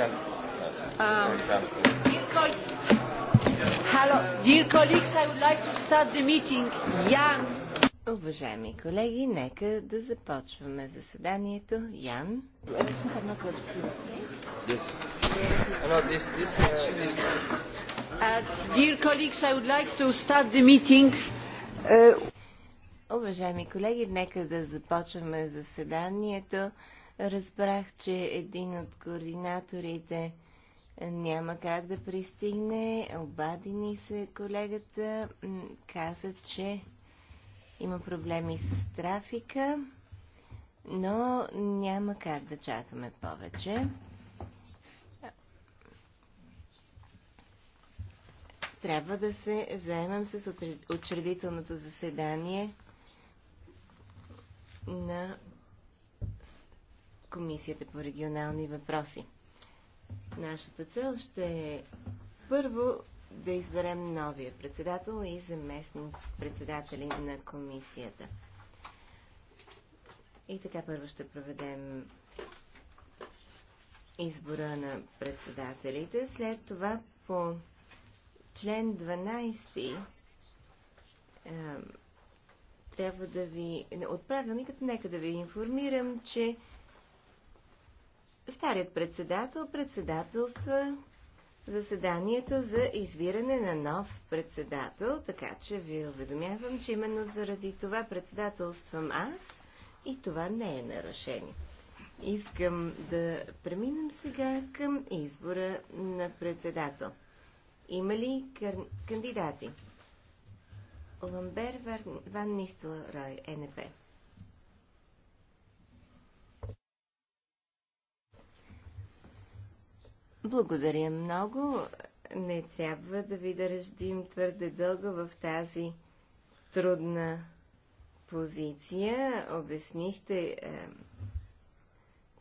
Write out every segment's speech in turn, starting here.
Um, Уважаеми колеги, нека да започваме заседанието. Ян. Uh, uh, uh, Уважаеми колеги, нека да започваме заседанието. Разбрах, че един от координаторите няма как да пристигне. Обади ни се колегата. Каза, че има проблеми с трафика, но няма как да чакаме повече. Трябва да се заемам с учредителното заседание на Комисията по регионални въпроси. Нашата цел ще е първо да изберем новия председател и заместник председатели на комисията. И така първо ще проведем избора на председателите. След това по член 12 е, трябва да ви... От правилникът нека да ви информирам, че Старият председател председателства заседанието за избиране на нов председател, така че ви уведомявам, че именно заради това председателствам аз и това не е нарушение. Искам да преминем сега към избора на председател. Има ли кър... кандидати? Ламбер Ван Нистелрой, НП. Благодаря много. Не трябва да ви държим твърде дълго в тази трудна позиция. Обяснихте е,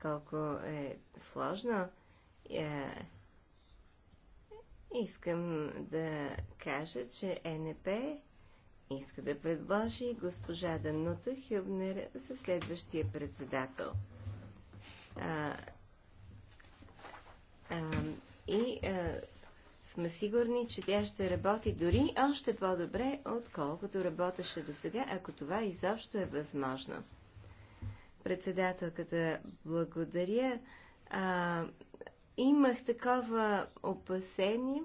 колко е сложно. Е, искам да кажа, че НП иска да предложи госпожа Данута Хюбнер за следващия председател и а, сме сигурни, че тя ще работи дори още по-добре, отколкото работеше до сега, ако това изобщо е възможно. Председателката, благодаря. А, имах такова опасение,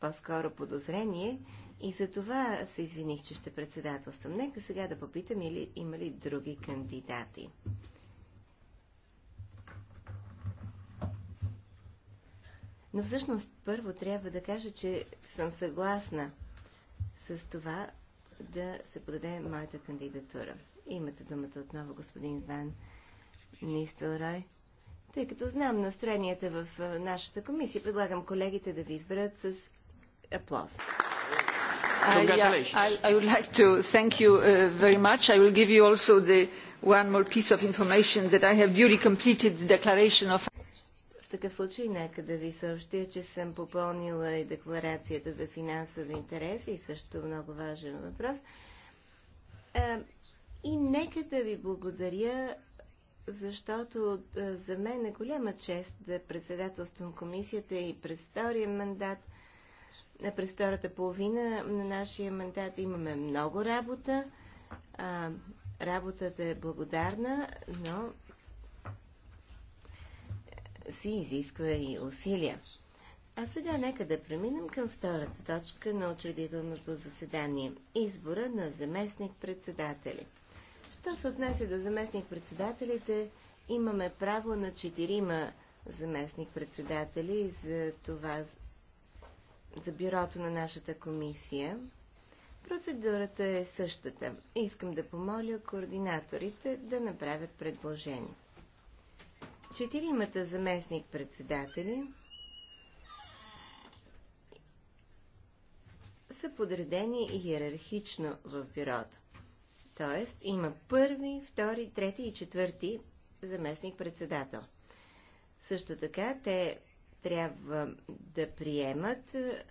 по-скоро подозрение, и за това се извиних, че ще председателствам. Нека сега да попитам, или има ли други кандидати. Но всъщност първо трябва да кажа, че съм съгласна с това да се подаде моята кандидатура. Имате думата отново, господин Ван Нистелрой. Тъй като знам настроенията в нашата комисия, предлагам колегите да ви изберат с аплоз. Uh, Congratulations. I, I would like to thank you uh, very much. I will give you also the one more piece of information that I have duly completed the declaration of такъв случай нека да ви съобщя, че съм попълнила и декларацията за финансови интереси, и също много важен въпрос. И нека да ви благодаря, защото за мен е голяма чест да председателствам комисията и през втория мандат, през втората половина на нашия мандат имаме много работа. Работата е благодарна, но си изисква и усилия. А сега нека да преминем към втората точка на учредителното заседание – избора на заместник-председатели. Що се отнесе до заместник-председателите, имаме право на четирима заместник-председатели за това за бюрото на нашата комисия. Процедурата е същата. Искам да помоля координаторите да направят предложение четиримата заместник председатели са подредени иерархично в бюрото. Тоест има първи, втори, трети и четвърти заместник председател. Също така те трябва да приемат е,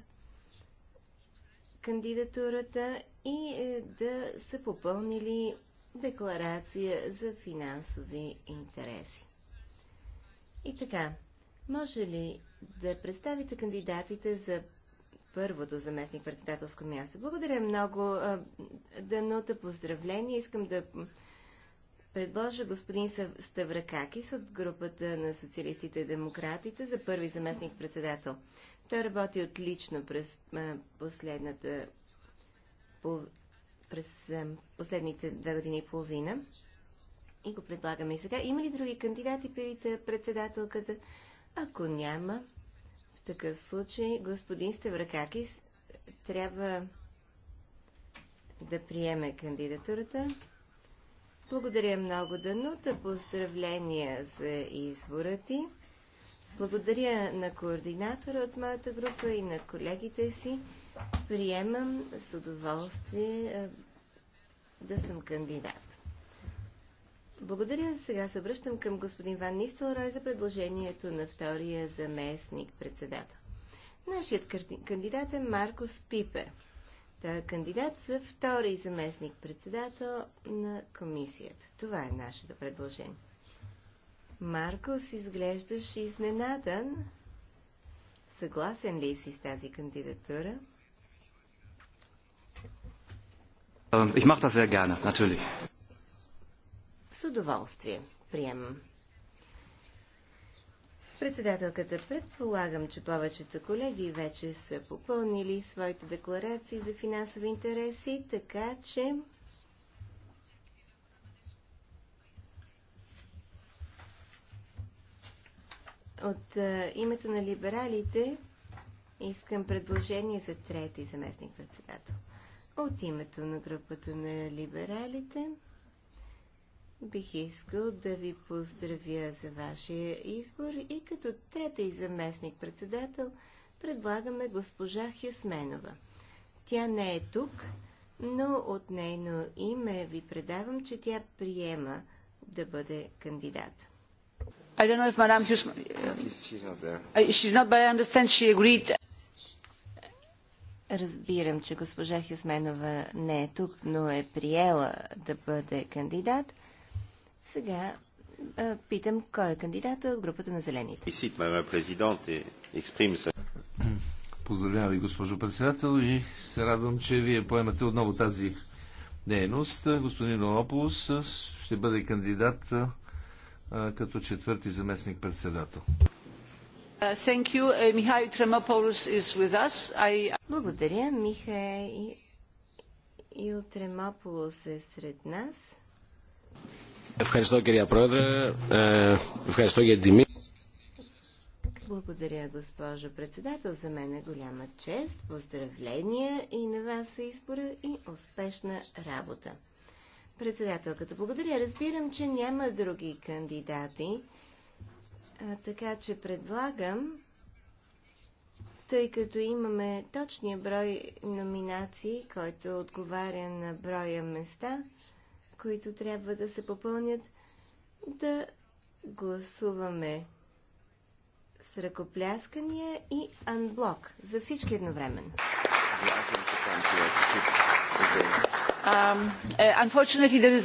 кандидатурата и е, да са попълнили декларация за финансови интереси. И така, може ли да представите кандидатите за първото заместник-председателско място? Благодаря много. Данута, поздравления. Искам да предложа господин Ставракакис от групата на социалистите и демократите за първи заместник-председател. Той работи отлично през последната през последните две години и половина и го предлагаме и сега. Има ли други кандидати, пита председателката? Ако няма, в такъв случай господин Ставракакис трябва да приеме кандидатурата. Благодаря много, Данута. Поздравления за избора ти. Благодаря на координатора от моята група и на колегите си. Приемам с удоволствие да съм кандидат. Благодаря. Сега се връщам към господин Ван Нистелрой за предложението на втория заместник председател. Нашият кандидат е Маркос Пипер. Той е кандидат за втори заместник председател на комисията. Това е нашето предложение. Маркос изглеждаш изненадан. Съгласен ли си с тази кандидатура? Äh, ich mache das sehr gerne, natürlich. С удоволствие приемам. Председателката, предполагам, че повечето колеги вече са попълнили своите декларации за финансови интереси, така че От а, е, името на либералите искам предложение за трети заместник председател. От името на групата на либералите. Бих искал да ви поздравя за вашия избор и като трета и заместник председател предлагаме госпожа Хюсменова. Тя не е тук, но от нейно име ви предавам, че тя приема да бъде кандидат. I don't know if Madame Hushman... She's not there. She's not, but I understand she agreed. Разбирам, че госпожа Хюсменова не е тук, но е приела да бъде кандидат. Сега питам кой е кандидата от групата на зелените. Е, Поздравявам ви, госпожо председател, и се радвам, че вие поемате отново тази дейност. Господин Олополос ще бъде кандидат а, като четвърти заместник председател. Uh, uh, I... Благодаря. Михаил Тремополос е сред нас. Ευχαριστώ κυρία Πρόεδρε. Ευχαριστώ για την τιμή. Благодаря, госпожо председател. За мен е голяма чест. Поздравления и на вас за избора и успешна работа. Председателката, благодаря. Разбирам, че няма други кандидати, а, така че предлагам, тъй като имаме точния брой номинации, който отговаря на броя места, които трябва да се попълнят, да гласуваме с ръкопляскания и анблок за всички едновременно. Um,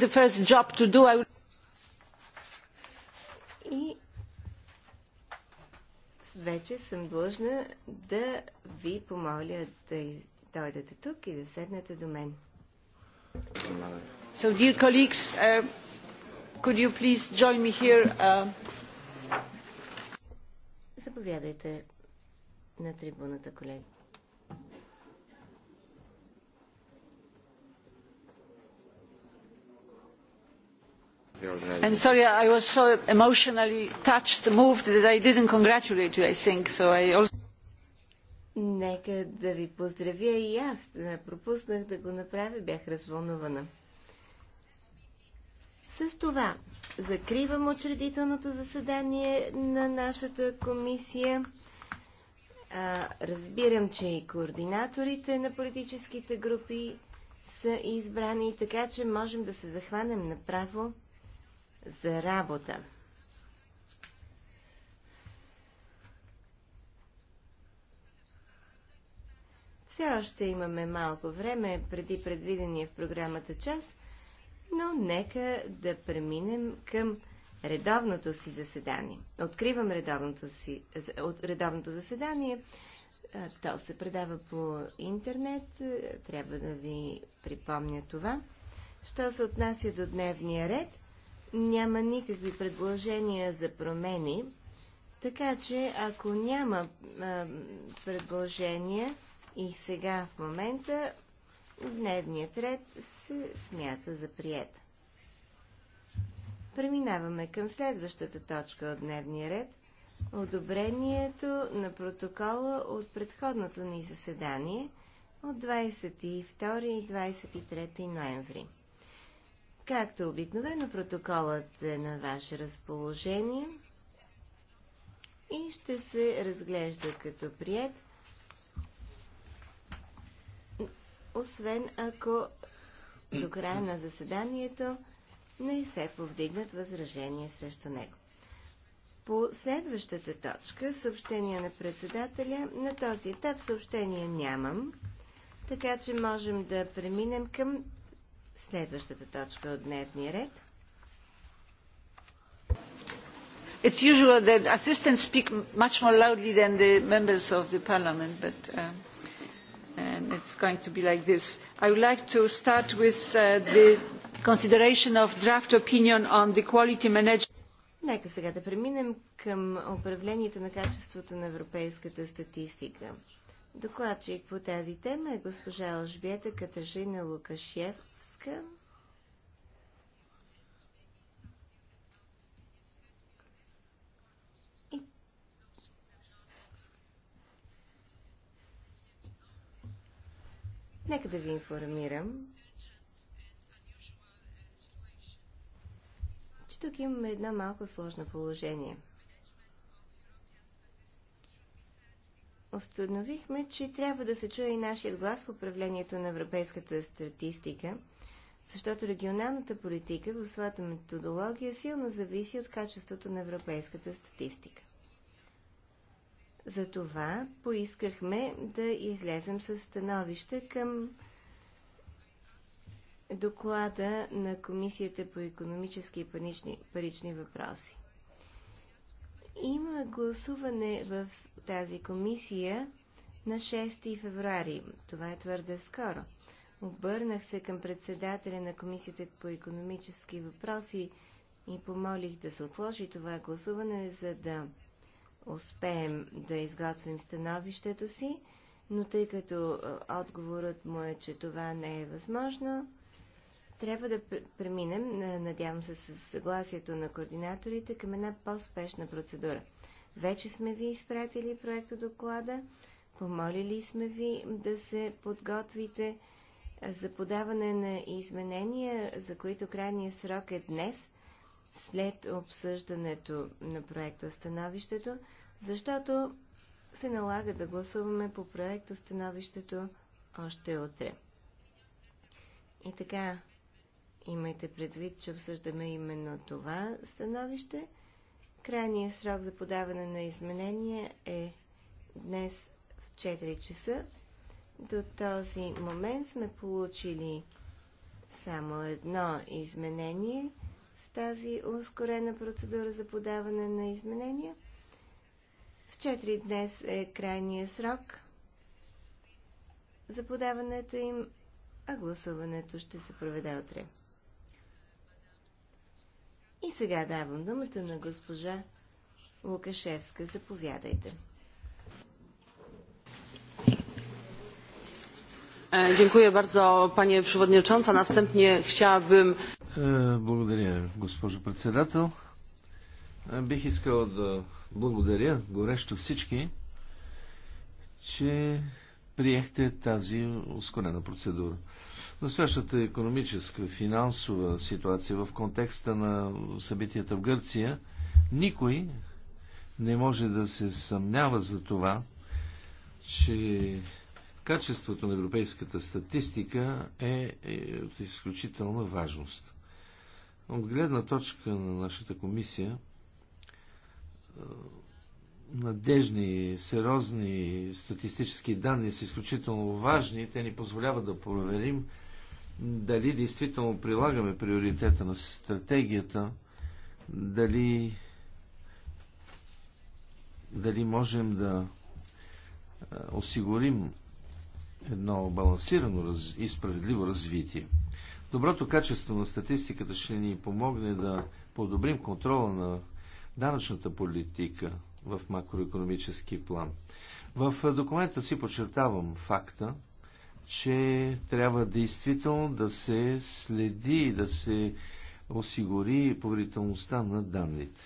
uh, и вече съм длъжна да ви помоля да дойдете тук и да седнете до мен. So, dear colleagues, could you please join me here? Uh... Заповядайте на трибуната, колеги. And sorry, I was so emotionally touched, moved that I didn't congratulate you, I think. So I also Нека да ви поздравя и аз. Пропуснах да го направя, бях развълнувана. С това закривам учредителното заседание на нашата комисия. А, разбирам, че и координаторите на политическите групи са избрани, така че можем да се захванем направо за работа. Все още имаме малко време преди предвидения в програмата час но нека да преминем към редовното си заседание. Откривам редовното, си, редовното заседание. То се предава по интернет. Трябва да ви припомня това. Що се отнася до дневния ред, няма никакви предложения за промени, така че ако няма предложения и сега в момента Дневният ред се смята за прият. Преминаваме към следващата точка от дневния ред – одобрението на протокола от предходното ни заседание от 22 и 23 ноември. Както обикновено, протоколът е на ваше разположение и ще се разглежда като прият – освен ако до края на заседанието не се повдигнат възражения срещу него. По следващата точка, съобщение на председателя, на този етап съобщение нямам, така че можем да преминем към следващата точка от дневния ред. It's usual that assistants speak much more loudly than the members of the parliament, but... Uh and it's going to be like this. I would like to start with uh, the consideration of draft opinion on the quality management. Нека сега да преминем към управлението на качеството на европейската статистика. Докладчик по тази тема е госпожа Алжбета Катажина Лукашевска, Нека да ви информирам, че тук имаме едно малко сложно положение. Установихме, че трябва да се чуе и нашият глас в управлението на европейската статистика, защото регионалната политика в своята методология силно зависи от качеството на европейската статистика. Затова поискахме да излезем с становище към доклада на Комисията по економически и парични, парични въпроси. Има гласуване в тази комисия на 6 февруари. Това е твърде скоро. Обърнах се към председателя на Комисията по економически въпроси и помолих да се отложи това гласуване, за да успеем да изготвим становището си, но тъй като отговорът му е, че това не е възможно, трябва да преминем, надявам се с съгласието на координаторите, към една по-спешна процедура. Вече сме ви изпратили проекта доклада, помолили сме ви да се подготвите за подаване на изменения, за които крайният срок е днес, след обсъждането на проекта становището защото се налага да гласуваме по проекта становището още утре. И така, имайте предвид, че обсъждаме именно това становище. Крайният срок за подаване на изменения е днес в 4 часа. До този момент сме получили само едно изменение с тази ускорена процедура за подаване на изменения – в 4 днес е крайния срок за подаването им, а гласуването ще се проведе утре. И сега давам думата на госпожа Лукашевска. Заповядайте. Dziękuję bardzo, panie przewodnicząca. Następnie chciałabym... Благодаря, госпожо председател. Бих искал да благодаря горещо всички, че приехте тази ускорена процедура. Настоящата економическа, финансова ситуация в контекста на събитията в Гърция, никой не може да се съмнява за това, че качеството на европейската статистика е, е от изключителна важност. От гледна точка на нашата комисия, надежни, сериозни статистически данни са изключително важни. Те ни позволяват да проверим дали действително прилагаме приоритета на стратегията, дали, дали можем да осигурим едно балансирано и справедливо развитие. Доброто качество на статистиката ще ни помогне да подобрим контрола на данъчната политика в макроекономически план. В документа си подчертавам факта, че трябва действително да се следи и да се осигури поверителността на данните.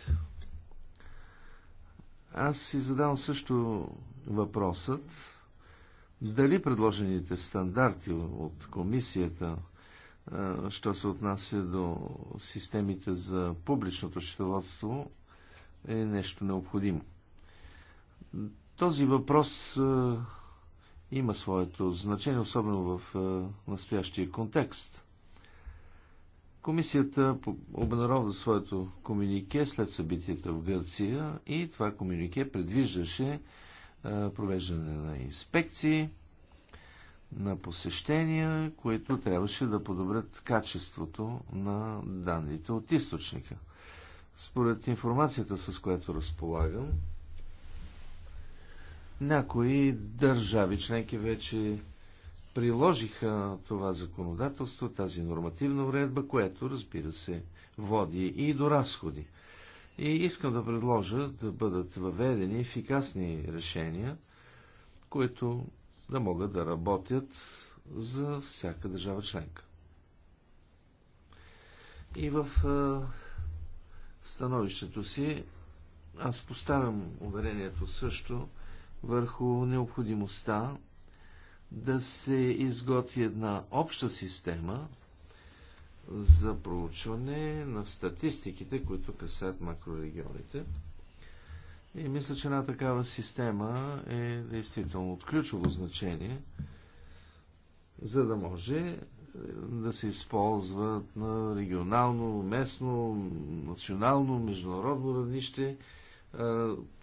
Аз си задавам също въпросът дали предложените стандарти от комисията, що се отнася до системите за публичното счетоводство, е нещо необходимо. Този въпрос а, е, има своето значение, особено в а, е, настоящия контекст. Комисията обнародва своето комюнике след събитията в Гърция и това комюнике предвиждаше а, е, провеждане на инспекции, на посещения, които трябваше да подобрят качеството на данните от източника – според информацията, с която разполагам, някои държави членки вече приложиха това законодателство, тази нормативна уредба, което, разбира се, води и до разходи. И искам да предложа да бъдат въведени ефикасни решения, които да могат да работят за всяка държава членка. И в становището си, аз поставям уверението също върху необходимостта да се изготви една обща система за проучване на статистиките, които касаят макрорегионите. И мисля, че една такава система е действително от ключово значение, за да може да се използват на регионално, местно, национално, международно равнище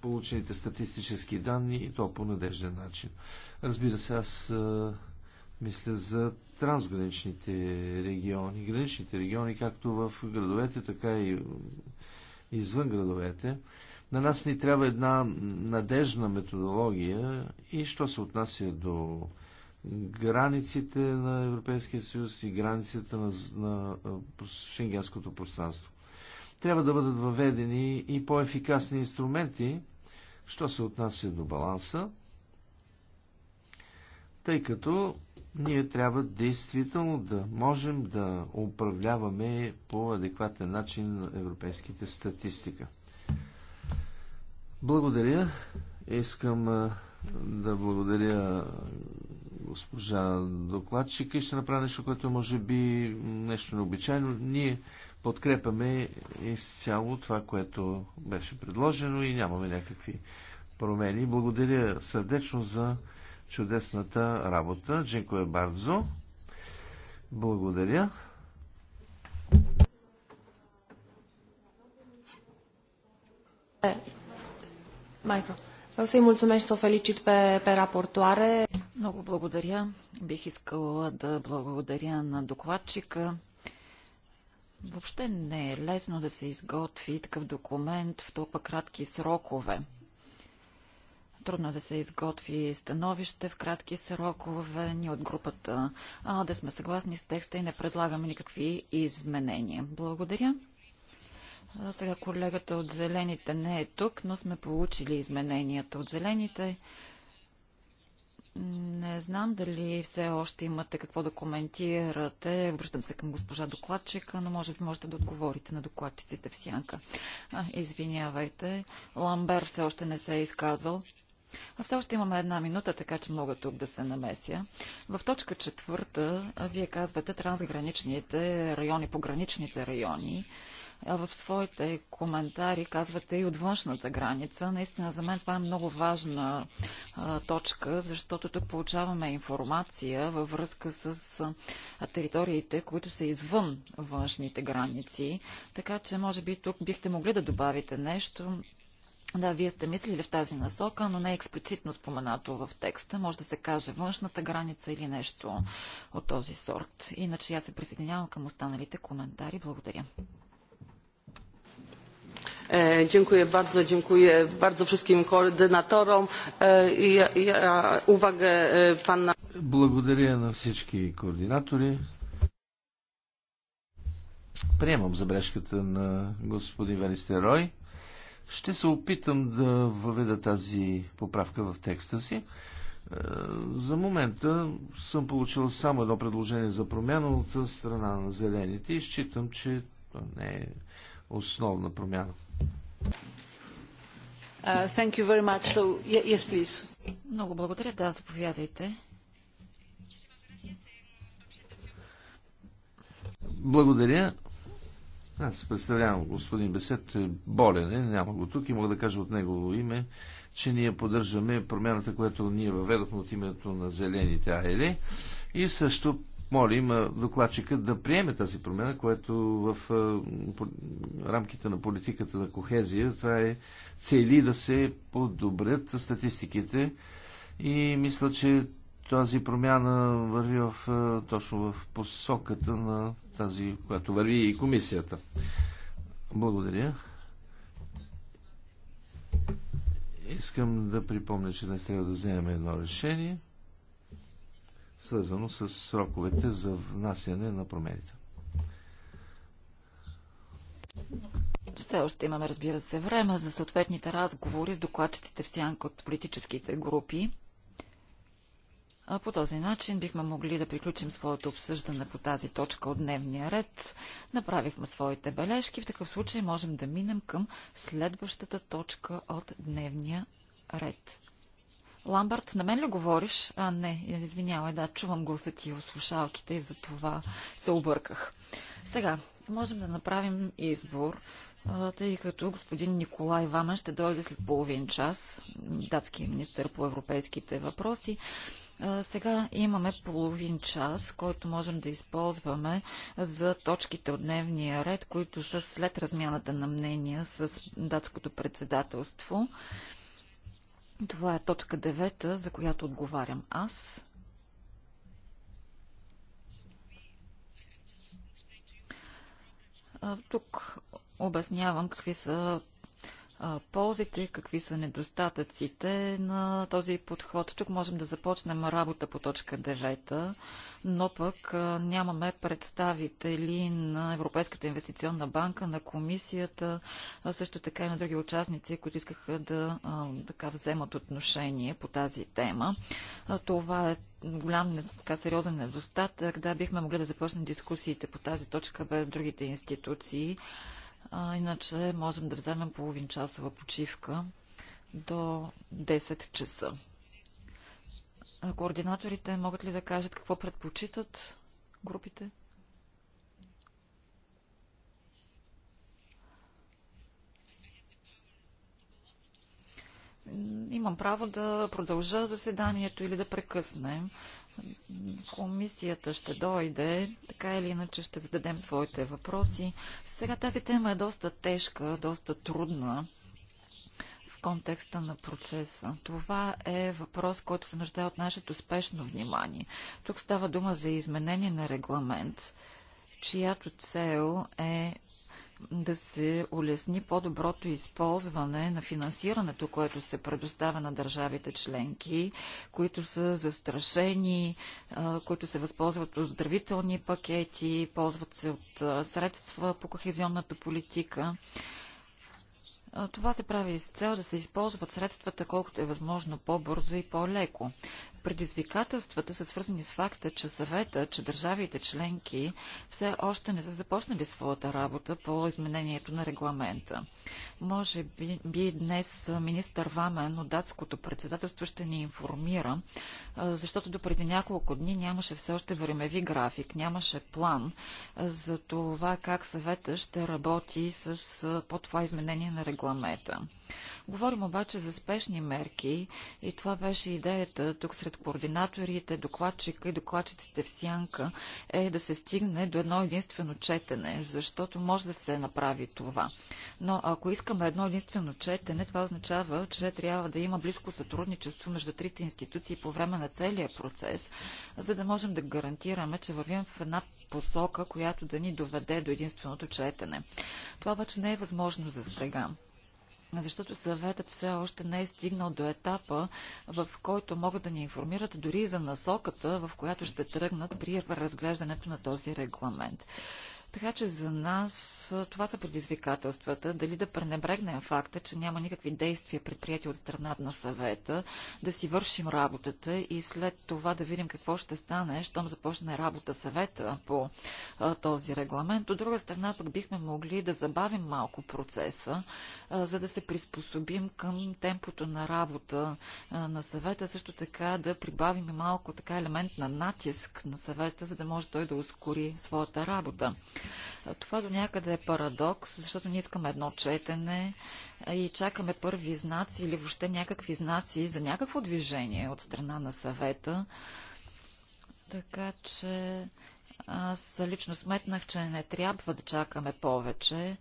получените статистически данни и то по надежден начин. Разбира се, аз мисля за трансграничните региони, граничните региони, както в градовете, така и извън градовете. На нас ни трябва една надежна методология и що се отнася до границите на Европейския съюз и границите на, на шенгенското пространство. Трябва да бъдат въведени и по-ефикасни инструменти, що се отнася до баланса, тъй като ние трябва действително да можем да управляваме по адекватен начин европейските статистика. Благодаря. Искам да благодаря госпожа докладчика и ще направя нещо, което може би нещо необичайно. Ние подкрепяме изцяло това, което беше предложено и нямаме някакви промени. Благодаря сърдечно за чудесната работа. е Бардзо. Благодаря. Micro. Vreau să-i mulțumesc și să o felicit pe, pe raportoare. Много благодаря. Бих искала да благодаря на докладчика. Въобще не е лесно да се изготви такъв документ в толкова кратки срокове. Трудно е да се изготви становище в кратки срокове. Ние от групата а, да сме съгласни с текста и не предлагаме никакви изменения. Благодаря. Сега колегата от Зелените не е тук, но сме получили измененията от Зелените. Не знам дали все още имате какво да коментирате. Връщам се към госпожа докладчика, но може би можете да отговорите на докладчиците в сянка. А, извинявайте, Ламбер все още не се е изказал. А все още имаме една минута, така че мога тук да се намеся. В точка четвърта вие казвате трансграничните райони, пограничните райони в своите коментари казвате и от външната граница. Наистина за мен това е много важна а, точка, защото тук получаваме информация във връзка с а, териториите, които са извън външните граници. Така че, може би, тук бихте могли да добавите нещо. Да, вие сте мислили в тази насока, но не е експлицитно споменато в текста. Може да се каже външната граница или нещо от този сорт. Иначе я се присъединявам към останалите коментари. Благодаря. E, dziękuję bardzo, dziękuję bardzo wszystkim koordynatorom e, i uwagę e, pana. Благодаря на всички координатори. Приемам забрежката на господин Рой. Ще се опитам да въведа тази поправка в текста си. Е, за момента съм получил само едно предложение за промяна от страна на зелените и считам, че не е основна промяна. Uh, thank you very much. So, yes, please. Много благодаря. Да, заповядайте. Благодаря. Аз представлявам господин Бесет, е болен е, няма го тук и мога да кажа от негово име, че ние поддържаме промяната, която ние въведохме от името на зелените аели. и също молим докладчика да приеме тази промяна, което в рамките на политиката на кохезия това е цели да се подобрят статистиките и мисля, че тази промяна върви в, точно в посоката на тази, която върви и комисията. Благодаря. Искам да припомня, че днес трябва да вземем едно решение – свързано с сроковете за внасяне на промените. Все още имаме, разбира се, време за съответните разговори с докладчиците в сянка от политическите групи. по този начин бихме могли да приключим своето обсъждане по тази точка от дневния ред. Направихме своите бележки. В такъв случай можем да минем към следващата точка от дневния ред. Ламбард, на мен ли говориш? А, не, извинявай, да, чувам гласа ти от слушалките и за това се обърках. Сега, можем да направим избор, тъй като господин Николай Вама ще дойде след половин час, датски министр по европейските въпроси. Сега имаме половин час, който можем да използваме за точките от дневния ред, които са след размяната на мнения с датското председателство. Това е точка девета, за която отговарям аз. Тук обяснявам какви са ползите, какви са недостатъците на този подход. Тук можем да започнем работа по точка 9, но пък нямаме представители на Европейската инвестиционна банка, на комисията, също така и на други участници, които искаха да така вземат отношение по тази тема. Това е голям, така сериозен недостатък. Да, бихме могли да започнем дискусиите по тази точка без другите институции. А, иначе можем да вземем половин часова почивка до 10 часа. Координаторите могат ли да кажат какво предпочитат групите? имам право да продължа заседанието или да прекъснем. Комисията ще дойде, така или иначе ще зададем своите въпроси. Сега тази тема е доста тежка, доста трудна в контекста на процеса. Това е въпрос, който се нуждае от нашето спешно внимание. Тук става дума за изменение на регламент, чиято цел е да се улесни по-доброто използване на финансирането, което се предоставя на държавите членки, които са застрашени, които се възползват от здравителни пакети, ползват се от средства по кохезионната политика. Това се прави с цел да се използват средствата колкото е възможно по-бързо и по-леко. Предизвикателствата са свързани с факта, че съвета, че държавите членки все още не са започнали своята работа по изменението на регламента. Може би, би днес министър Вамен от датското председателство ще ни информира, защото до преди няколко дни нямаше все още времеви график, нямаше план за това как съвета ще работи с, по това изменение на регламента регламента. Говорим обаче за спешни мерки и това беше идеята тук сред координаторите, докладчика и докладчиците в сянка е да се стигне до едно единствено четене, защото може да се направи това. Но ако искаме едно единствено четене, това означава, че трябва да има близко сътрудничество между трите институции по време на целия процес, за да можем да гарантираме, че вървим в една посока, която да ни доведе до единственото четене. Това обаче не е възможно за сега защото съветът все още не е стигнал до етапа, в който могат да ни информират дори и за насоката, в която ще тръгнат при разглеждането на този регламент. Така че за нас това са предизвикателствата. Дали да пренебрегнем факта, че няма никакви действия предприяти от страната на съвета, да си вършим работата и след това да видим какво ще стане, щом започне работа съвета по а, този регламент. От друга страна пък бихме могли да забавим малко процеса, а, за да се приспособим към темпото на работа а, на съвета, също така да прибавим малко така елемент на натиск на съвета, за да може той да ускори своята работа. Това до някъде е парадокс, защото ние искаме едно четене и чакаме първи знаци или въобще някакви знаци за някакво движение от страна на съвета. Така че аз лично сметнах, че не трябва да чакаме повече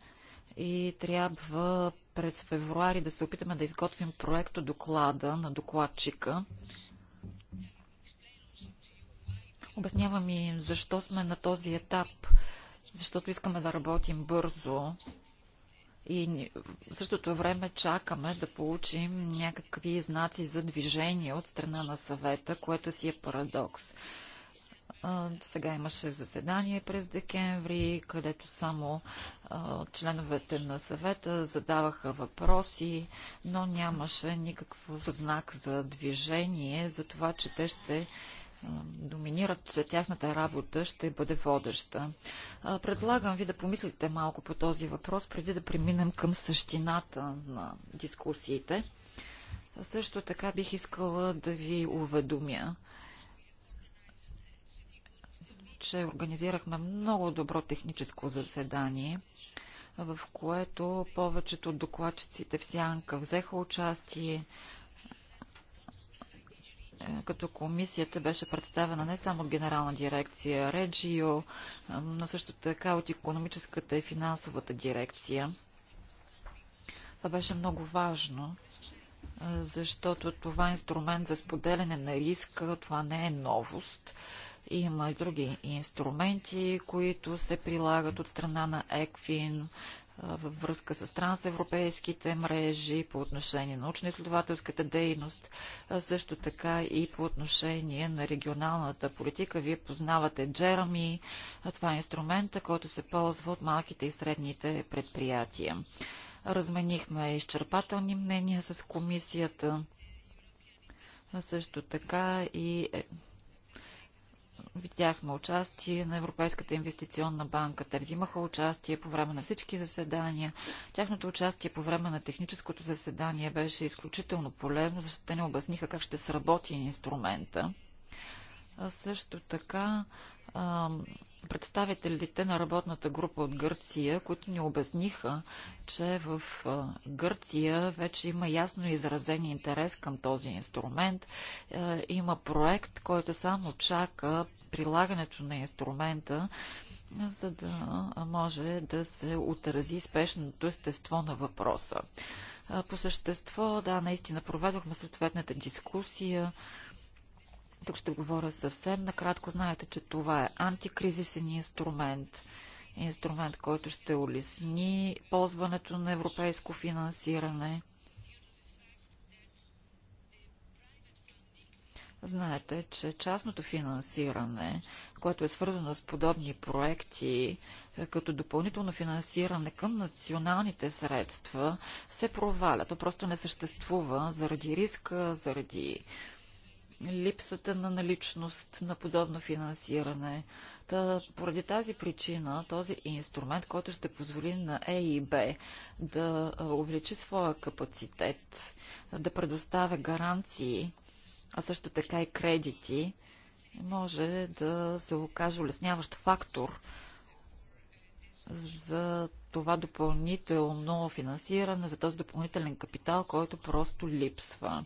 и трябва през февруари да се опитаме да изготвим проекто доклада на докладчика. Обяснявам и защо сме на този етап защото искаме да работим бързо и в същото време чакаме да получим някакви знаци за движение от страна на съвета, което си е парадокс. Сега имаше заседание през декември, където само членовете на съвета задаваха въпроси, но нямаше никакъв знак за движение, за това, че те ще доминират, че тяхната работа ще бъде водеща. Предлагам ви да помислите малко по този въпрос, преди да преминем към същината на дискусиите. Също така бих искала да ви уведомя, че организирахме много добро техническо заседание, в което повечето от докладчиците в Сянка взеха участие, е, като комисията беше представена не само от генерална дирекция Реджио, е, но също така от економическата и финансовата дирекция. Това беше много важно, е, защото това е инструмент за споделяне на риска, това не е новост. Има и други инструменти, които се прилагат от страна на ЕКВИН, във връзка с трансевропейските мрежи, по отношение на научно-изследователската дейност, също така и по отношение на регионалната политика. Вие познавате Джерами, това е инструмента, който се ползва от малките и средните предприятия. Разменихме изчерпателни мнения с комисията, също така и е, Видяхме участие на Европейската инвестиционна банка. Те взимаха участие по време на всички заседания. Тяхното участие по време на техническото заседание беше изключително полезно, защото те не обясниха как ще сработи инструмента. А също така представителите на работната група от Гърция, които ни обясниха, че в Гърция вече има ясно изразен интерес към този инструмент. Е, има проект, който само чака прилагането на инструмента, за да може да се отрази спешното естество на въпроса. Е, по същество, да, наистина проведохме съответната дискусия. Тук ще говоря съвсем накратко. Знаете, че това е антикризисен инструмент. Инструмент, който ще улесни ползването на европейско финансиране. Знаете, че частното финансиране, което е свързано с подобни проекти, е, като допълнително финансиране към националните средства, се проваля. То просто не съществува заради риска, заради липсата на наличност на подобно финансиране. Та, поради тази причина, този инструмент, който ще позволи на ЕИБ да увеличи своя капацитет, да предоставя гаранции, а също така и кредити, може да се окаже улесняващ фактор за това допълнително финансиране, за този допълнителен капитал, който просто липсва.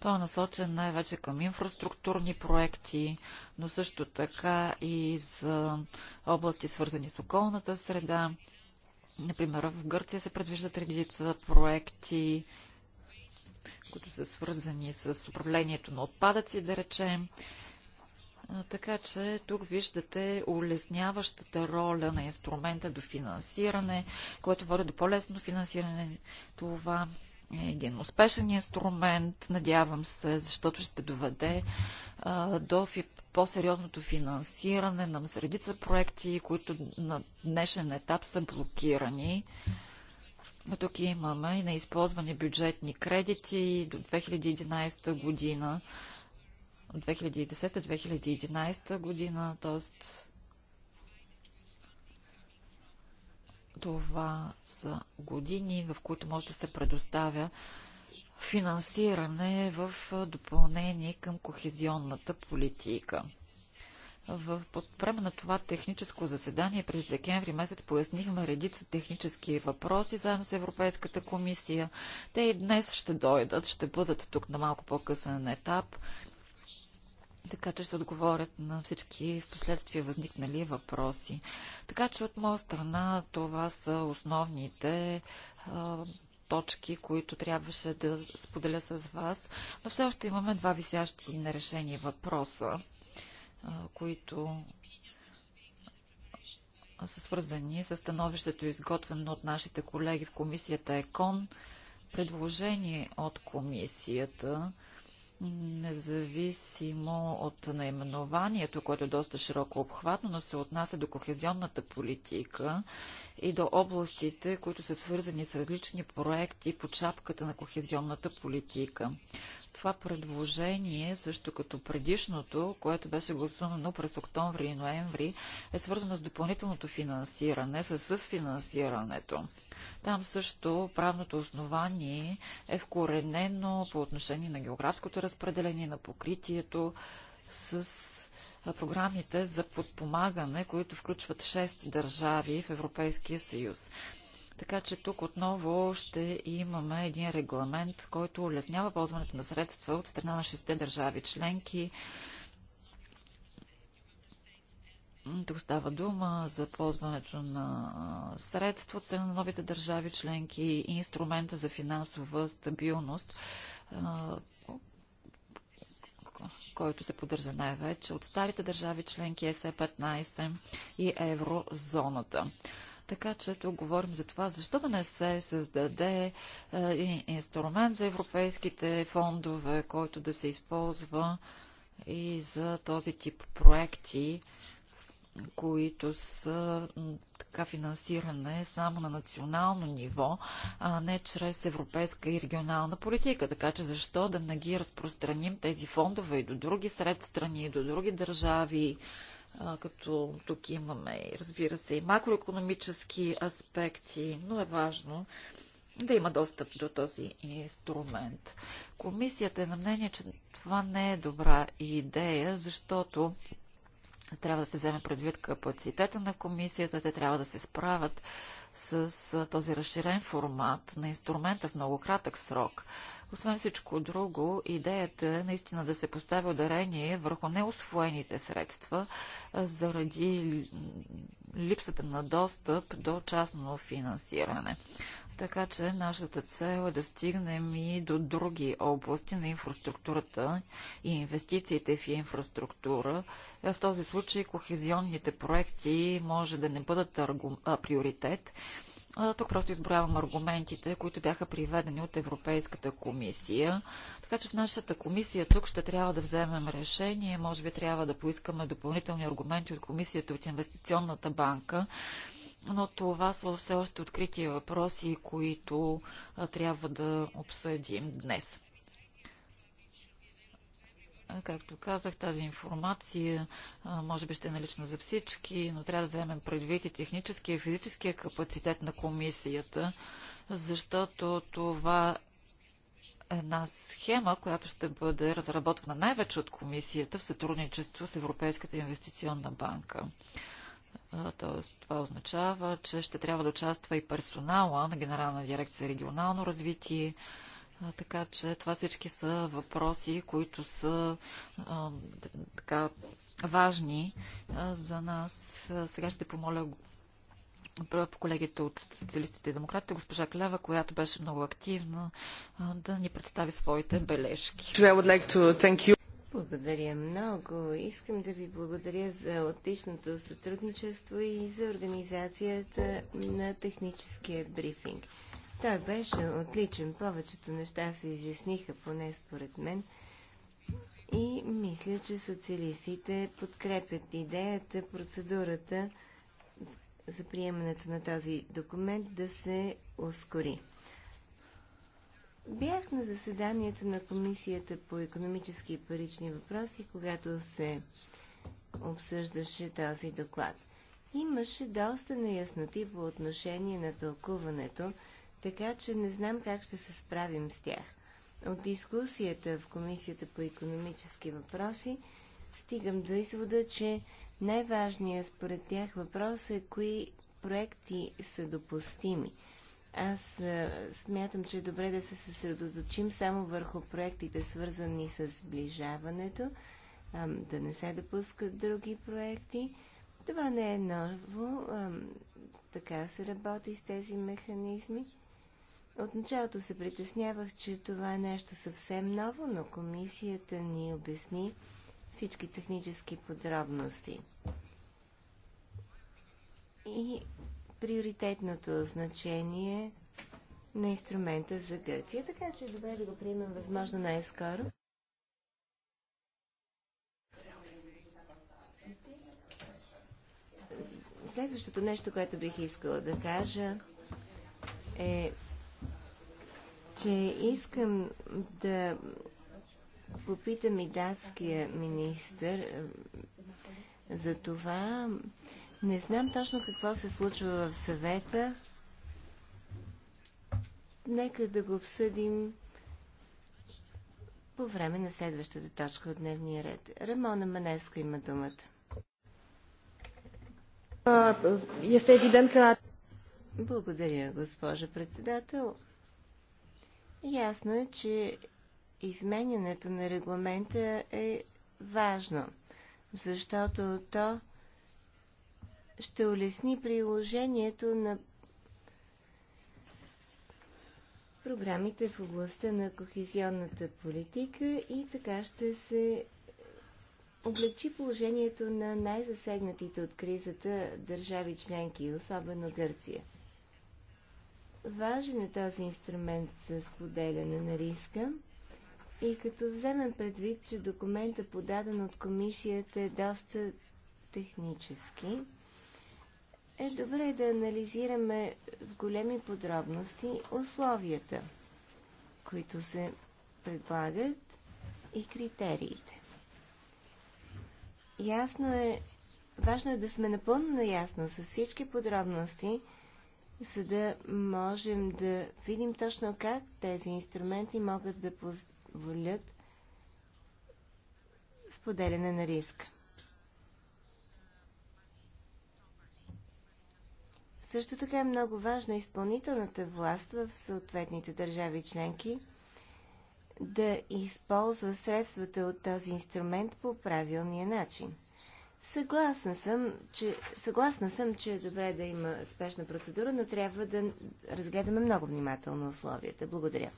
Той е насочен най-вече към инфраструктурни проекти, но също така и за области свързани с околната среда. Например, в Гърция се предвиждат редица проекти, които са свързани с управлението на отпадъци, да речем. Така че тук виждате улесняващата роля на инструмента до финансиране, което води до по-лесно финансиране. Това е един успешен инструмент, надявам се, защото ще доведе до по-сериозното финансиране на средица проекти, които на днешен етап са блокирани. Но тук имаме и на използване бюджетни кредити до 2011 година от 2010-2011 година, т.е. това са години, в които може да се предоставя финансиране в допълнение към кохезионната политика. В време на това техническо заседание през декември месец пояснихме редица технически въпроси заедно с Европейската комисия. Те и днес ще дойдат, ще бъдат тук на малко по-късен етап така че ще отговорят на всички в последствие възникнали въпроси. Така че от моя страна това са основните а, точки, които трябваше да споделя с вас, но все още имаме два висящи нерешени въпроса, а, които са свързани с становището изготвено от нашите колеги в комисията ЕКОН, предложение от комисията, независимо от наименованието, което е доста широко обхватно, но се отнася до кохезионната политика и до областите, които са свързани с различни проекти под шапката на кохезионната политика. Това предложение, също като предишното, което беше гласувано през октомври и ноември, е свързано с допълнителното финансиране, с финансирането. Там също правното основание е вкоренено по отношение на географското разпределение, на покритието с програмите за подпомагане, които включват 6 държави в Европейския съюз. Така че тук отново ще имаме един регламент, който улеснява ползването на средства от страна на шесте държави членки. Тук става дума за ползването на средства от страна на новите държави членки и инструмента за финансова стабилност, който се поддържа най-вече от старите държави членки ЕС-15 и еврозоната. Така че тук говорим за това, защо да не се създаде е, инструмент за европейските фондове, който да се използва и за този тип проекти, които са така финансиране само на национално ниво, а не чрез европейска и регионална политика. Така че защо да не ги разпространим тези фондове и до други сред страни, и до други държави, като тук имаме, разбира се, и макроекономически аспекти, но е важно да има достъп до този инструмент. Комисията е на мнение, че това не е добра идея, защото трябва да се вземе предвид капацитета на комисията, те трябва да се справят с този разширен формат на инструмента в много кратък срок. Освен всичко друго, идеята е наистина да се постави ударение върху неосвоените средства заради липсата на достъп до частно финансиране. Така че нашата цел е да стигнем и до други области на инфраструктурата и инвестициите в инфраструктура. Е, в този случай кохезионните проекти може да не бъдат аргум... а, приоритет. А, тук просто изброявам аргументите, които бяха приведени от Европейската комисия. Така че в нашата комисия тук ще трябва да вземем решение. Може би трябва да поискаме допълнителни аргументи от комисията от Инвестиционната банка но това са все още открити въпроси, които трябва да обсъдим днес. Както казах, тази информация може би ще е налична за всички, но трябва да вземем предвид и техническия и физическия капацитет на комисията, защото това е една схема, която ще бъде разработвана най-вече от комисията в сътрудничество с Европейската инвестиционна банка. Тоест, това означава, че ще трябва да участва и персонала на Генерална дирекция регионално развитие. Така че това всички са въпроси, които са така важни за нас. Сега ще помоля по колегите от социалистите и демократите, госпожа Клева, която беше много активна, да ни представи своите бележки. Благодаря много. Искам да ви благодаря за отличното сътрудничество и за организацията на техническия брифинг. Той беше отличен. Повечето неща се изясниха, поне според мен. И мисля, че социалистите подкрепят идеята, процедурата за приемането на този документ да се ускори. Бях на заседанието на Комисията по економически и парични въпроси, когато се обсъждаше този доклад. Имаше доста неясноти по отношение на тълкуването, така че не знам как ще се справим с тях. От дискусията в Комисията по економически въпроси стигам до извода, че най-важният според тях въпрос е кои проекти са допустими – аз смятам, че е добре да се съсредоточим само върху проектите, свързани с сближаването, да не се допускат други проекти. Това не е ново. Така се работи с тези механизми. От началото се притеснявах, че това е нещо съвсем ново, но комисията ни обясни всички технически подробности. И приоритетното значение на инструмента за Гърция, така че е добре да го приемем възможно най-скоро. Следващото нещо, което бих искала да кажа е, че искам да попитам и датския министр за това не знам точно какво се случва в съвета. Нека да го обсъдим по време на следващата точка от дневния ред. Рамона Манеско има думата. Благодаря, госпожа председател. Ясно е, че изменянето на регламента е важно, защото то ще улесни приложението на програмите в областта на кохезионната политика и така ще се облегчи положението на най-засегнатите от кризата държави членки, особено Гърция. Важен е този инструмент за споделяне на риска и като вземем предвид, че документа подаден от комисията е доста технически, е добре да анализираме в големи подробности условията, които се предлагат и критериите. Ясно е, важно е да сме напълно наясно с всички подробности, за да можем да видим точно как тези инструменти могат да позволят споделяне на риска. Също така е много важно изпълнителната власт в съответните държави членки да използва средствата от този инструмент по правилния начин. Съгласна съм, че, съгласна съм, че е добре да има спешна процедура, но трябва да разгледаме много внимателно условията. Благодаря.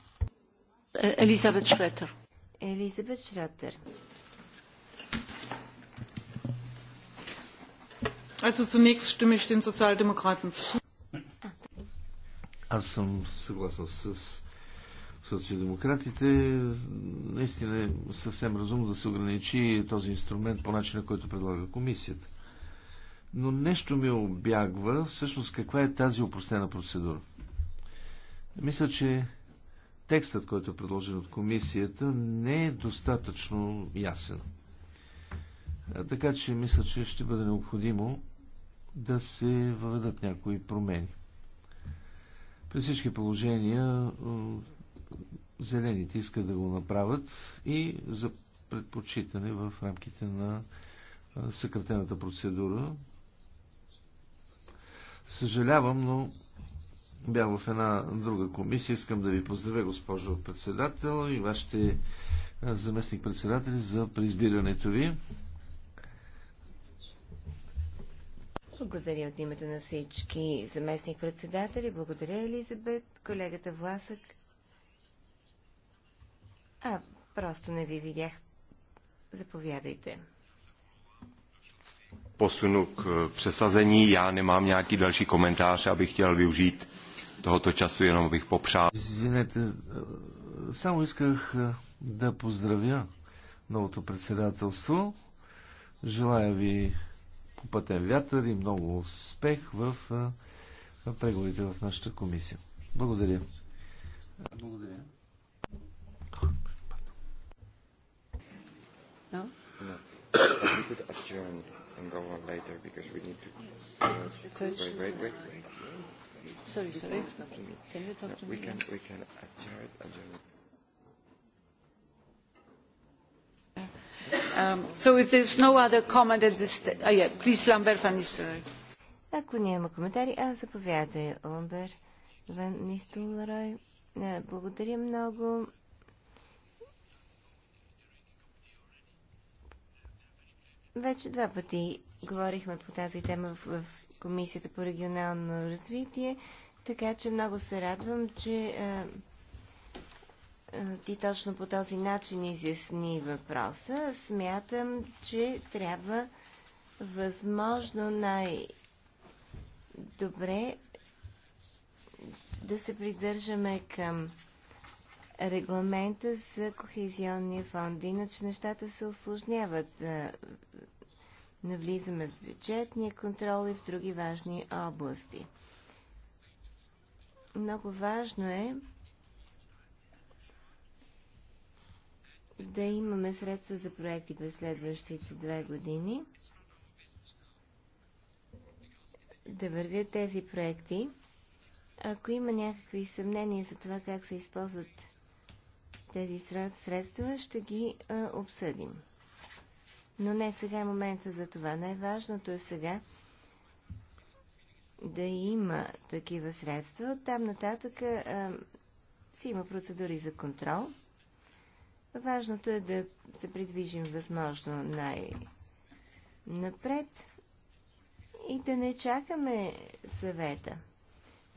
Е, Елизабет Шретер. Елизабет Шретер. Also zunächst stimme ich den Sozialdemokraten zu. Аз съм съгласен с социодемократите. Наистина е съвсем разумно да се ограничи този инструмент по начина, който предлага комисията. Но нещо ми обягва всъщност каква е тази упростена процедура. Мисля, че текстът, който е предложен от комисията, не е достатъчно ясен. Така че мисля, че ще бъде необходимо да се въведат някои промени. При всички положения зелените искат да го направят и за предпочитане в рамките на съкратената процедура. Съжалявам, но бях в една друга комисия. Искам да ви поздравя, госпожо председател и вашите заместник председатели за преизбирането ви. Благодаря от името на всички заместник-председатели. Благодаря, Елизабет, колегата Власък. А, просто не ви видях. Заповядайте. Posunu k eh, přesazení. Já nemám nějaký další komentář, abych chtěl využít tohoto času, jenom bych popřál. Извинете, э, само исках э, да поздравя новото председателство. Желая ви пътен вятър и много успех в преговорите в нашата комисия. Благодаря. Благодаря. No? No. We could adjourn and go on later because we need to. Uh, wait, wait, wait, wait. Sorry, sorry. Can you talk no, to me? We can, we can adjourn. adjourn. Um, so if there's no other comment at this stage, uh, yeah, please Lambert van Nistelrooy. Ако няма коментари, а заповядайте, Ламбер Ван Нистелрой. Е, благодаря много. Вече два пъти говорихме по тази тема в, в Комисията по регионално развитие, така че много се радвам, че а, е, е, ти точно по този начин изясни въпроса. Смятам, че трябва възможно най-добре да се придържаме към регламента за кохезионния фонд. Иначе нещата се осложняват. Е, навлизаме в бюджетния контрол и в други важни области. Много важно е да имаме средства за проекти през следващите две години, да вървят тези проекти. Ако има някакви съмнения за това как се използват тези средства, ще ги а, обсъдим. Но не сега е момента за това. Най-важното е сега да има такива средства. там нататък а, си има процедури за контрол. Важното е да се придвижим възможно най-напред и да не чакаме съвета.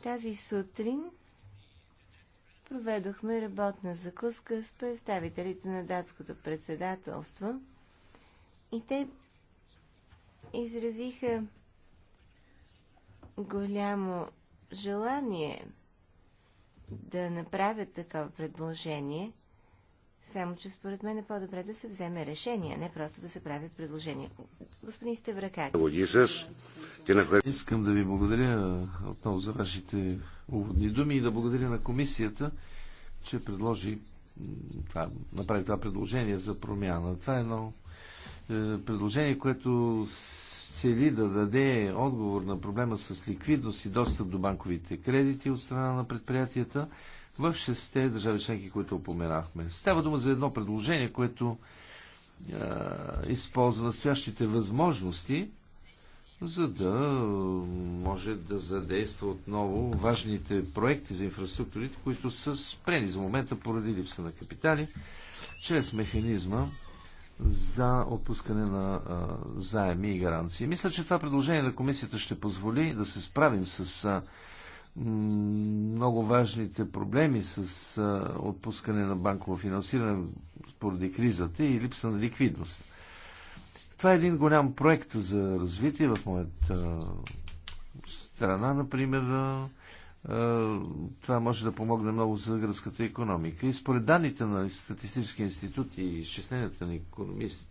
Тази сутрин проведохме работна закуска с представителите на датското председателство и те изразиха голямо желание да направят такова предложение, само, че според мен е по-добре да се вземе решение, не просто да се правят предложения. Господин Стевракак. Искам да ви благодаря отново за вашите уводни думи и да благодаря на комисията, че предложи това, направи това предложение за промяна. Това е едно е, предложение, което цели да даде отговор на проблема с ликвидност и достъп до банковите кредити от страна на предприятията в шесте държави членки, които упоменахме. Става дума за едно предложение, което а, използва настоящите възможности, за да може да задейства отново важните проекти за инфраструктурите, които са спрени за момента поради липса на капитали, чрез механизма за отпускане на а, заеми и гаранции. Мисля, че това предложение на комисията ще позволи да се справим с а, много важните проблеми с отпускане на банково финансиране поради кризата и липса на ликвидност. Това е един голям проект за развитие в моята страна, например. Това може да помогне много за гръцката економика. И според данните на статистически институт и изчисленията на економист,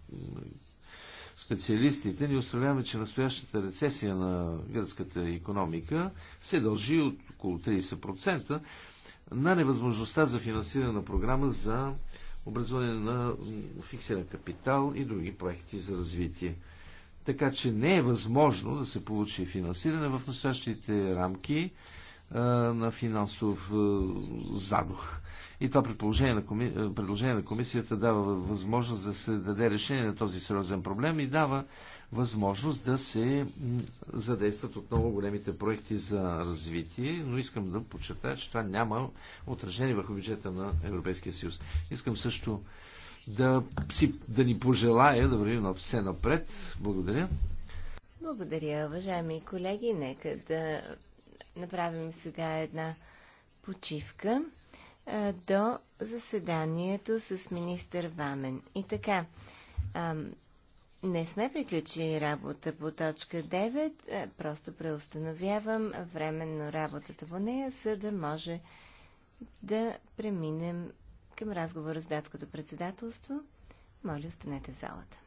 специалистите, ни установяваме, че настоящата рецесия на гръцката економика се дължи от около 30% на невъзможността за финансиране на програма за образование на фиксиран капитал и други проекти за развитие. Така че не е възможно да се получи финансиране в настоящите рамки на финансов задух. И това предложение на, коми... предложение на комисията дава възможност да се даде решение на този сериозен проблем и дава възможност да се задействат отново големите проекти за развитие, но искам да подчертая, че това няма отражение върху бюджета на Европейския съюз. Искам също да, си, да ни пожелая да вървим на все напред. Благодаря. Благодаря, уважаеми колеги. Нека да направим сега една почивка до заседанието с министър Вамен. И така, не сме приключили работа по точка 9, просто преустановявам временно работата по нея, за да може да преминем към разговора с датското председателство. Моля, останете в залата.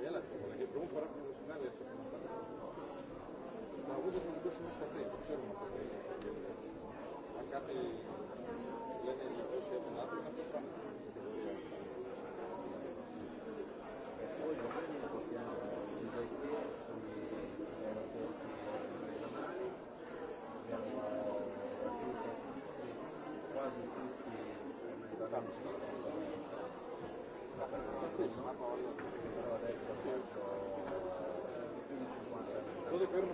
يلا ولكن بروم فرق من موجودة في كل شيء مستقيم كثير مستقيم كاتي لأن الأشياء من هذا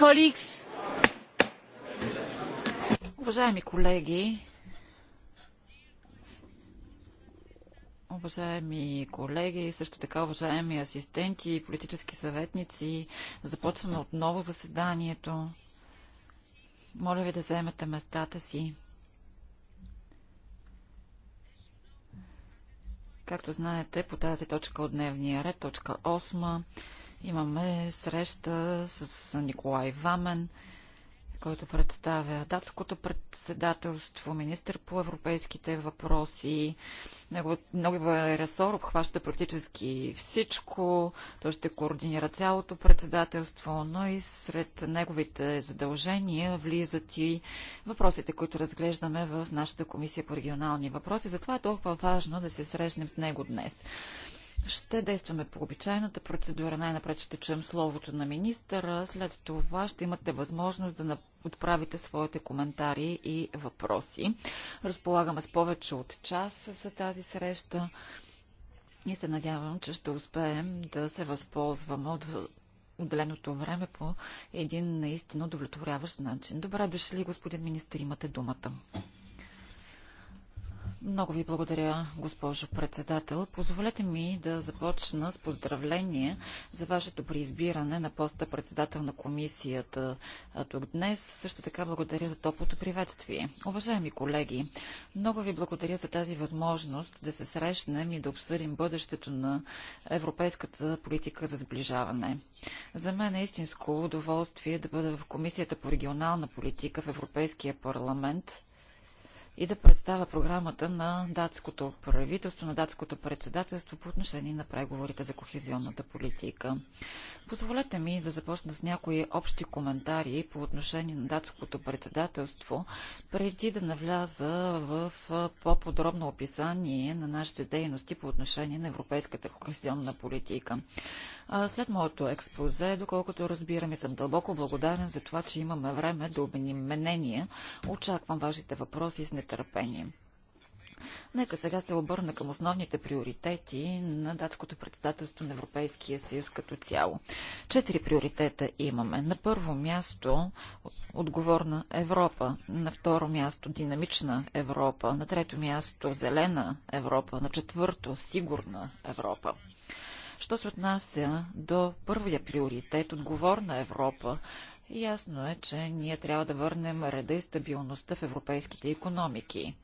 colleagues. Уважаеми колеги, уважаеми колеги, също така уважаеми асистенти и политически съветници, започваме отново заседанието. Моля ви да заемете местата си. Както знаете, по тази точка от дневния ред, точка 8, Имаме среща с Николай Вамен, който представя датското председателство, министр по европейските въпроси. е ресор обхваща практически всичко. Той ще координира цялото председателство, но и сред неговите задължения влизат и въпросите, които разглеждаме в нашата комисия по регионални въпроси. Затова е толкова важно да се срещнем с него днес. Ще действаме по обичайната процедура. Най-напред ще чуем словото на министъра. След това ще имате възможност да отправите своите коментари и въпроси. Разполагаме с повече от час за тази среща и се надявам, че ще успеем да се възползваме от отделеното време по един наистина удовлетворяващ начин. Добре дошли, господин министр, имате думата. Много ви благодаря, госпожо председател. Позволете ми да започна с поздравление за вашето преизбиране на поста председател на комисията тук днес. Също така благодаря за топлото приветствие. Уважаеми колеги, много ви благодаря за тази възможност да се срещнем и да обсъдим бъдещето на европейската политика за сближаване. За мен е истинско удоволствие да бъда в комисията по регионална политика в Европейския парламент и да представя програмата на датското правителство, на датското председателство по отношение на преговорите за кохезионната политика. Позволете ми да започна с някои общи коментари по отношение на датското председателство, преди да навляза в по-подробно описание на нашите дейности по отношение на европейската кохезионна политика. След моето експозе, доколкото разбирам и съм дълбоко благодарен за това, че имаме време да обменим мнение, очаквам вашите въпроси с нетърпение нетърпение. Нека сега се обърна към основните приоритети на датското председателство на Европейския съюз като цяло. Четири приоритета имаме. На първо място отговорна Европа, на второ място динамична Европа, на трето място зелена Европа, на четвърто сигурна Европа. Що се отнася до първия приоритет отговорна Европа, Ясно е, че ние трябва да върнем реда и стабилността в европейските економики.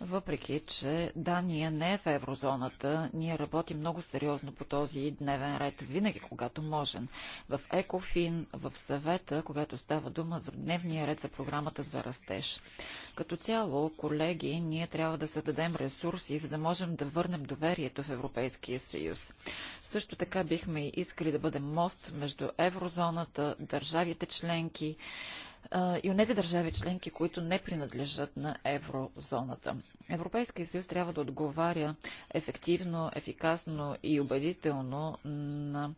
Въпреки, че Дания не е в еврозоната, ние работим много сериозно по този дневен ред, винаги когато можем. В Екофин, в съвета, когато става дума за дневния ред за програмата за растеж. Като цяло, колеги, ние трябва да създадем ресурси, за да можем да върнем доверието в Европейския съюз. Също така бихме искали да бъдем мост между еврозоната, държавите членки, и от тези държави членки, които не принадлежат на еврозоната. Европейския съюз трябва да отговаря ефективно, ефикасно и убедително на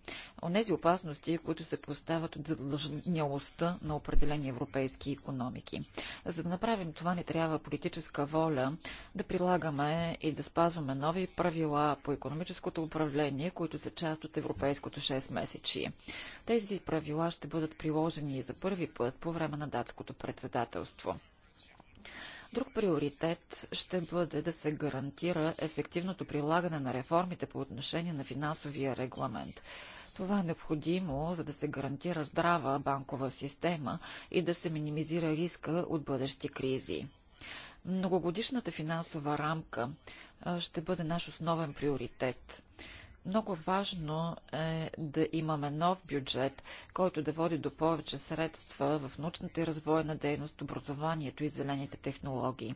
тези опасности, които се поставят от задлъжнялостта на определени европейски економики. За да направим това, ни трябва политическа воля да прилагаме и да спазваме нови правила по економическото управление, които са част от европейското 6 месечи. Тези правила ще бъдат приложени и за първи път по време на датското председателство. Друг приоритет ще бъде да се гарантира ефективното прилагане на реформите по отношение на финансовия регламент. Това е необходимо, за да се гарантира здрава банкова система и да се минимизира риска от бъдещи кризи. Многогодишната финансова рамка ще бъде наш основен приоритет. Много важно е да имаме нов бюджет, който да води до повече средства в научната и развойна дейност, образованието и зелените технологии.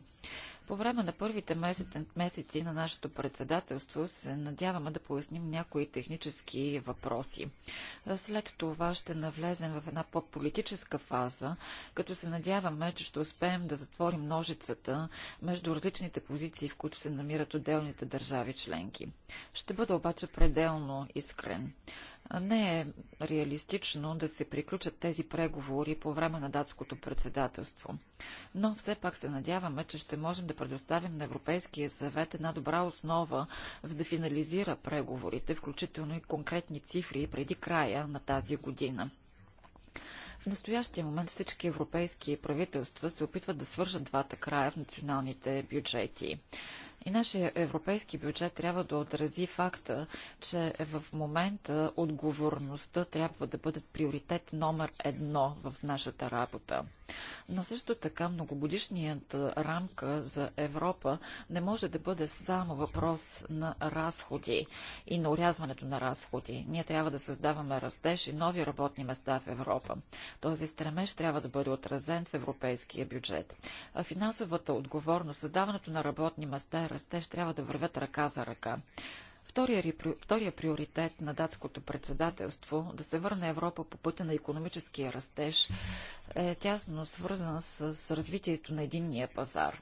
По време на първите месеци на нашето председателство се надяваме да поясним някои технически въпроси. След това ще навлезем в една по-политическа фаза, като се надяваме, че ще успеем да затворим ножицата между различните позиции, в които се намират отделните държави членки. Ще бъда обаче пределно искрен. Не е реалистично да се приключат тези преговори по време на датското председателство. Но все пак се надяваме, че ще можем да предоставим на Европейския съвет една добра основа, за да финализира преговорите, включително и конкретни цифри преди края на тази година. В настоящия момент всички европейски правителства се опитват да свържат двата края в националните бюджети. И нашия европейски бюджет трябва да отрази факта, че в момента отговорността трябва да бъде приоритет номер едно в нашата работа. Но също така многогодишният рамка за Европа не може да бъде само въпрос на разходи и на урязването на разходи. Ние трябва да създаваме растеж и нови работни места в Европа. Този стремеж трябва да бъде отразен в европейския бюджет. А финансовата отговорност, създаването на работни места растеж трябва да вървят ръка за ръка. Втория, втория приоритет на датското председателство да се върне Европа по пътя на економическия растеж е тясно свързан с развитието на единния пазар.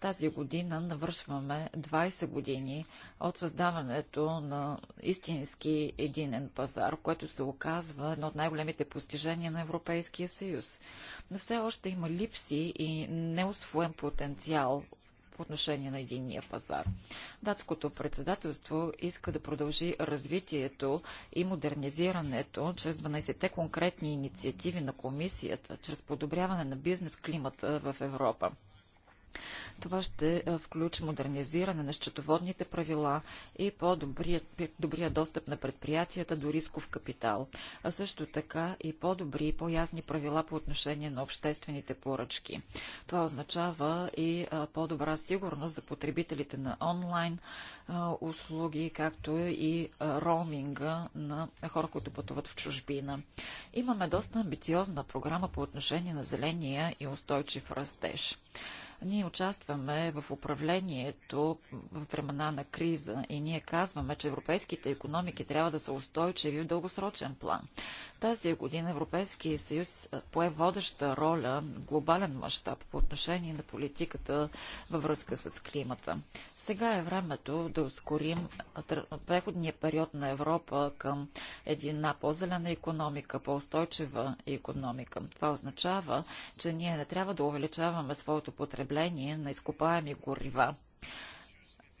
Тази година навършваме 20 години от създаването на истински единен пазар, което се оказва едно от най-големите постижения на Европейския съюз. Но все още има липси и неосвоен потенциал по отношение на единния пазар. Датското председателство иска да продължи развитието и модернизирането чрез 12-те конкретни инициативи на комисията, чрез подобряване на бизнес климата в Европа. Това ще включи модернизиране на счетоводните правила и по-добрия добрия достъп на предприятията до рисков капитал, а също така и по-добри и по-ясни правила по отношение на обществените поръчки. Това означава и по-добра сигурност за потребителите на онлайн услуги, както и роуминга на хора, които пътуват в чужбина. Имаме доста амбициозна програма по отношение на зеления и устойчив растеж. Ние участваме в управлението в времена на криза и ние казваме, че европейските економики трябва да са устойчиви в дългосрочен план. Тази година Европейския съюз пое водеща роля в глобален мащаб по отношение на политиката във връзка с климата. Сега е времето да ускорим преходния период на Европа към една по-зелена економика, по-устойчива економика. Това означава, че ние не трябва да увеличаваме своето потребление на изкопаеми горива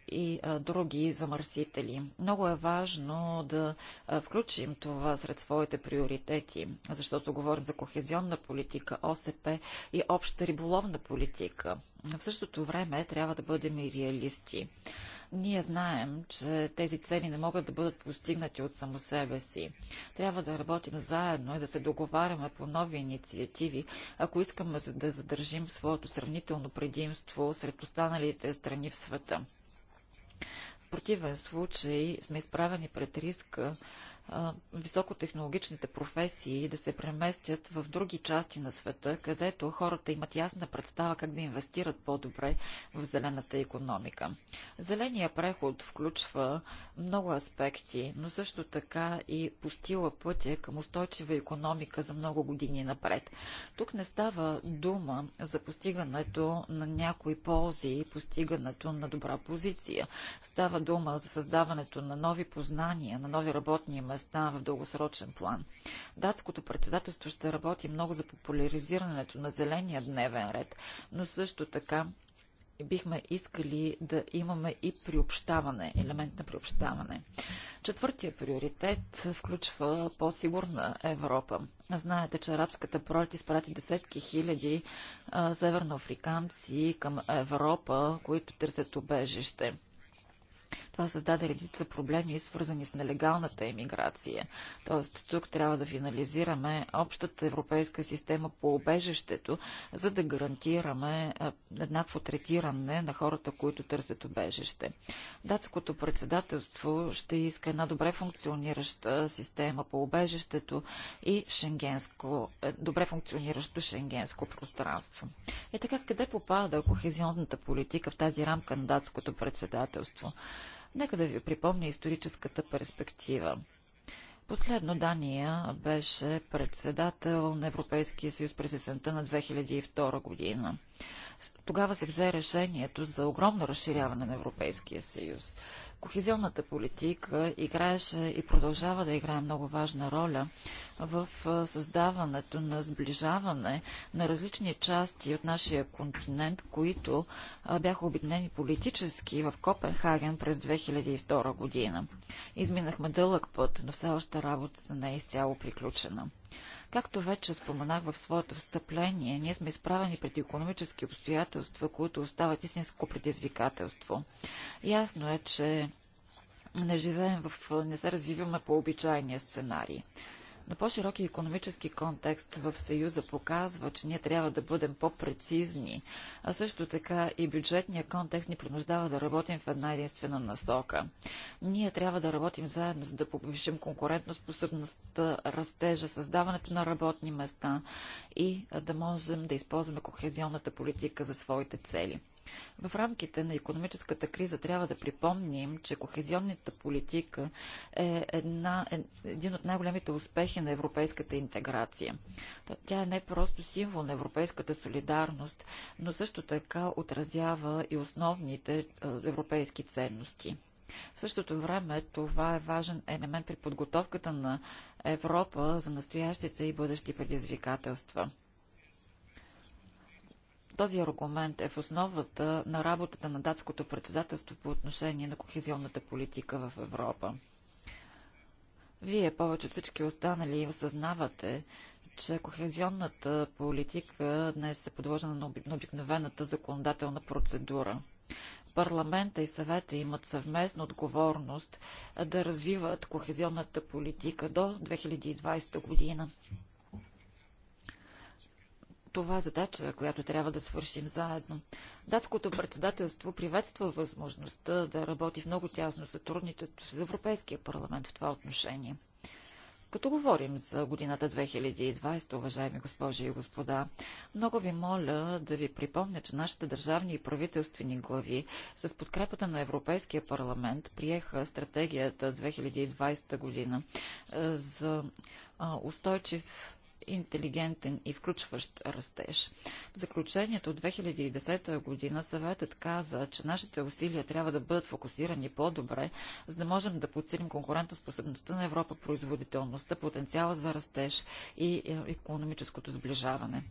и а, други замърсители. Много е важно да а, включим това сред своите приоритети, защото говорим за кохезионна политика, ОСП и обща риболовна политика. В същото време трябва да бъдем и реалисти. Ние знаем, че тези цели не могат да бъдат постигнати от само себе си. Трябва да работим заедно и да се договаряме по нови инициативи, ако искаме да задържим своето сравнително предимство сред останалите страни в света. В противен случай сме изправени пред риска високотехнологичните професии да се преместят в други части на света, където хората имат ясна представа как да инвестират по-добре в зелената економика. Зеления преход включва много аспекти, но също така и постила пътя към устойчива економика за много години напред. Тук не става дума за постигането на някои ползи и постигането на добра позиция. Става дума за създаването на нови познания, на нови работни места, места в дългосрочен план. Датското председателство ще работи много за популяризирането на зеления дневен ред, но също така бихме искали да имаме и приобщаване, елемент на приобщаване. Четвъртия приоритет включва по-сигурна Европа. Знаете, че арабската пролет изпрати десетки хиляди а, северноафриканци към Европа, които търсят убежище. Това създаде редица проблеми, свързани с нелегалната емиграция. Тоест, тук трябва да финализираме общата европейска система по обежището, за да гарантираме еднакво третиране на хората, които търсят обежище. Датското председателство ще иска една добре функционираща система по обежището и шенгенско, е, добре функциониращо шенгенско пространство. И е така, къде попада кохезионната политика в тази рамка на датското председателство? Нека да ви припомня историческата перспектива. Последно Дания беше председател на Европейския съюз през есента на 2002 година. Тогава се взе решението за огромно разширяване на Европейския съюз. Кохезионната политика играеше и продължава да играе много важна роля в създаването на сближаване на различни части от нашия континент, които бяха обединени политически в Копенхаген през 2002 година. Изминахме дълъг път, но все още работата не е изцяло приключена. Както вече споменах в своето встъпление, ние сме изправени пред економически обстоятелства, които остават истинско предизвикателство. Ясно е, че не живеем в, не се развиваме по обичайния сценарий на по-широки економически контекст в Съюза показва, че ние трябва да бъдем по-прецизни, а също така и бюджетния контекст ни принуждава да работим в една единствена насока. Ние трябва да работим заедно, за да повишим конкурентоспособността, растежа, създаването на работни места и да можем да използваме кохезионната политика за своите цели. В рамките на економическата криза трябва да припомним, че кохезионната политика е една, е един от най-големите успехи на европейската интеграция. Тя е не просто символ на европейската солидарност, но също така отразява и основните е, европейски ценности. В същото време това е важен елемент при подготовката на Европа за настоящите и бъдещи предизвикателства. Този аргумент е в основата на работата на датското председателство по отношение на кохезионната политика в Европа. Вие повече от всички останали осъзнавате, че кохезионната политика днес е подложена на обикновената законодателна процедура. Парламента и съвета имат съвместна отговорност да развиват кохезионната политика до 2020 година това задача, която трябва да свършим заедно. Датското председателство приветства възможността да работи в много тясно сътрудничество с Европейския парламент в това отношение. Като говорим за годината 2020, уважаеми госпожи и господа, много ви моля да ви припомня, че нашите държавни и правителствени глави с подкрепата на Европейския парламент приеха стратегията 2020 година за устойчив интелигентен и включващ растеж. В заключението от 2010 година съветът каза, че нашите усилия трябва да бъдат фокусирани по-добре, за да можем да подсилим конкурентоспособността на Европа, производителността, потенциала за растеж и економическото сближаване.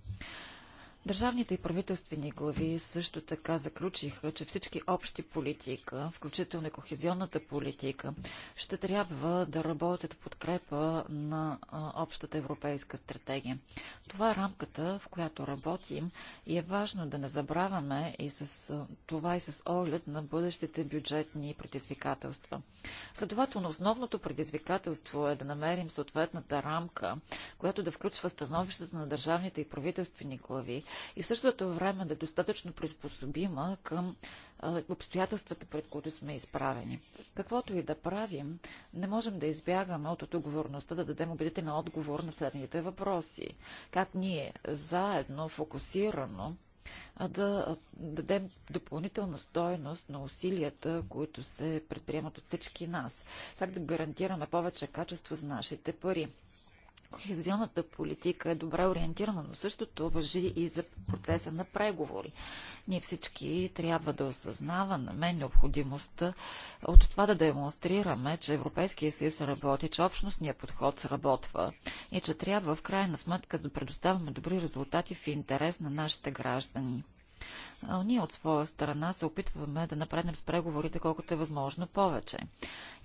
Държавните и правителствени глави също така заключиха, че всички общи политика, включително и кохезионната политика, ще трябва да работят в подкрепа на общата европейска стратегия. Това е рамката, в която работим и е важно да не забравяме и с това и с оглед на бъдещите бюджетни предизвикателства. Следователно, основното предизвикателство е да намерим съответната рамка, която да включва становищата на държавните и правителствени глави, и в същото време да е достатъчно приспособима към обстоятелствата, пред които сме изправени. Каквото и да правим, не можем да избягаме от отговорността да дадем убедителен отговор на следните въпроси. Как ние заедно, фокусирано, да дадем допълнителна стойност на усилията, които се предприемат от всички нас. Как да гарантираме повече качество за нашите пари? кохезионната политика е добре ориентирана, но същото въжи и за процеса на преговори. Ние всички трябва да осъзнаваме необходимостта от това да демонстрираме, че Европейския съюз работи, че общностният подход сработва и че трябва в крайна сметка да предоставяме добри резултати в интерес на нашите граждани ние от своя страна се опитваме да напреднем с преговорите колкото е възможно повече.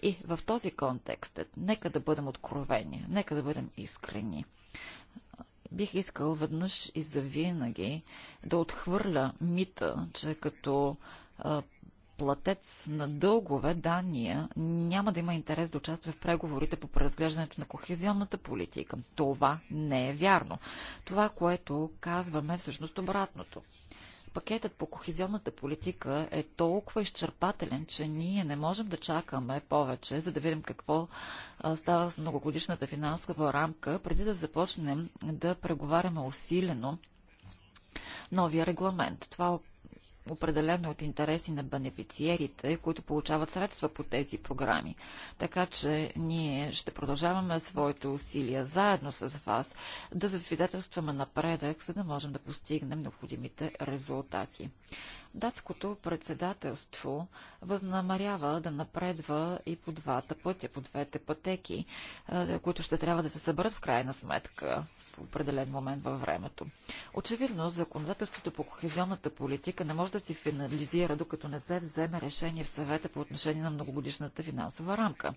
И в този контекст, е, нека да бъдем откровени, нека да бъдем искрени. Бих искал веднъж и завинаги да отхвърля мита, че като платец на дългове Дания няма да има интерес да участва в преговорите по преразглеждането на кохезионната политика. Това не е вярно. Това, което казваме, е всъщност обратното. Пакетът по кохезионната политика е толкова изчерпателен, че ние не можем да чакаме повече, за да видим какво става с многогодишната финансова рамка, преди да започнем да преговаряме усилено новия регламент. Това определено от интереси на бенефициерите, които получават средства по тези програми. Така че ние ще продължаваме своите усилия заедно с вас да засвидетелстваме напредък, за да можем да постигнем необходимите резултати. Датското председателство възнамарява да напредва и по двата пътя, по двете пътеки, които ще трябва да се съберат в крайна сметка определен момент във времето. Очевидно, законодателството по кохезионната политика не може да се финализира, докато не се вземе решение в съвета по отношение на многогодишната финансова рамка.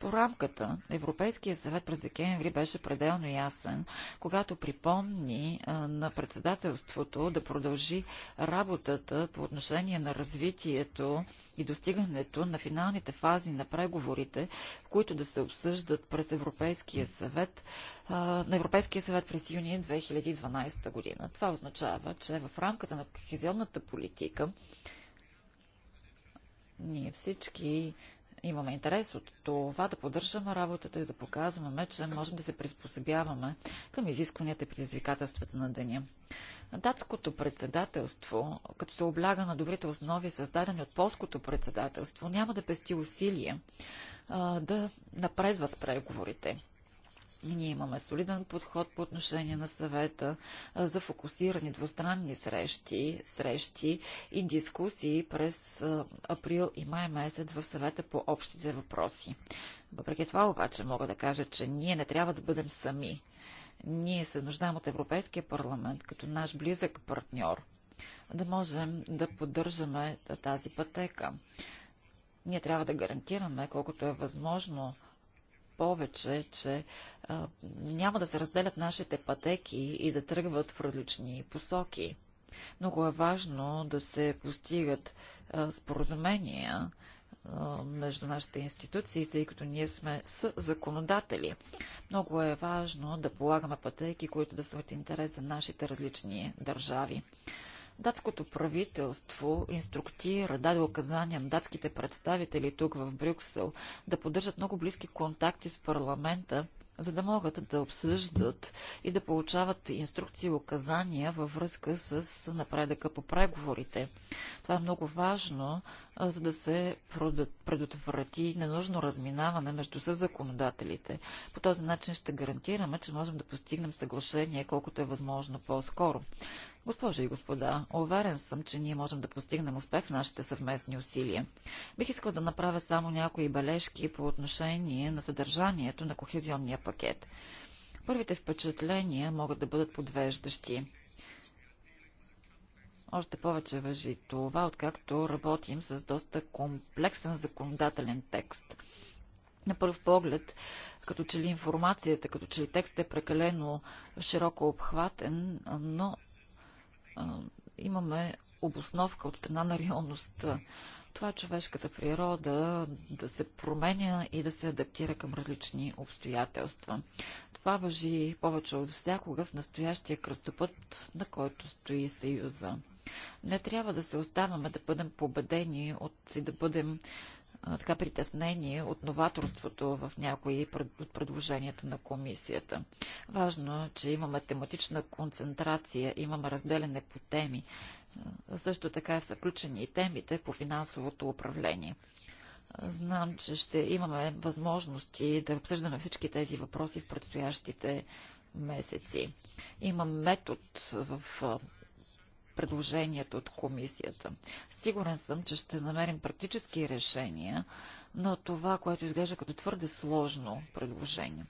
По рамката Европейския съвет през декември беше пределно ясен, когато припомни на председателството да продължи работата по отношение на развитието и достигането на финалните фази на преговорите, които да се обсъждат през Европейския съвет, на Европейския съвет през юни 2012 година. Това означава, че в рамката на кохезионната политика ние всички имаме интерес от това да поддържаме работата и да показваме, че можем да се приспособяваме към изискванията и предизвикателствата на деня. Датското председателство, като се обляга на добрите основи, създадени от полското председателство, няма да пести усилия а, да напредва с преговорите. Ние имаме солиден подход по отношение на съвета за фокусирани двустранни срещи, срещи и дискусии през април и май месец в съвета по общите въпроси. Въпреки това обаче мога да кажа, че ние не трябва да бъдем сами. Ние се нуждаем от Европейския парламент като наш близък партньор, да можем да поддържаме тази пътека. Ние трябва да гарантираме, колкото е възможно, повече, че а, няма да се разделят нашите пътеки и да тръгват в различни посоки. Много е важно да се постигат а, споразумения а, между нашите институции, тъй като ние сме с законодатели. Много е важно да полагаме пътеки, които да са от интерес за нашите различни държави. Датското правителство инструктира, даде указания на датските представители тук в Брюксел да поддържат много близки контакти с парламента, за да могат да обсъждат и да получават инструкции и указания във връзка с напредъка по преговорите. Това е много важно, за да се предотврати ненужно разминаване между законодателите. По този начин ще гарантираме, че можем да постигнем съглашение колкото е възможно по-скоро. Госпожи и господа, уверен съм, че ние можем да постигнем успех в нашите съвместни усилия. Бих искал да направя само някои бележки по отношение на съдържанието на кохезионния пакет. Първите впечатления могат да бъдат подвеждащи. Още повече въжи това, откакто работим с доста комплексен законодателен текст. На първ поглед, като че ли информацията, като че ли текстът е прекалено широко обхватен, но а, имаме обосновка от страна на реалността. Това е човешката природа да се променя и да се адаптира към различни обстоятелства. Това въжи повече от всякога в настоящия кръстопът, на който стои Съюза. Не трябва да се оставаме да бъдем победени от, и да бъдем а, така притеснени от новаторството в някои от предложенията на комисията. Важно е, че имаме тематична концентрация, имаме разделене по теми. А, също така е включени и темите по финансовото управление. Знам, че ще имаме възможности да обсъждаме всички тези въпроси в предстоящите месеци. Има метод в предложението от комисията. Сигурен съм, че ще намерим практически решения на това, което изглежда като твърде сложно предложение.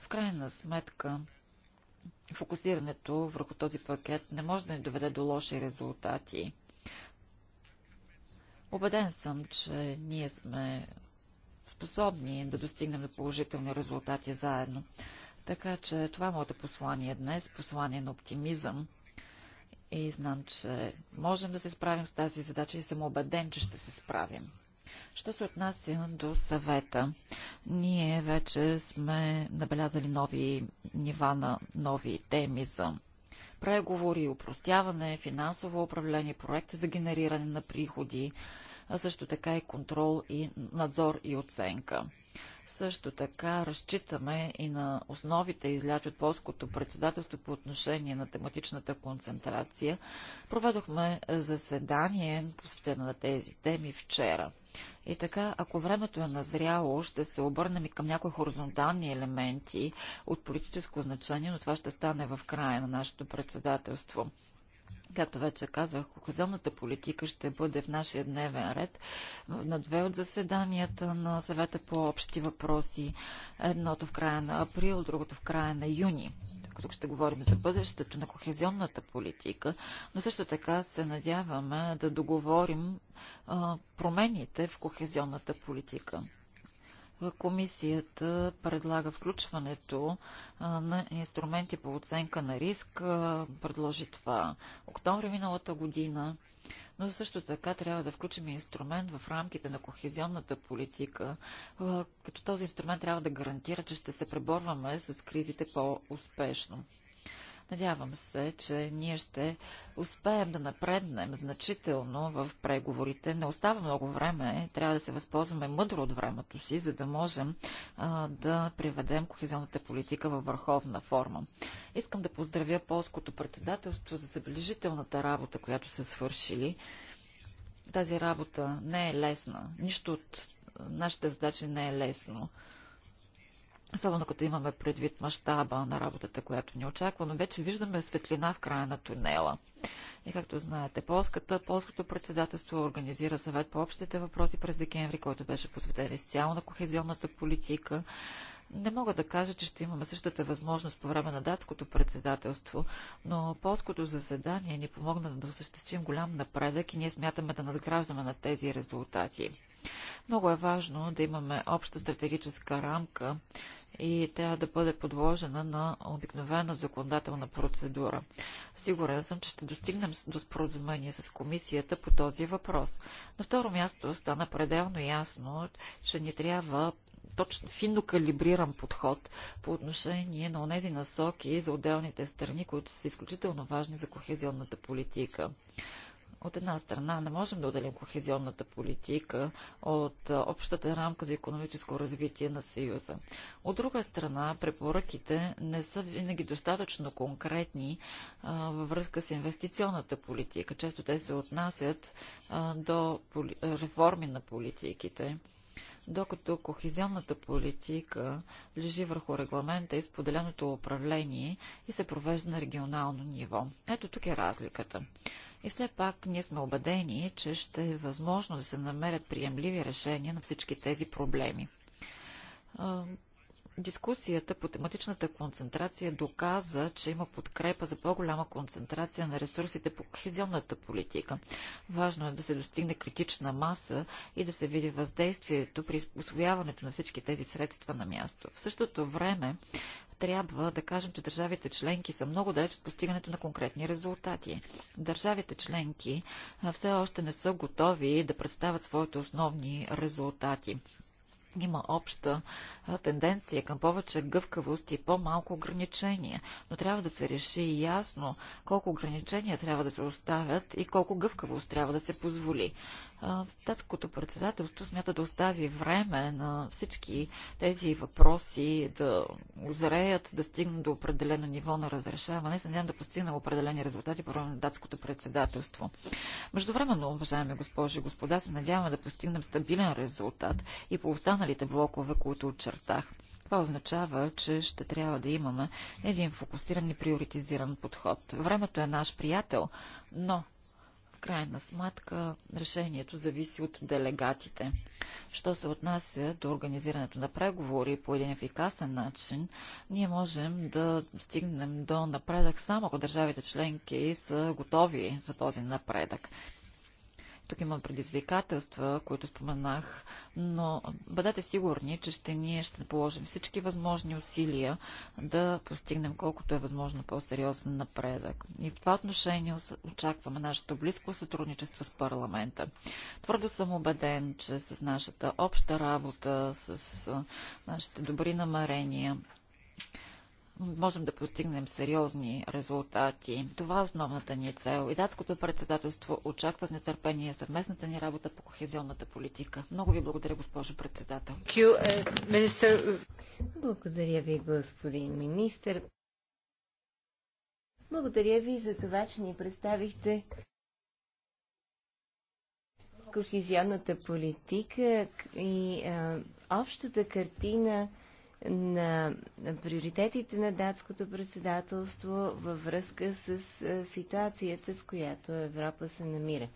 В крайна сметка, фокусирането върху този пакет не може да ни доведе до лоши резултати. Обеден съм, че ние сме способни да достигнем до положителни резултати заедно. Така че това е моето послание днес, послание на оптимизъм и знам, че можем да се справим с тази задача и съм убеден, че ще се справим. Що се отнася до съвета, ние вече сме набелязали нови нива на нови теми за преговори, упростяване, финансово управление, проекти за генериране на приходи, а също така и контрол и надзор и оценка. Също така разчитаме и на основите изляти от полското председателство по отношение на тематичната концентрация. Проведохме заседание, посветено на тези теми вчера. И така, ако времето е назряло, ще се обърнем и към някои хоризонтални елементи от политическо значение, но това ще стане в края на нашето председателство. Както вече казах, кохезионната политика ще бъде в нашия дневен ред на две от заседанията на съвета по общи въпроси. Едното в края на април, другото в края на юни. Тук ще говорим за бъдещето на кохезионната политика, но също така се надяваме да договорим промените в кохезионната политика. Комисията предлага включването на инструменти по оценка на риск. Предложи това октомври миналата година. Но също така трябва да включим инструмент в рамките на кохезионната политика, като този инструмент трябва да гарантира, че ще се преборваме с кризите по-успешно. Надявам се, че ние ще успеем да напреднем значително в преговорите. Не остава много време. Трябва да се възползваме мъдро от времето си, за да можем а, да приведем кохезионната политика във върховна форма. Искам да поздравя полското председателство за забележителната работа, която са свършили. Тази работа не е лесна. Нищо от нашите задачи не е лесно. Особено като имаме предвид мащаба на работата, която ни очаква, но вече виждаме светлина в края на тунела. И както знаете, Полската, Полското председателство организира съвет по общите въпроси през декември, който беше посветен изцяло на кохезионната политика. Не мога да кажа, че ще имаме същата възможност по време на датското председателство, но полското заседание ни помогна да осъществим голям напредък и ние смятаме да надграждаме на тези резултати. Много е важно да имаме обща стратегическа рамка и тя да бъде подложена на обикновена законодателна процедура. Сигурен съм, че ще достигнем до споразумение с комисията по този въпрос. На второ място стана пределно ясно, че ни трябва точно финно калибриран подход по отношение на тези насоки за отделните страни, които са изключително важни за кохезионната политика. От една страна не можем да отделим кохезионната политика от общата рамка за економическо развитие на Съюза. От друга страна, препоръките не са винаги достатъчно конкретни а, във връзка с инвестиционната политика. Често те се отнасят а, до поли... реформи на политиките докато кохезионната политика лежи върху регламента и споделеното управление и се провежда на регионално ниво. Ето тук е разликата. И все пак ние сме убедени, че ще е възможно да се намерят приемливи решения на всички тези проблеми. Дискусията по тематичната концентрация доказа, че има подкрепа за по-голяма концентрация на ресурсите по кохезионната политика. Важно е да се достигне критична маса и да се види въздействието при освояването на всички тези средства на място. В същото време трябва да кажем, че държавите членки са много далеч от постигането на конкретни резултати. Държавите членки все още не са готови да представят своите основни резултати има обща тенденция към повече гъвкавост и по-малко ограничения. Но трябва да се реши ясно колко ограничения трябва да се оставят и колко гъвкавост трябва да се позволи. Датското председателство смята да остави време на всички тези въпроси да озреят, да стигнат до определено ниво на разрешаване. Се да постигнем определени резултати по време на датското председателство. Междувременно, уважаеми госпожи и господа, се надяваме да постигнем стабилен резултат и по останали останалите блокове, които очертах. Това означава, че ще трябва да имаме един фокусиран и приоритизиран подход. Времето е наш приятел, но в крайна сметка решението зависи от делегатите. Що се отнася до организирането на преговори по един ефикасен начин, ние можем да стигнем до напредък само ако държавите членки са готови за този напредък. Тук има предизвикателства, които споменах, но бъдете сигурни, че ще ние ще положим всички възможни усилия да постигнем колкото е възможно по-сериозен напредък. И в това отношение очакваме нашето близко сътрудничество с парламента. Твърдо съм убеден, че с нашата обща работа, с нашите добри намерения, можем да постигнем сериозни резултати. Това е основната ни цел. И датското председателство очаква с нетърпение съвместната ни работа по кохезионната политика. Много ви благодаря, госпожо председател. Uh, благодаря ви, господин министр. Благодаря ви за това, че ни представихте кохезионната политика и а, общата картина на приоритетите на датското председателство във връзка с ситуацията, в която Европа се намира.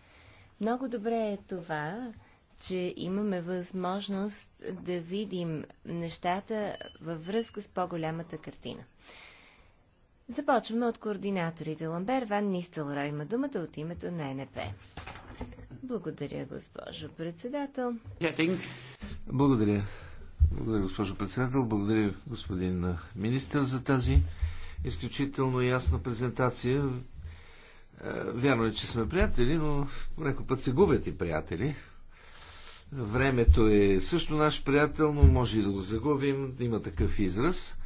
Много добре е това, че имаме възможност да видим нещата във връзка с по-голямата картина. Започваме от координаторите. Ламбер Ван Нистелрой има думата от името на НП. Благодаря, госпожо председател. Благодаря. Благодаря, госпожо председател. Благодаря, господин министр, за тази изключително ясна презентация. Е, вярно е, че сме приятели, но някой път се губят и приятели. Времето е също наш приятел, но може и да го загубим. Има такъв израз.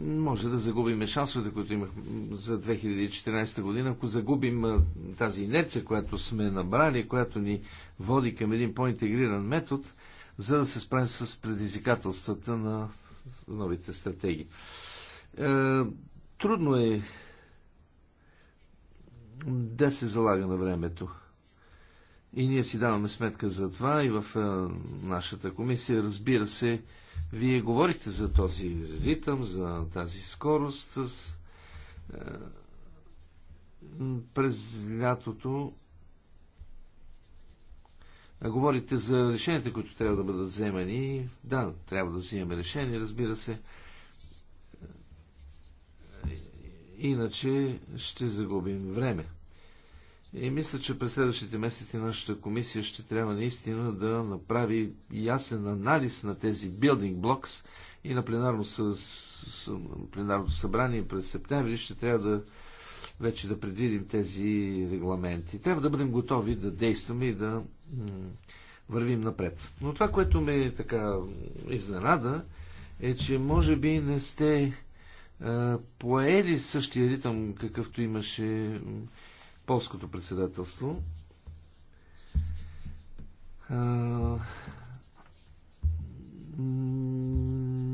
Може да загубим шансовете, които имахме за 2014 година. Ако загубим е, тази инерция, която сме набрали, която ни води към един по-интегриран метод – за да се справим с предизвикателствата на новите стратегии. Е, трудно е да се залага на времето. И ние си даваме сметка за това и в е, нашата комисия, разбира се, вие говорихте за този ритъм, за тази скорост. Е, през лятото Говорите за решенията, които трябва да бъдат вземани. Да, трябва да взимаме решение, разбира се. Иначе ще загубим време. И мисля, че през следващите месеци нашата комисия ще трябва наистина да направи ясен анализ на тези building блокс и на пленарно с, пленарното събрание през септември ще трябва да вече да предвидим тези регламенти. Трябва да бъдем готови да действаме и да вървим напред. Но това, което ме така изненада, е, че може би не сте а, поели същия ритъм, какъвто имаше полското председателство. А,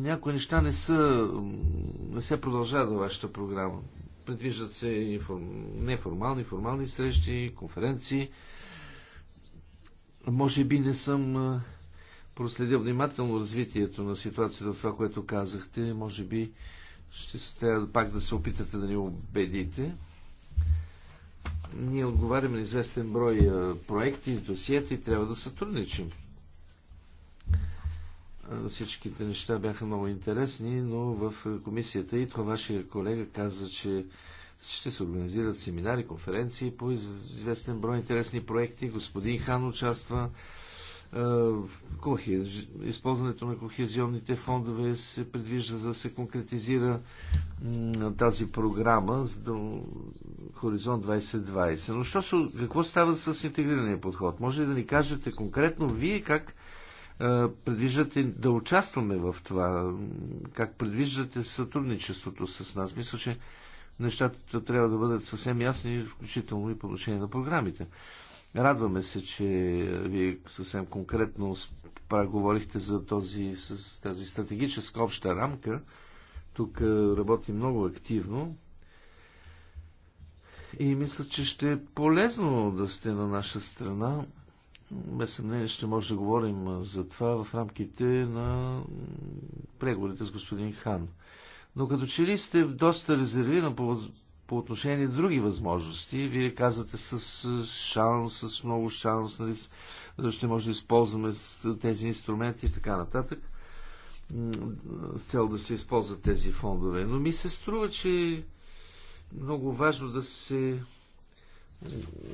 някои неща не са, не се продължават във вашата програма. Предвиждат се неформални, формални срещи, конференции. Може би не съм проследил внимателно развитието на ситуацията, това, което казахте. Може би ще се трябва пак да се опитате да ни убедите. Ние отговаряме на известен брой проекти, досиета и трябва да сътрудничим. Всичките неща бяха много интересни, но в комисията и това вашия колега каза, че ще се организират семинари, конференции по известен брой интересни проекти. Господин Хан участва. Е, използването на кохезионните фондове се предвижда за да се конкретизира тази програма до Хоризонт 2020. Но що, какво става с интегрирания подход? Може ли да ни кажете конкретно вие как е, предвиждате да участваме в това? Как предвиждате сътрудничеството с нас? Мисля, че нещата трябва да бъдат съвсем ясни, включително и по отношение на програмите. Радваме се, че вие съвсем конкретно говорихте за този, с тази стратегическа обща рамка. Тук е, работи много активно. И мисля, че ще е полезно да сте на наша страна. Без съмнение ще може да говорим е, за това в рамките на преговорите с господин Хан но като че ли сте доста резервирани по, по отношение на други възможности. Вие казвате с е, шанс, с много шанс, нали, е, ще може да използваме е, тези инструменти и така нататък с цел да се използват тези фондове. Но ми се струва, че е много важно да се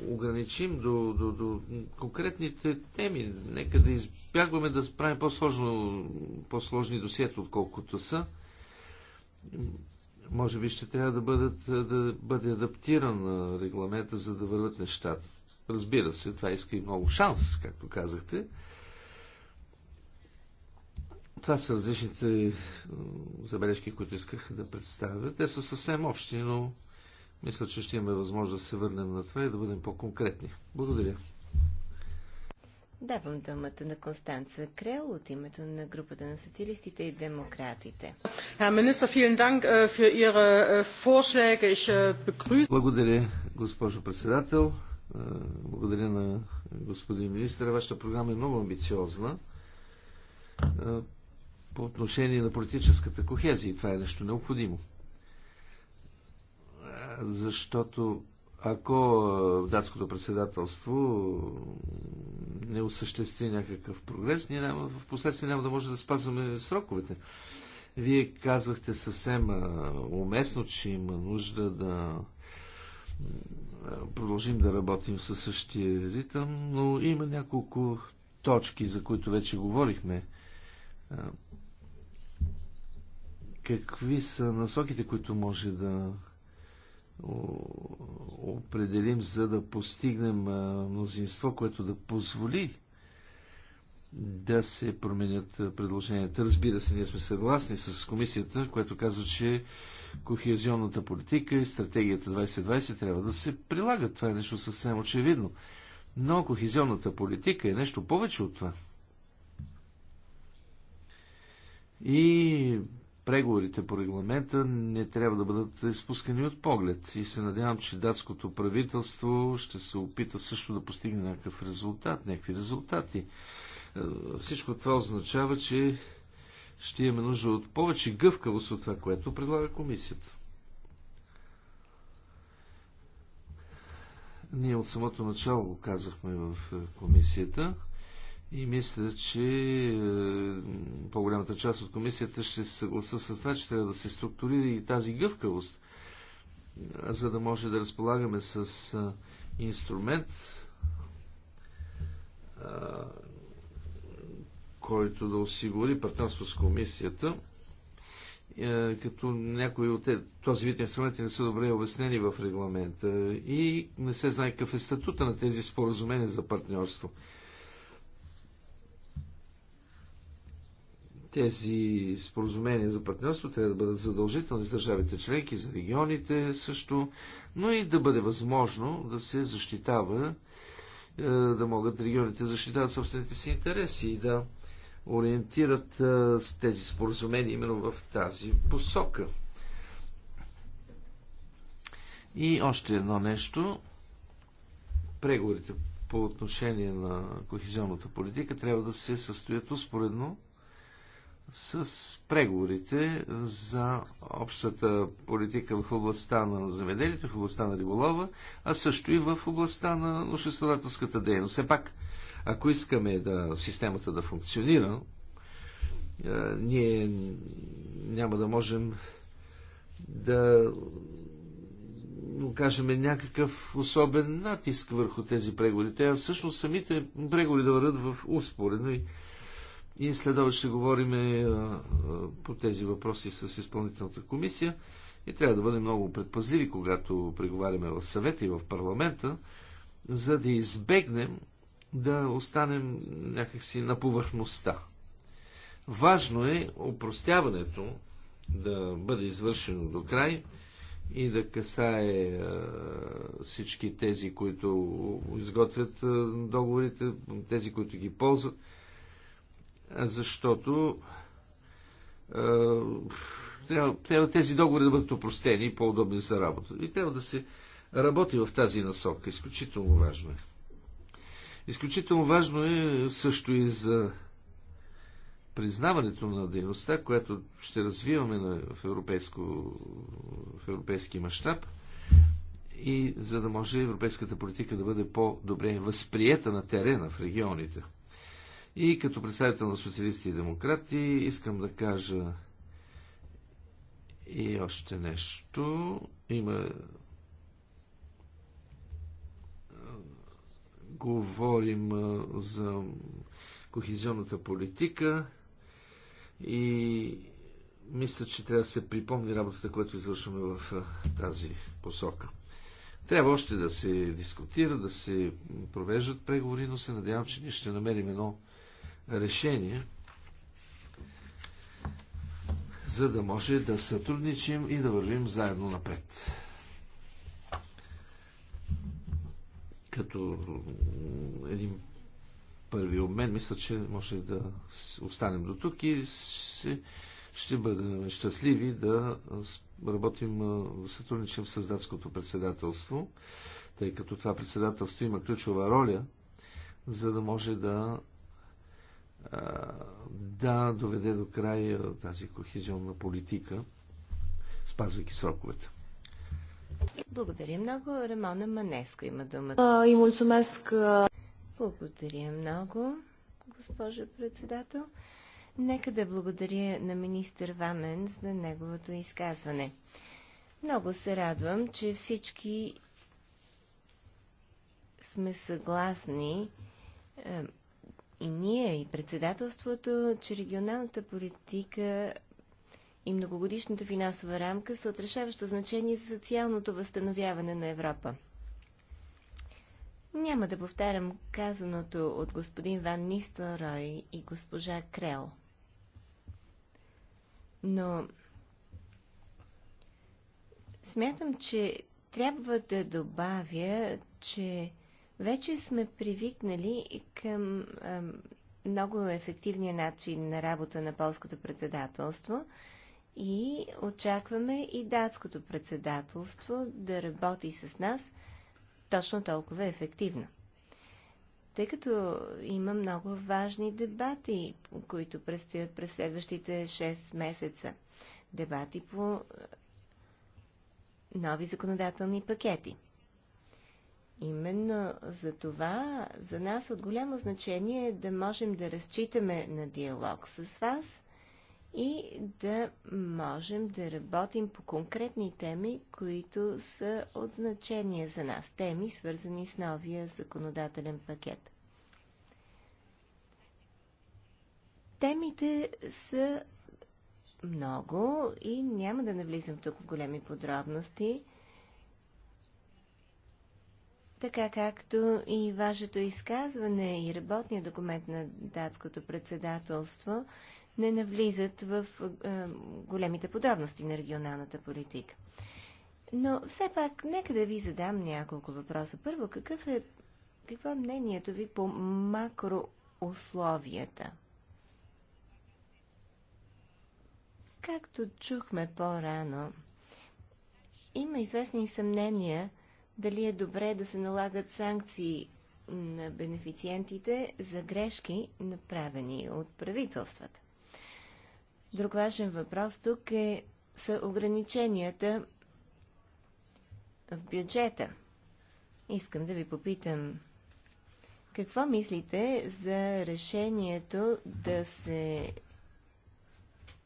ограничим до, до, до конкретните теми. Нека да избягваме да правим по по-сложни досиета, отколкото са може би ще трябва да, бъдат, да бъде адаптиран регламента, за да върват нещата. Разбира се, това иска и много шанс, както казахте. Това са различните забележки, които исках да представя. Те са съвсем общи, но мисля, че ще имаме възможност да се върнем на това и да бъдем по-конкретни. Благодаря. Давам думата на Констанца Крел от името на групата на социалистите и демократите. Äh, äh, äh, благодаря, госпожо председател. Благодаря на э, господин министър. Вашата програма е много амбициозна э, по отношение на политическата кохезия. Това е нещо необходимо. Э, защото ако е, датското председателство не осъществи някакъв прогрес, ние няма, в последствие няма да може да спазваме сроковете. Вие казвахте съвсем е, уместно, че има нужда да е, продължим да работим със същия ритъм, но има няколко точки, за които вече говорихме. Какви са насоките, които може да определим, за да постигнем мнозинство, което да позволи да се променят предложенията. Разбира се, ние сме съгласни с комисията, която казва, че кохезионната политика и стратегията 2020 трябва да се прилагат. Това е нещо съвсем очевидно. Но кохезионната политика е нещо повече от това. И преговорите по регламента не трябва да бъдат изпускани от поглед. И се надявам, че датското правителство ще се опита също да постигне някакъв резултат, някакви резултати. Е, всичко това означава, че ще имаме нужда от повече гъвкавост от това, което предлага комисията. Ние от самото начало го казахме в е, комисията – и мисля, че е, по-голямата част от комисията ще се съгласа с това, че трябва да се структурира и тази гъвкавост, за да може да разполагаме с инструмент, който да осигури партньорство с комисията, е, като някои от този вид инструменти не са добре обяснени в регламента и не се знае какъв е статута на тези споразумения за партньорство. Тези споразумения за партньорство трябва да бъдат задължителни за държавите членки, за регионите също, но и да бъде възможно да се защитава, е, да могат регионите да защитават собствените си интереси и да ориентират е, тези споразумения именно в тази посока. И още едно нещо. Преговорите по отношение на кохезионната политика трябва да се състоят успоредно с преговорите за общата политика в областта на земеделието, в областта на риболова, а също и в областта на обществоводателската дейност. Все пак, ако искаме да, системата да функционира, е, ние няма да можем да окажем някакъв особен натиск върху тези преговори. Те всъщност самите преговори да върват в успоредно и и следове ще говорим е, е, по тези въпроси с изпълнителната комисия. И трябва да бъдем много предпазливи, когато преговаряме в съвета и в парламента, за да избегнем да останем някакси на повърхността. Важно е опростяването да бъде извършено до край и да касае е, всички тези, които изготвят договорите, тези, които ги ползват, защото е, трябва, тези договори да бъдат опростени и по-удобни за работа. И трябва да се работи в тази насока. Изключително важно е. Изключително важно е също и за признаването на дейността, която ще развиваме на, в, европейско, в европейски мащаб и за да може европейската политика да бъде по-добре възприета на терена в регионите – и като представител на социалисти и демократи искам да кажа и още нещо. Има говорим за кохезионната политика и мисля, че трябва да се припомни работата, която извършваме в тази посока. Трябва още да се дискутира, да се провеждат преговори, но се надявам, че ние ще намерим едно решения, за да може да сътрудничим и да вървим заедно напред. Като един първи обмен, мисля, че може да останем до тук и се, ще бъдем щастливи да работим, да сътрудничим с датското председателство, тъй като това председателство има ключова роля, за да може да да доведе до край тази кохезионна политика, спазвайки сроковете. Благодаря много. Ремона Манеско има думата. И мулцумеск. Благодаря много, госпожа председател. Нека да благодаря на министър Вамен за неговото изказване. Много се радвам, че всички сме съгласни и ние, и председателството, че регионалната политика и многогодишната финансова рамка са от решаващо значение за социалното възстановяване на Европа. Няма да повтарям казаното от господин Ван Нистелрой и госпожа Крел. Но смятам, че трябва да добавя, че вече сме привикнали към а, много ефективния начин на работа на полското председателство и очакваме и датското председателство да работи с нас точно толкова ефективно. Тъй като има много важни дебати, които предстоят през следващите 6 месеца. Дебати по нови законодателни пакети. Именно за това за нас от голямо значение е да можем да разчитаме на диалог с вас и да можем да работим по конкретни теми, които са от значение за нас. Теми, свързани с новия законодателен пакет. Темите са много и няма да навлизам тук в големи подробности – така както и вашето изказване и работния документ на датското председателство не навлизат в е, големите подробности на регионалната политика. Но все пак, нека да ви задам няколко въпроса. Първо, какъв е, какво е мнението ви по макроусловията? Както чухме по-рано, има известни съмнения дали е добре да се налагат санкции на бенефициентите за грешки, направени от правителствата. Друг важен въпрос тук е, са ограниченията в бюджета. Искам да ви попитам, какво мислите за решението да се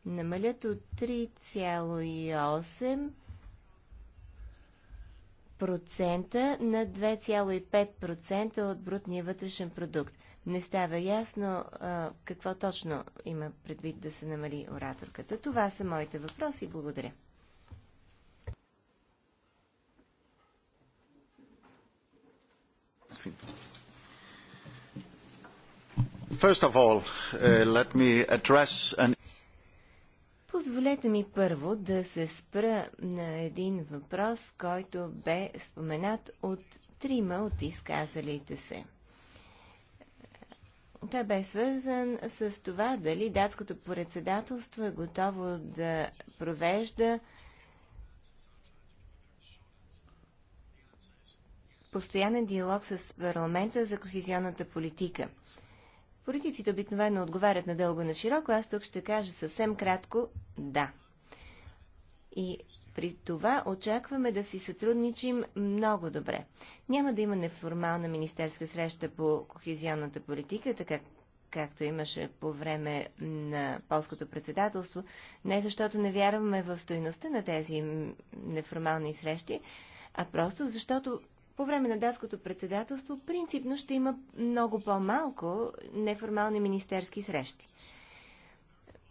намалят от 3,8 на 2,5% от брутния вътрешен продукт. Не става ясно а, какво точно има предвид да се намали ораторката. Това са моите въпроси. Благодаря. First of all, uh, let me address an Позволете ми първо да се спра на един въпрос, който бе споменат от трима от изказалите се. Той бе свързан с това дали датското председателство е готово да провежда постоянен диалог с парламента за кохезионната политика. Политиците обикновено отговарят на дълго на широко, аз тук ще кажа съвсем кратко да. И при това очакваме да си сътрудничим много добре. Няма да има неформална министерска среща по кохезионната политика, така както имаше по време на полското председателство, не защото не вярваме в стойността на тези неформални срещи, а просто защото по време на датското председателство принципно ще има много по-малко неформални министерски срещи.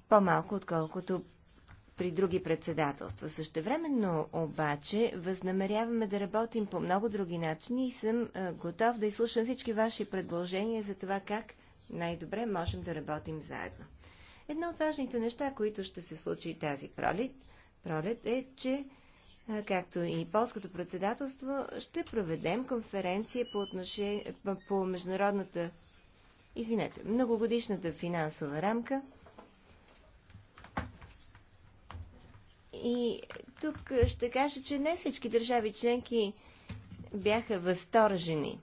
По-малко, отколкото при други председателства. Същевременно обаче възнамеряваме да работим по много други начини и съм готов да изслушам всички ваши предложения за това как най-добре можем да работим заедно. Едно от важните неща, които ще се случи тази пролет, пролет е, че както и полското председателство, ще проведем конференция по, отноше... по международната, извинете, многогодишната финансова рамка. И тук ще кажа, че не всички държави членки бяха възторжени,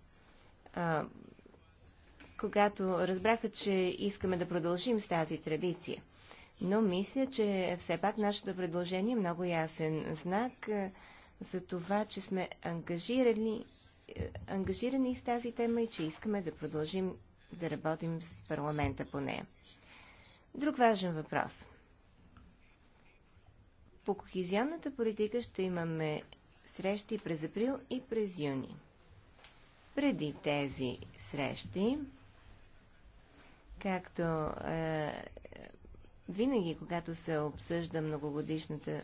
а, когато разбраха, че искаме да продължим с тази традиция. Но мисля, че все пак нашето предложение е много ясен знак е, за това, че сме ангажирани, е, ангажирани с тази тема и че искаме да продължим да работим с парламента по нея. Друг важен въпрос. По кохизионната политика ще имаме срещи през април и през юни. Преди тези срещи, както е, винаги, когато се обсъжда многогодишната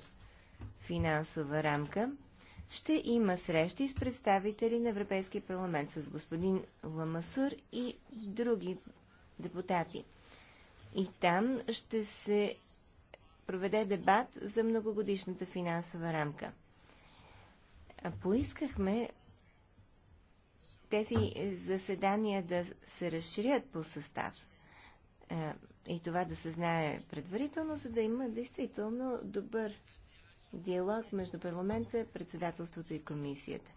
финансова рамка, ще има срещи с представители на Европейския парламент, с господин Ламасур и други депутати. И там ще се проведе дебат за многогодишната финансова рамка. Поискахме тези заседания да се разширят по състав е, и това да се знае предварително, за да има действително добър диалог между парламента, председателството и комисията.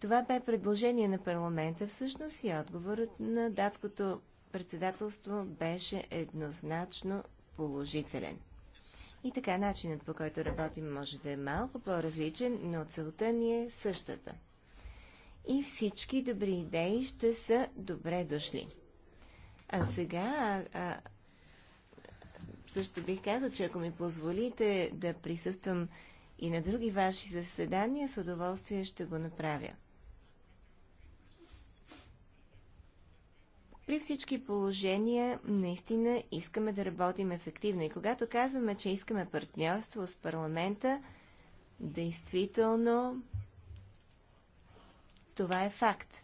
Това бе предложение на парламента всъщност и отговорът на датското председателство беше еднозначно положителен. И така начинът по който работим може да е малко по-различен, но целта ни е същата. И всички добри идеи ще са добре дошли. А сега а, също бих казал, че ако ми позволите да присъствам и на други ваши заседания, с удоволствие ще го направя. При всички положения наистина искаме да работим ефективно. И когато казваме, че искаме партньорство с парламента, действително това е факт.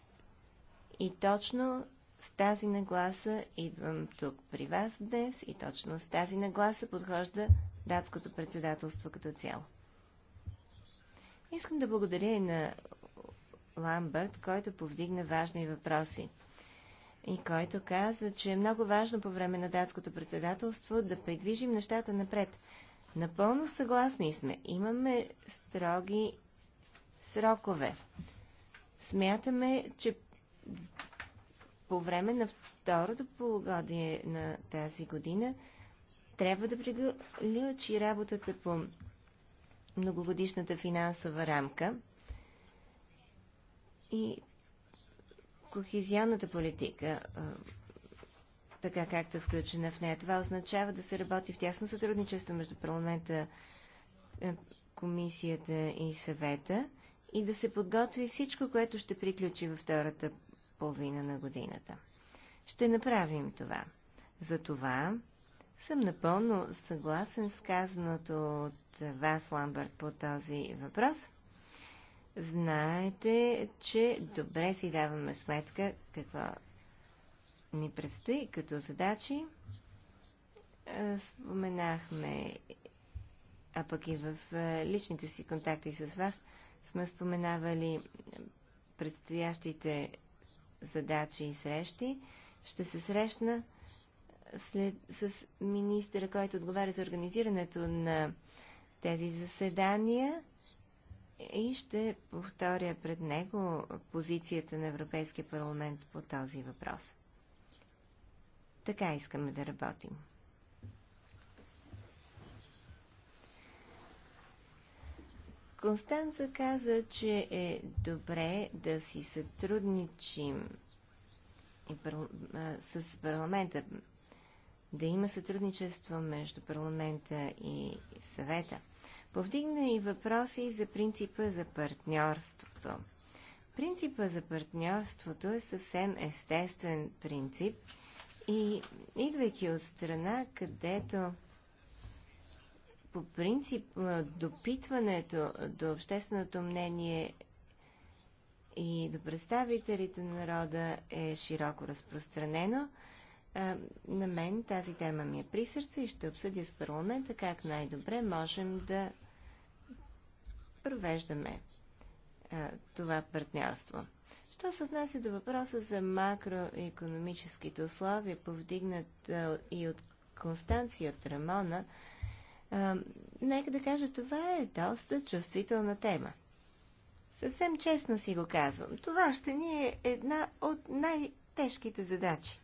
И точно тази нагласа идвам тук при вас днес и точно с тази нагласа подхожда датското председателство като цяло. Искам да благодаря и на Ламбърт, който повдигна важни въпроси и който каза, че е много важно по време на датското председателство да придвижим нещата напред. Напълно съгласни сме. Имаме строги срокове. Смятаме, че по време на второто полугодие на тази година трябва да приключи работата по многогодишната финансова рамка и кохезионната политика, така както е включена в нея. Това означава да се работи в тясно сътрудничество между парламента, е, комисията и съвета и да се подготви всичко, което ще приключи във втората половина на годината. Ще направим това. Затова съм напълно съгласен с казаното от вас, Ламбърт, по този въпрос. Знаете, че добре си даваме сметка какво ни предстои като задачи. Е, споменахме, а пък и в е, личните си контакти с вас, сме споменавали предстоящите задачи и срещи. Ще се срещна след, с министъра, който отговаря за организирането на тези заседания и ще повторя пред него позицията на Европейския парламент по този въпрос. Така искаме да работим. Констанца каза, че е добре да си сътрудничим с парламента, да има сътрудничество между парламента и съвета. Повдигна и въпроси за принципа за партньорството. Принципа за партньорството е съвсем естествен принцип и идвайки от страна, където по принцип допитването до общественото мнение и до представителите на народа е широко разпространено. На мен тази тема ми е при сърце и ще обсъдя с парламента как най-добре можем да провеждаме това партньорство. Що се отнася до въпроса за макроекономическите условия, повдигнат и от Констанция от Рамона, а, нека да кажа, това е доста чувствителна тема. Съвсем честно си го казвам. Това ще ни е една от най-тежките задачи.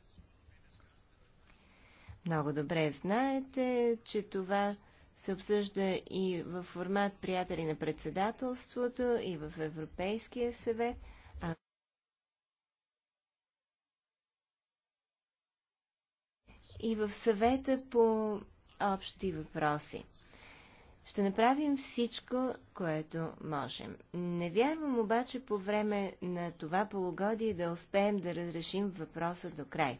Много добре знаете, че това се обсъжда и в формат приятели на председателството, и в Европейския съвет. А... И в съвета по общи въпроси. Ще направим всичко, което можем. Не вярвам обаче по време на това полугодие да успеем да разрешим въпроса до край.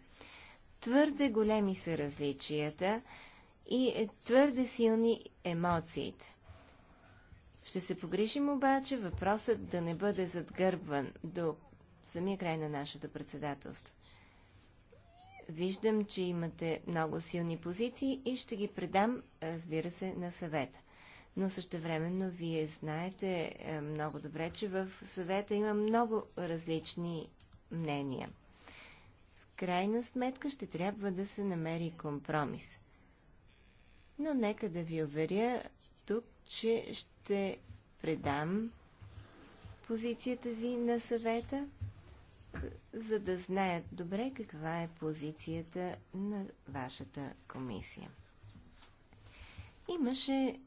Твърде големи са различията и твърде силни емоциите. Ще се погрижим обаче въпросът да не бъде задгърбван до самия край на нашето председателство. Виждам, че имате много силни позиции и ще ги предам, разбира се, на съвета. Но същевременно вие знаете е, много добре, че в съвета има много различни мнения. В крайна сметка ще трябва да се намери компромис. Но нека да ви уверя тук, че ще предам позицията ви на съвета за да знаят добре каква е позицията на вашата комисия. Имаше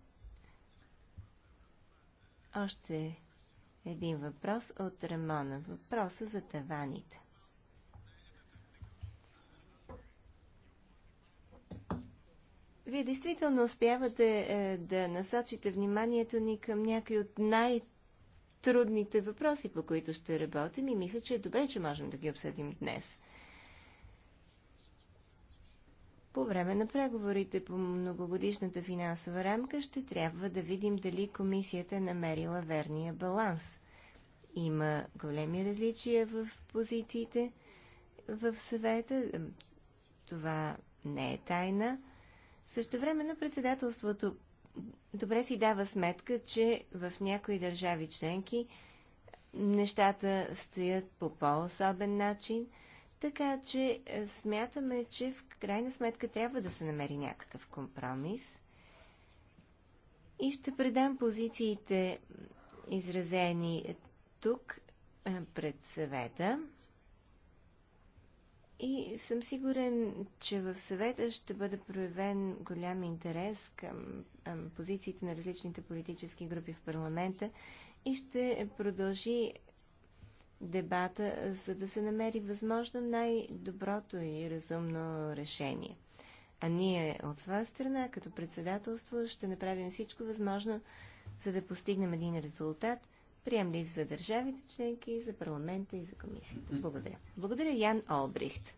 още един въпрос от Рамона. Въпроса за таваните. Вие действително успявате е, да насочите вниманието ни към някои от най- трудните въпроси, по които ще работим и мисля, че е добре, че можем да ги обсъдим днес. По време на преговорите по многогодишната финансова рамка ще трябва да видим дали комисията е намерила верния баланс. Има големи различия в позициите в съвета. Това не е тайна. Също време на председателството добре си дава сметка, че в някои държави членки нещата стоят по по-особен начин, така че е, смятаме, че в крайна сметка трябва да се намери някакъв компромис. И ще предам позициите, изразени тук е, пред съвета. И съм сигурен, че в съвета ще бъде проявен голям интерес към позициите на различните политически групи в парламента и ще продължи дебата, за да се намери възможно най-доброто и разумно решение. А ние от своя страна, като председателство, ще направим всичко възможно, за да постигнем един резултат – приемлив за държавите членки, за парламента и за комисията. Благодаря. Благодаря Ян Олбрихт.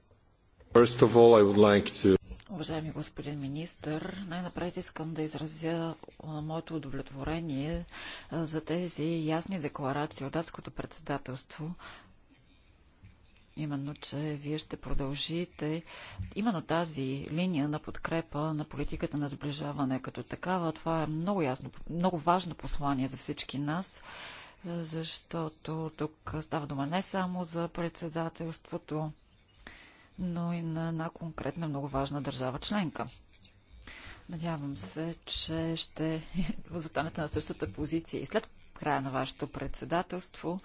All, like to... Уважаеми господин министр, най-напред искам да изразя моето удовлетворение за тези ясни декларации от датското председателство, именно, че вие ще продължите именно тази линия на подкрепа на политиката на сближаване като такава. Това е много ясно, много важно послание за всички нас защото тук става дума не само за председателството, но и на една конкретна много важна държава членка. Надявам се, че ще застанете на същата позиция и след края на вашето председателство,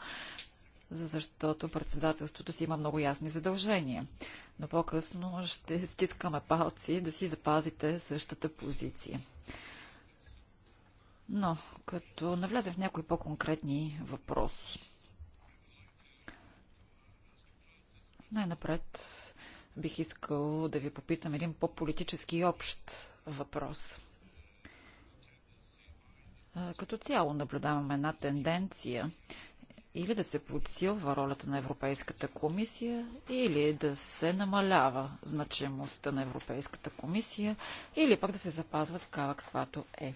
защото председателството си има много ясни задължения. Но по-късно ще стискаме палци да си запазите същата позиция. Но, като навляза в някои по-конкретни въпроси. Най-напред бих искал да ви попитам един по-политически общ въпрос. Като цяло наблюдаваме една тенденция или да се подсилва ролята на Европейската комисия, или да се намалява значимостта на Европейската комисия, или пък да се запазва такава каквато е.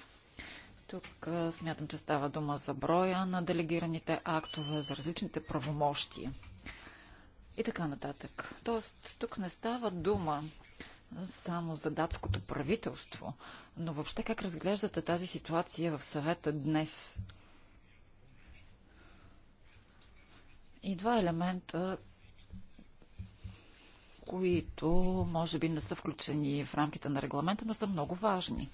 Тук смятам, че става дума за броя на делегираните актове, за различните правомощи и така нататък. Тоест, тук не става дума само за датското правителство, но въобще как разглеждате тази ситуация в съвета днес? И два елемента, които може би не са включени в рамките на регламента, но са много важни.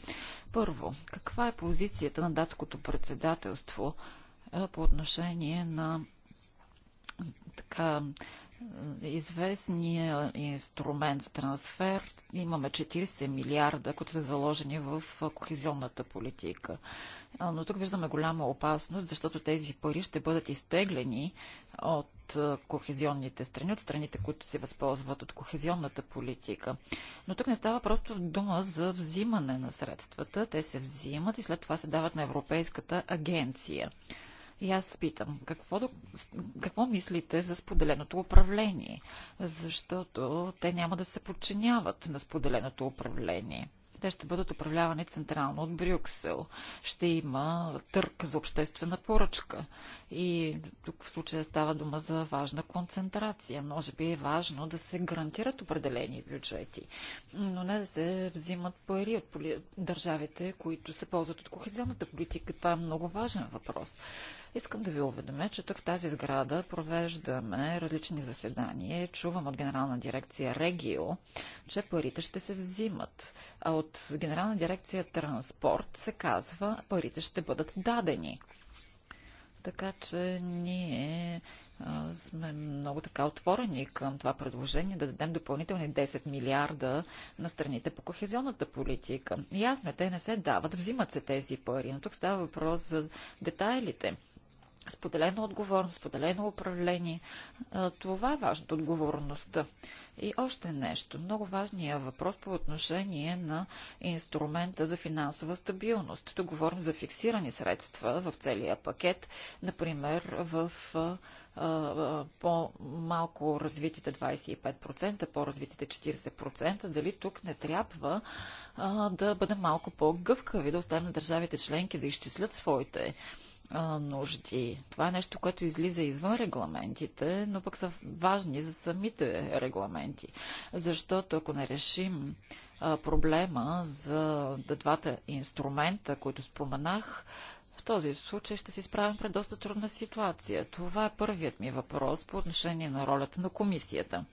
Първо, каква е позицията на датското председателство по отношение на така известния инструмент трансфер. Имаме 40 милиарда, които са заложени в кохезионната политика. Но тук виждаме голяма опасност, защото тези пари ще бъдат изтеглени от кохезионните страни, от страните, които се възползват от кохезионната политика. Но тук не става просто дума за взимане на средствата. Те се взимат и след това се дават на Европейската агенция. И аз питам, какво, какво мислите за споделеното управление? Защото те няма да се подчиняват на споделеното управление. Те ще бъдат управлявани централно от Брюксел. Ще има търк за обществена поръчка. И тук в случая става дума за важна концентрация. Може би е важно да се гарантират определени бюджети, но не да се взимат пари от държавите, които се ползват от кохезионната политика. Това е много важен въпрос. Искам да ви уведомя, че тук в тази сграда провеждаме различни заседания. Чувам от Генерална дирекция Регио, че парите ще се взимат. А от Генерална дирекция Транспорт се казва, парите ще бъдат дадени. Така че ние сме много така отворени към това предложение да дадем допълнителни 10 милиарда на страните по кохезионната политика. Ясно е, те не се дават, взимат се тези пари, но тук става въпрос за детайлите споделена отговорност, споделено управление. Това е важното, отговорността. И още нещо. Много важният въпрос по отношение на инструмента за финансова стабилност. Тук говорим за фиксирани средства в целия пакет, например в по-малко развитите 25%, по-развитите 40%, дали тук не трябва а, да бъдем малко по-гъвкави, да оставим държавите членки да изчислят своите а, нужди. Това е нещо, което излиза извън регламентите, но пък са важни за самите регламенти. Защото ако не решим а, проблема за двата инструмента, които споменах, в този случай ще се изправим пред доста трудна ситуация. Това е първият ми въпрос по отношение на ролята на комисията.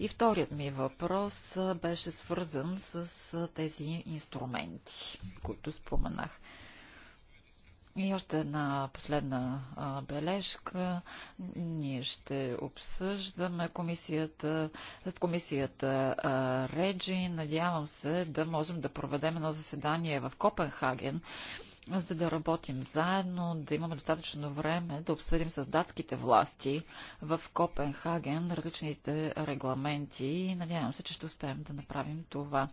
И вторият ми въпрос беше свързан с тези инструменти, които споменах. И още една последна бележка. Ние ще обсъждаме комисията, в комисията Реджи. Надявам се да можем да проведем едно заседание в Копенхаген, за да работим заедно, да имаме достатъчно време да обсъдим с датските власти в Копенхаген различните регламенти. Надявам се, че ще успеем да направим това.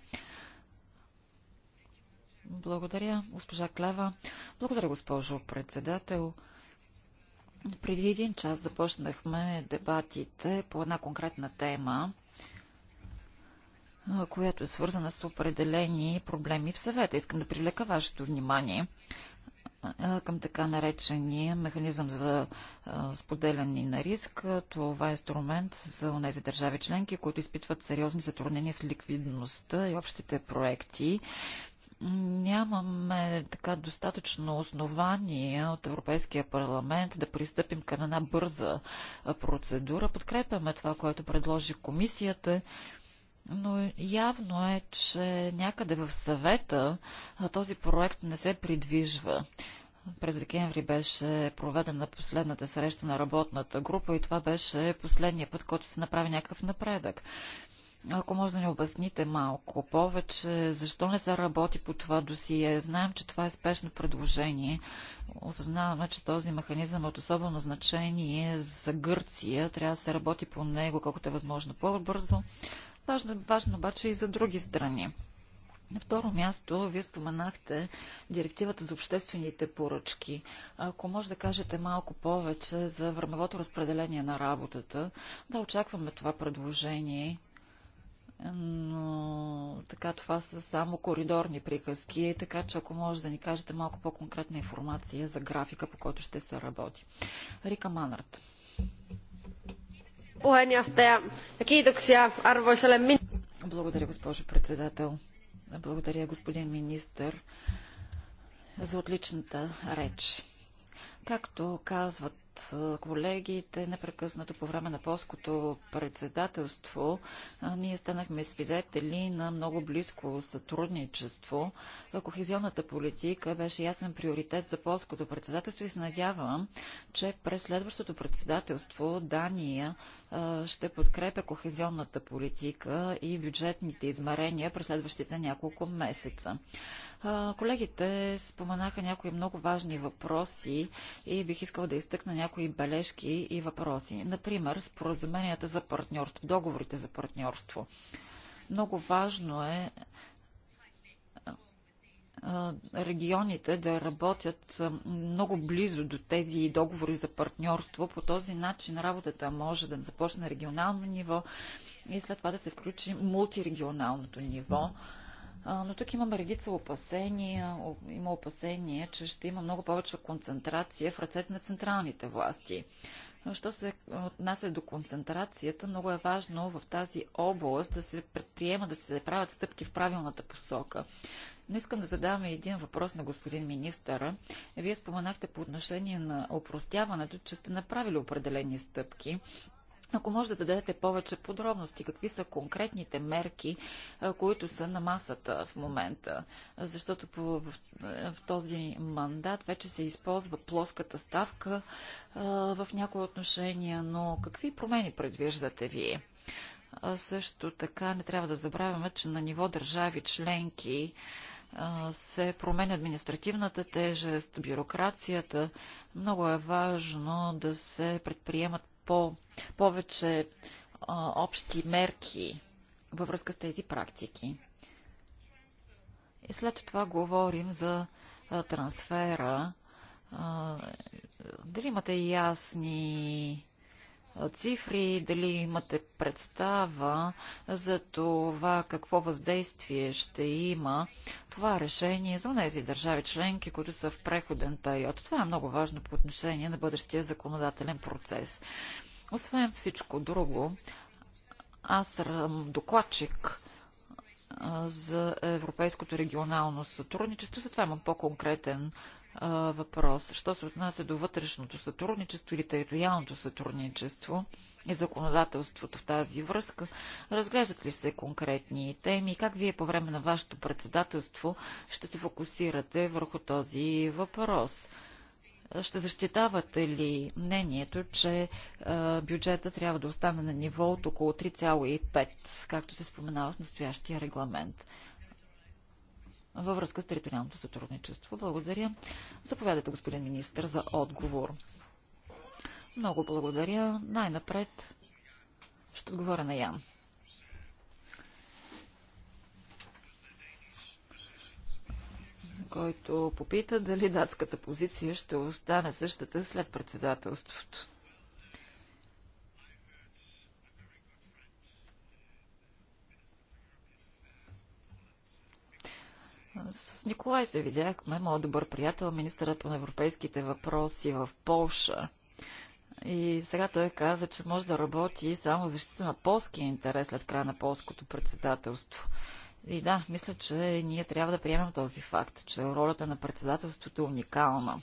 Благодаря, госпожа Клева. Благодаря, госпожо председател. Преди един час започнахме дебатите по една конкретна тема, която е свързана с определени проблеми в съвета. Искам да привлека вашето внимание към така наречения механизъм за споделяне на риск. Това е инструмент за тези държави членки, които изпитват сериозни затруднения с ликвидността и общите проекти Нямаме така достатъчно основание от Европейския парламент да пристъпим към една бърза процедура. Подкрепяме това, което предложи комисията. Но явно е, че някъде в съвета този проект не се придвижва. През декември беше проведена последната среща на работната група и това беше последния път, който се направи някакъв напредък. Ако може да ни обясните малко повече, защо не се работи по това досие? Знаем, че това е спешно предложение. Осъзнаваме, че този механизъм е от особено значение за Гърция. Трябва да се работи по него колкото е възможно по-бързо. Важно, важно обаче и за други страни. На второ място, вие споменахте директивата за обществените поръчки. Ако може да кажете малко повече за времевото разпределение на работата, да очакваме това предложение но така това са само коридорни приказки, така че ако може да ни кажете малко по-конкретна информация за графика, по който ще се работи. Рика Манарт. Благодаря, госпожо председател. Благодаря, господин министър, за отличната реч. Както казват колегите, непрекъснато по време на полското председателство ние станахме свидетели на много близко сътрудничество. Кохезионната политика беше ясен приоритет за полското председателство и се надявам, че през следващото председателство Дания ще подкрепя кохезионната политика и бюджетните измерения през следващите няколко месеца. Колегите споменаха някои много важни въпроси, и бих искал да изтъкна някои бележки и въпроси. Например, споразуменията за партньорство, договорите за партньорство. Много важно е, е регионите да работят е, много близо до тези договори за партньорство. По този начин работата може да започне на регионално ниво и след това да се включи мултирегионалното ниво. Mm но тук имаме редица опасения. Има опасения, че ще има много повече концентрация в ръцете на централните власти. Що се отнася до концентрацията, много е важно в тази област да се предприема, да се правят стъпки в правилната посока. Но искам да задавам един въпрос на господин министъра. Вие споменахте по отношение на опростяването, че сте направили определени стъпки. Ако може да дадете повече подробности, какви са конкретните мерки, които са на масата в момента? Защото по, в, в този мандат вече се използва плоската ставка в някои отношения, но какви промени предвиждате вие? А също така не трябва да забравяме, че на ниво държави членки се променя административната тежест, бюрокрацията. Много е важно да се предприемат по повече а, общи мерки във връзка с тези практики. И след това говорим за а, трансфера. А, дали имате ясни цифри, дали имате представа за това какво въздействие ще има това решение за тези държави членки, които са в преходен период. Това е много важно по отношение на бъдещия законодателен процес. Освен всичко друго, аз съм докладчик за европейското регионално сътрудничество. затова имам по-конкретен а, въпрос. Що се отнася до вътрешното сътрудничество или териториалното сътрудничество и законодателството в тази връзка, разглеждат ли се конкретни теми и как вие по време на вашето председателство ще се фокусирате върху този въпрос? ще защитавате ли мнението, че а, бюджета трябва да остане на ниво от около 3,5, както се споменава в настоящия регламент? във връзка с териториалното сътрудничество. Благодаря. Заповядайте, господин министр, за отговор. Много благодаря. Най-напред ще отговоря на Ян. който попита дали датската позиция ще остане същата след председателството. С Николай се видяхме, моят добър приятел, министърът по европейските въпроси в Полша. И сега той каза, че може да работи само защита на полския интерес след края на полското председателство. И да, мисля, че ние трябва да приемем този факт, че ролята на председателството е уникална.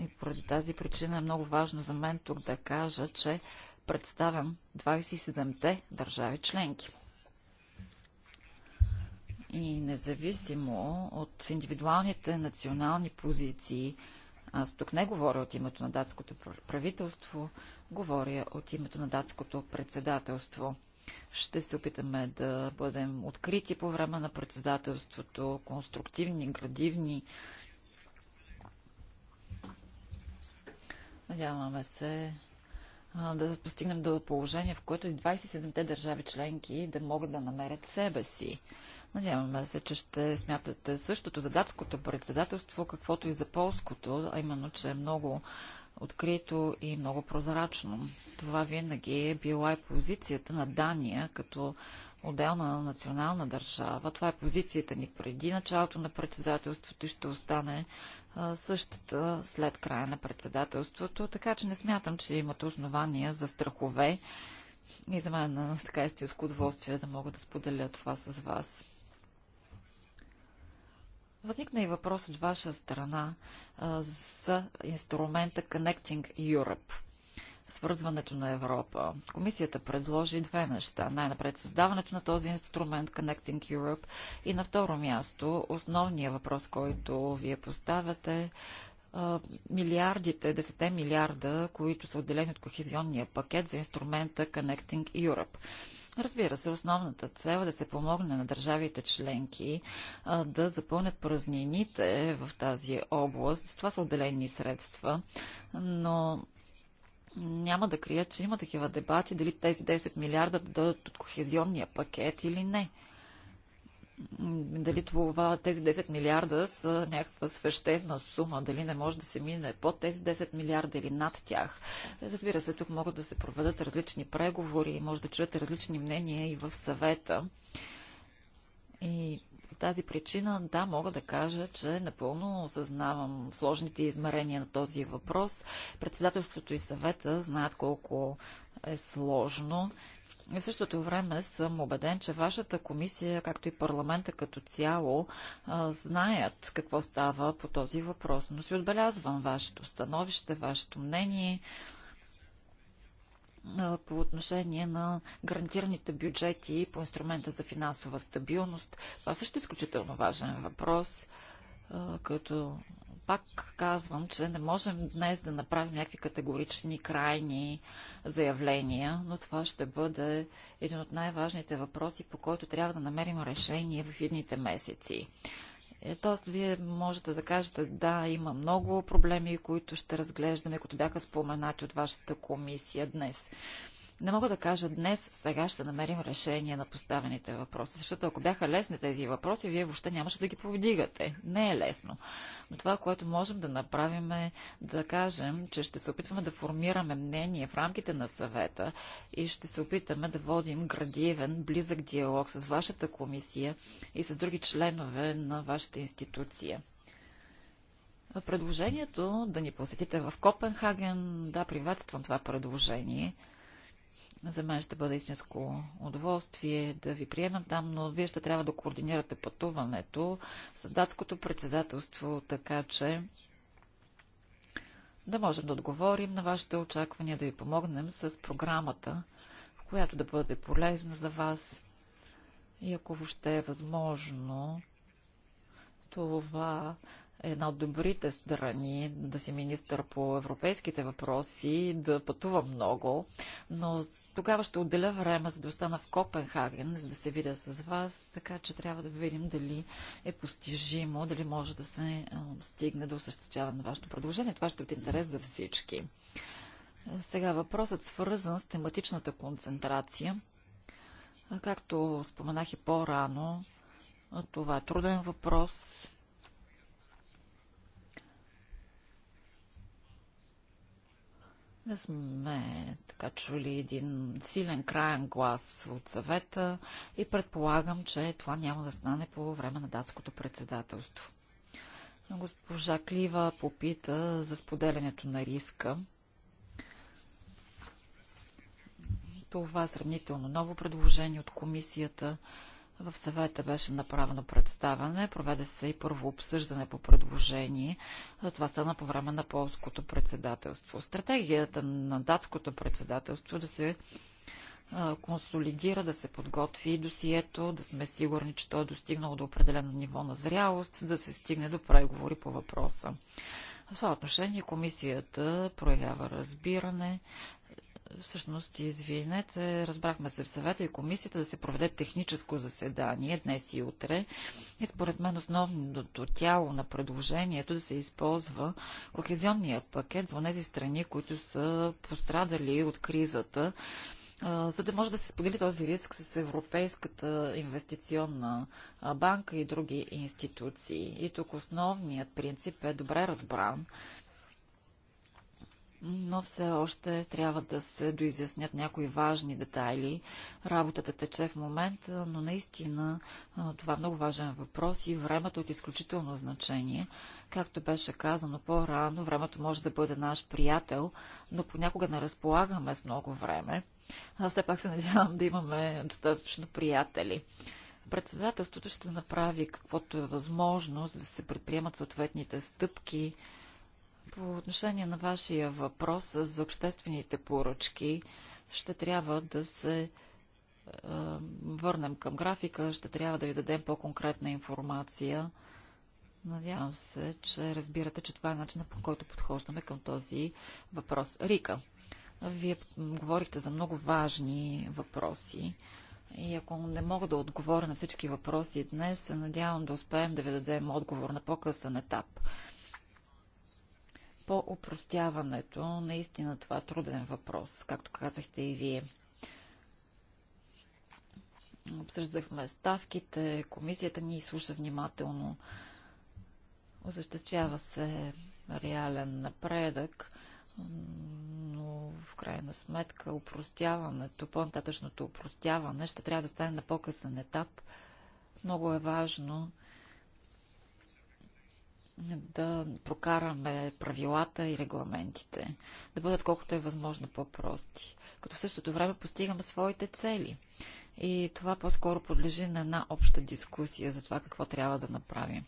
И поради тази причина е много важно за мен тук да кажа, че представям 27-те държави членки. И независимо от индивидуалните национални позиции, аз тук не говоря от името на датското правителство, говоря от името на датското председателство. Ще се опитаме да бъдем открити по време на председателството, конструктивни, градивни. Надяваме се да постигнем до положение, в което и 27-те държави членки да могат да намерят себе си. Надяваме се, че ще смятате същото за датското председателство, каквото и за полското, а именно, че е много открито и много прозрачно. Това винаги е била и позицията на Дания като отделна национална държава. Това е позицията ни преди началото на председателството и ще остане същата след края на председателството, така че не смятам, че имате основания за страхове и за мен така истинско удоволствие да мога да споделя това с вас. Възникна и въпрос от ваша страна за инструмента Connecting Europe свързването на Европа. Комисията предложи две неща. Най-напред създаването на този инструмент Connecting Europe и на второ място основният въпрос, който вие поставяте милиардите, десете милиарда, които са отделени от кохезионния пакет за инструмента Connecting Europe. Разбира се, основната цел е да се помогне на държавите членки да запълнят празнините в тази област. Това са отделени средства, но няма да крия, че има такива дебати дали тези 10 милиарда да дойдат от кохезионния пакет или не дали това, тези 10 милиарда са някаква свещена сума, дали не може да се мине под тези 10 милиарда или над тях. Разбира се, тук могат да се проведат различни преговори, може да чуете различни мнения и в съвета. И по тази причина, да, мога да кажа, че напълно осъзнавам сложните измерения на този въпрос. Председателството и съвета знаят колко е сложно. И в същото време съм убеден, че вашата комисия, както и парламента като цяло, знаят какво става по този въпрос. Но си отбелязвам вашето становище, вашето мнение по отношение на гарантираните бюджети по инструмента за финансова стабилност. Това също е изключително важен въпрос, като пак казвам, че не можем днес да направим някакви категорични крайни заявления, но това ще бъде един от най-важните въпроси, по който трябва да намерим решение в едните месеци. Е, тоест, вие можете да кажете, да, има много проблеми, които ще разглеждаме, които бяха споменати от вашата комисия днес. Не мога да кажа днес, сега ще намерим решение на поставените въпроси, защото ако бяха лесни тези въпроси, вие въобще нямаше да ги повдигате. Не е лесно. Но това, което можем да направим е да кажем, че ще се опитваме да формираме мнение в рамките на съвета и ще се опитаме да водим градивен, близък диалог с вашата комисия и с други членове на вашата институция. Предложението да ни посетите в Копенхаген, да, приветствам това предложение – за мен ще бъде истинско удоволствие да ви приемам там, но вие ще трябва да координирате пътуването с датското председателство, така че да можем да отговорим на вашите очаквания, да ви помогнем с програмата, която да бъде полезна за вас. И ако въобще е възможно, това една от добрите страни, да си министър по европейските въпроси, да пътува много, но тогава ще отделя време, за да остана в Копенхаген, за да се видя с вас, така че трябва да видим дали е постижимо, дали може да се стигне до осъществяване на вашето предложение. Това ще е от интерес за всички. Сега въпросът свързан с тематичната концентрация. Както споменах и по-рано, това е труден въпрос Не сме така чули един силен краен глас от съвета и предполагам, че това няма да стане по време на датското председателство. Госпожа Клива попита за споделянето на риска. Това е сравнително ново предложение от комисията. В съвета беше направено представане, проведе се и първо обсъждане по предложение. Това стана по време на полското председателство. Стратегията на датското председателство е да се консолидира, да се подготви досието, да сме сигурни, че то е достигнало до определено ниво на зрялост, да се стигне до преговори по въпроса. В това отношение комисията проявява разбиране, Всъщност, извинете, разбрахме се в съвета и комисията да се проведе техническо заседание днес и утре. И според мен основното тяло на предложението да се използва кохезионния пакет за тези страни, които са пострадали от кризата, за да може да се сподели този риск с Европейската инвестиционна банка и други институции. И тук основният принцип е добре разбран но все още трябва да се доизяснят някои важни детайли. Работата тече в момента, но наистина това е много важен въпрос и времето е от изключително значение. Както беше казано по-рано, времето може да бъде наш приятел, но понякога не разполагаме с много време. Аз все пак се надявам да имаме достатъчно приятели. Председателството ще направи каквото е възможност да се предприемат съответните стъпки, по отношение на вашия въпрос за обществените поръчки, ще трябва да се е, върнем към графика, ще трябва да ви дадем по-конкретна информация. Надявам се, че разбирате, че това е начинът по който подхождаме към този въпрос. Рика, вие говорихте за много важни въпроси. И ако не мога да отговоря на всички въпроси днес, се надявам да успеем да ви дадем отговор на по-късен етап по опростяването. Наистина това е труден въпрос, както казахте и вие. Обсъждахме ставките, комисията ни слуша внимателно. Осъществява се реален напредък, но в крайна сметка упростяването, по-нататъчното упростяване ще трябва да стане на по-късен етап. Много е важно да прокараме правилата и регламентите, да бъдат колкото е възможно по-прости, като в същото време постигаме своите цели. И това по-скоро подлежи на една обща дискусия за това какво трябва да направим.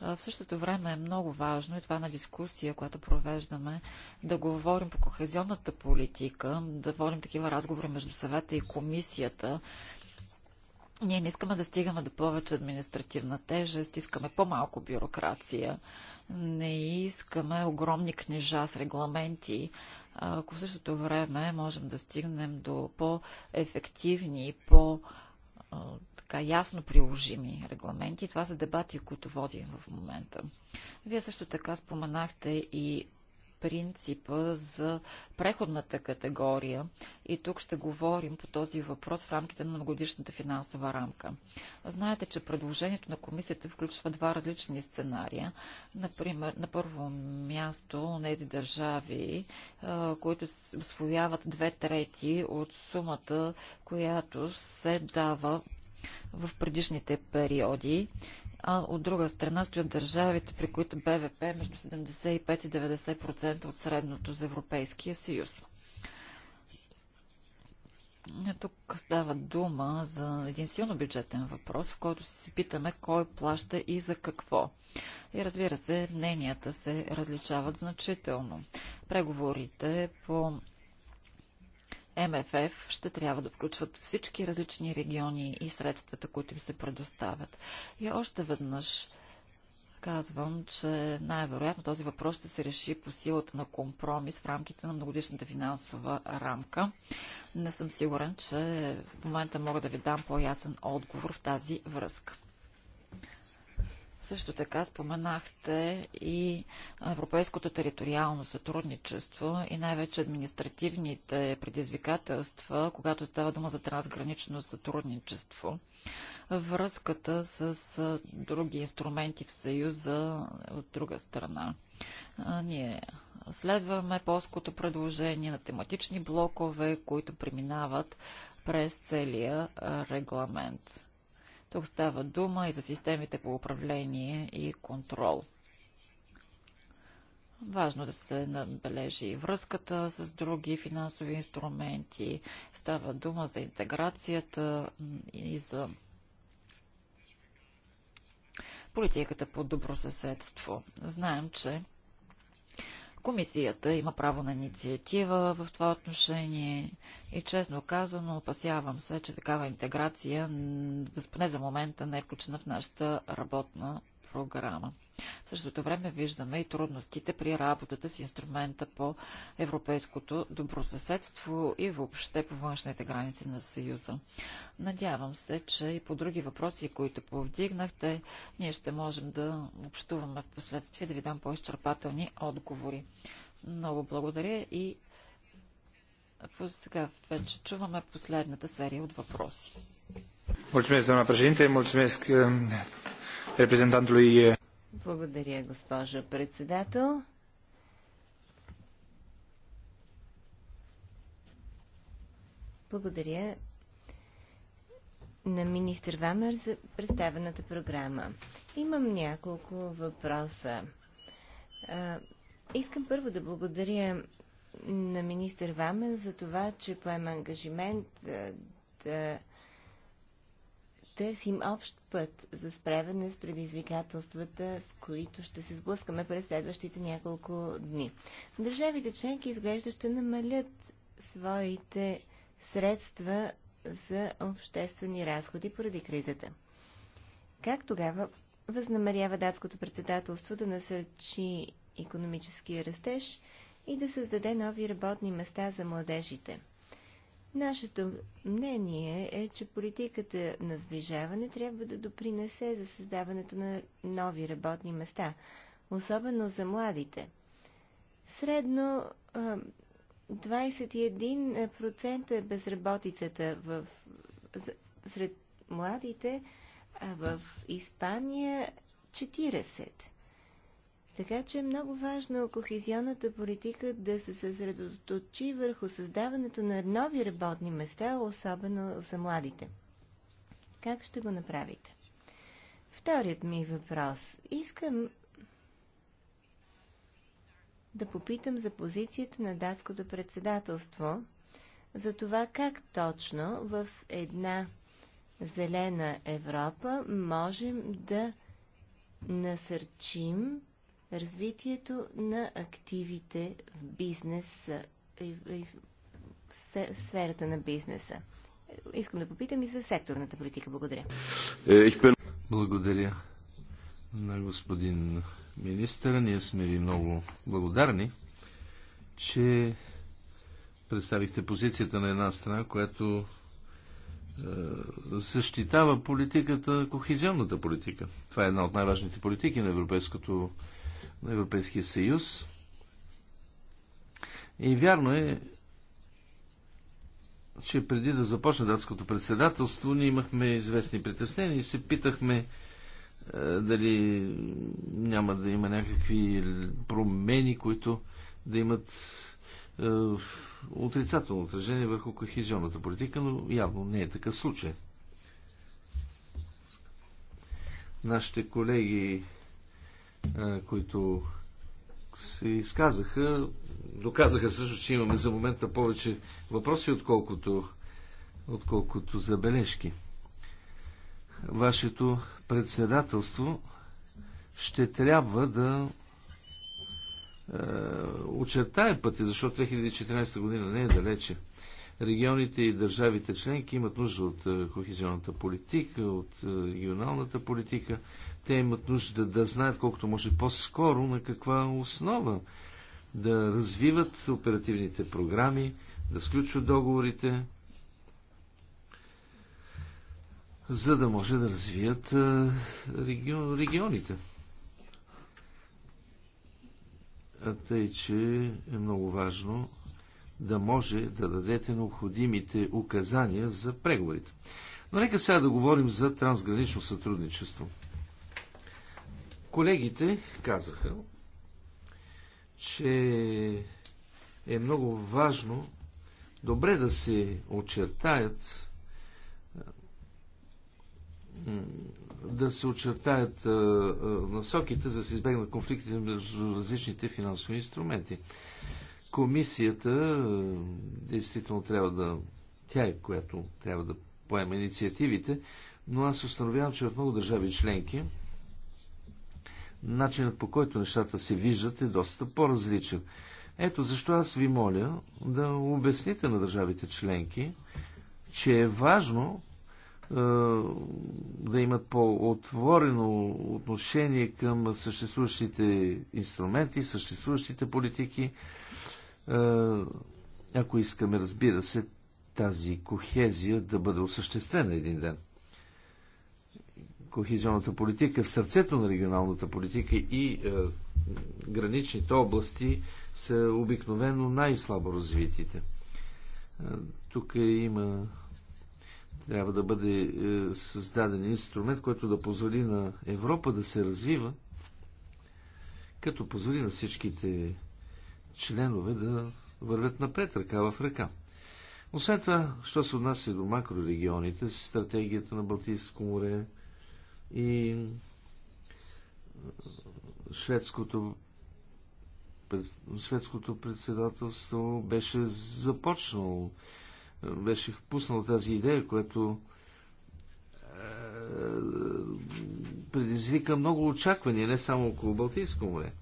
В същото време е много важно и това е на дискусия, която провеждаме, да говорим по кохезионната политика, да водим такива разговори между съвета и комисията, ние не искаме да стигаме до повече административна тежест, искаме по-малко бюрокрация, не искаме огромни книжа с регламенти, ако в същото време можем да стигнем до по-ефективни, и по така ясно приложими регламенти. Това са дебати, които водим в момента. Вие също така споменахте и принципа за преходната категория и тук ще говорим по този въпрос в рамките на многодишната финансова рамка. Знаете, че предложението на комисията включва два различни сценария. Например, на първо място тези държави, които освояват две трети от сумата, която се дава в предишните периоди а от друга страна стоят държавите, при които БВП е между 75 и 90% от средното за Европейския съюз. Е, тук става дума за един силно бюджетен въпрос, в който се питаме кой плаща и за какво. И разбира се, мненията се различават значително. Преговорите по МФФ ще трябва да включват всички различни региони и средствата, които им се предоставят. И още веднъж казвам, че най-вероятно този въпрос ще се реши по силата на компромис в рамките на многодишната финансова рамка. Не съм сигурен, че в момента мога да ви дам по-ясен отговор в тази връзка. Също така споменахте и европейското териториално сътрудничество и най-вече административните предизвикателства, когато става дума за трансгранично сътрудничество. Връзката с други инструменти в Съюза от друга страна. Ние следваме полското предложение на тематични блокове, които преминават през целия регламент. Тук става дума и за системите по управление и контрол. Важно да се набележи и връзката с други финансови инструменти. Става дума за интеграцията и за политиката по добросъседство. Знаем, че Комисията има право на инициатива в това отношение и честно казано опасявам се, че такава интеграция поне за момента не е включена в нашата работна програма. В същото време виждаме и трудностите при работата с инструмента по европейското добросъседство и въобще по външните граници на Съюза. Надявам се, че и по други въпроси, които повдигнахте, ние ще можем да общуваме в последствие, да ви дам по-изчерпателни отговори. Много благодаря и сега вече чуваме последната серия от въпроси. Mulțumesc, doamna președinte, mulțumesc reprezentantului. Е, благодаря, госпожо председател. Благодаря на министр Вамер за представената програма. Имам няколко въпроса. искам първо да благодаря на министър Вамен за това, че поема ангажимент да, да търсим общ път за справяне с предизвикателствата, с които ще се сблъскаме през следващите няколко дни. Държавите членки изглежда ще намалят своите средства за обществени разходи поради кризата. Как тогава възнамерява датското председателство да насърчи економическия растеж и да създаде нови работни места за младежите – Нашето мнение е, че политиката на сближаване трябва да допринесе за създаването на нови работни места, особено за младите. Средно 21% е безработицата в, сред младите, а в Испания 40%. Така че е много важно кохезионната политика да се съсредоточи върху създаването на нови работни места, особено за младите. Как ще го направите? Вторият ми въпрос. Искам да попитам за позицията на датското председателство, за това как точно в една зелена Европа можем да насърчим развитието на активите в бизнес и в сферата на бизнеса. Искам да попитам и за секторната политика. Благодаря. Е, Благодаря на господин министър. Ние сме ви много благодарни, че представихте позицията на една страна, която е, защитава политиката, кохезионната политика. Това е една от най-важните политики на европейското на Европейския съюз. И вярно е, че преди да започне датското председателство, ние имахме известни притеснения и се питахме е, дали няма да има някакви промени, които да имат е, отрицателно отражение върху кохезионната политика, но явно не е такъв случай. Нашите колеги които се изказаха, доказаха всъщност, че имаме за момента повече въпроси, отколкото, отколкото забележки. Вашето председателство ще трябва да е, очертае пъти, защото 2014 година не е далече. Регионите и държавите членки имат нужда от кохезионната политика, от регионалната политика те имат нужда да знаят колкото може по-скоро на каква основа да развиват оперативните програми, да сключват договорите, за да може да развият регион, регионите. А тъй, че е много важно да може да дадете необходимите указания за преговорите. Но нека сега да говорим за трансгранично сътрудничество. Колегите казаха, че е много важно добре да се очертаят да се очертаят насоките, за да се избегнат конфликтите между различните финансови инструменти. Комисията действително трябва да. Тя е която трябва да поема инициативите, но аз установявам, че в много държави членки начинът по който нещата се виждат е доста по-различен. Ето защо аз ви моля да обясните на държавите членки, че е важно е, да имат по-отворено отношение към съществуващите инструменти, съществуващите политики, е, ако искаме, разбира се, тази кохезия да бъде осъществена един ден кохезионната политика, в сърцето на регионалната политика и е, граничните области са обикновено най-слабо развитите. Е, тук има трябва да бъде е, създаден инструмент, който да позволи на Европа да се развива, като позволи на всичките членове да вървят напред ръка в ръка. Освен това, що се отнася до макрорегионите, стратегията на Балтийско море, и шведското шведското председателство беше започнало. Беше пуснал тази идея, която предизвика много очаквания, не само около Балтийско море.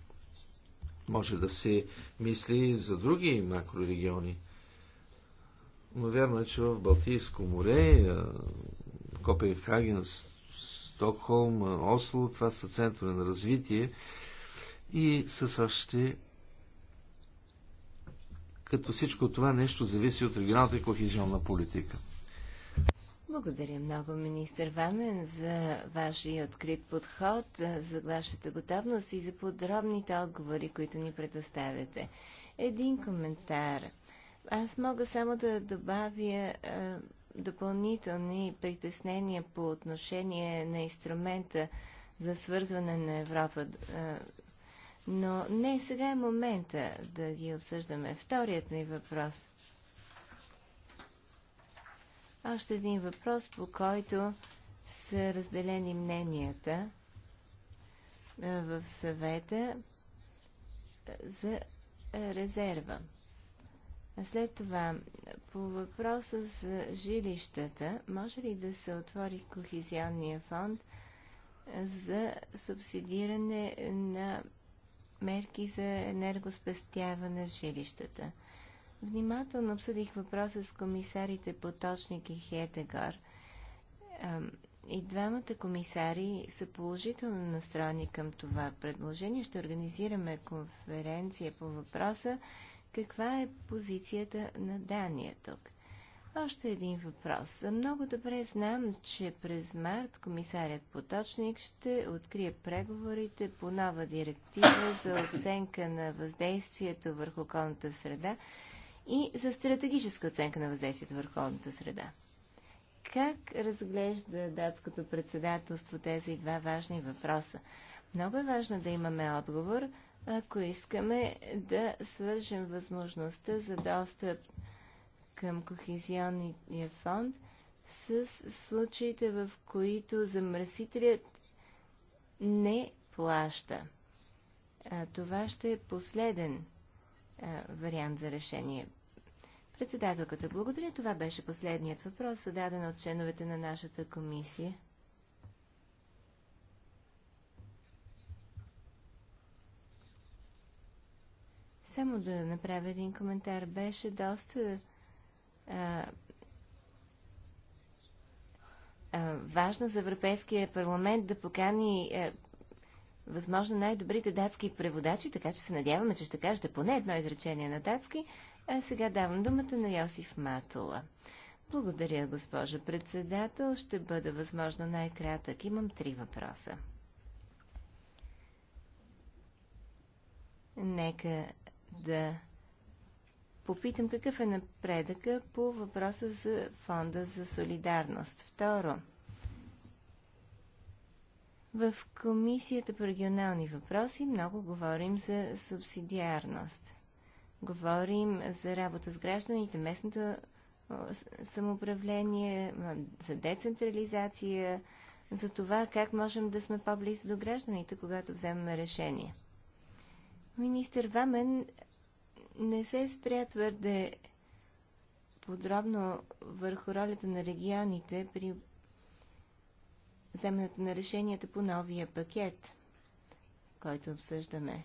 Може да се мисли за други макрорегиони. Но вярно е, че в Балтийско море Копенхаген Стокхолм, Осло, това са центрове на развитие и с още ще като всичко това нещо зависи от регионалната и кохезионна политика. Благодаря много, министър Вамен, за вашия открит подход, за вашата готовност и за подробните отговори, които ни предоставяте. Един коментар. Аз мога само да добавя допълнителни притеснения по отношение на инструмента за свързване на Европа. Е, но не сега е момента да ги обсъждаме. Вторият ми въпрос. Още един въпрос, по който са разделени мненията е, в съвета за резерва. След това, по въпроса за жилищата, може ли да се отвори Кохезионния фонд за субсидиране на мерки за енергоспестяване в жилищата? Внимателно обсъдих въпроса с комисарите Поточник и Хетегор И двамата комисари са положително настроени към това предложение. Ще организираме конференция по въпроса каква е позицията на Дания тук. Още един въпрос. Много добре знам, че през март комисарят Поточник ще открие преговорите по нова директива за оценка на въздействието върху околната среда и за стратегическа оценка на въздействието върху околната среда. Как разглежда датското председателство тези два важни въпроса? Много е важно да имаме отговор ако искаме да свържем възможността за достъп към кохезионния фонд с случаите, в които замърсителят не плаща. това ще е последен вариант за решение. Председателката, благодаря. Това беше последният въпрос, зададен от членовете на нашата комисия. Само да направя един коментар. Беше доста а, а, важно за Европейския парламент да покани а, възможно най-добрите датски преводачи, така че се надяваме, че ще кажете поне едно изречение на датски. А сега давам думата на Йосиф Матула. Благодаря, госпожа председател. Ще бъда възможно най-кратък. Имам три въпроса. Нека да попитам какъв е напредъка по въпроса за Фонда за солидарност. Второ, в Комисията по регионални въпроси много говорим за субсидиарност. Говорим за работа с гражданите, местното самоуправление, за децентрализация, за това как можем да сме по-близо до гражданите, когато вземем решение. Министър Вамен не се спря твърде подробно върху ролята на регионите при вземането на решенията по новия пакет, който обсъждаме.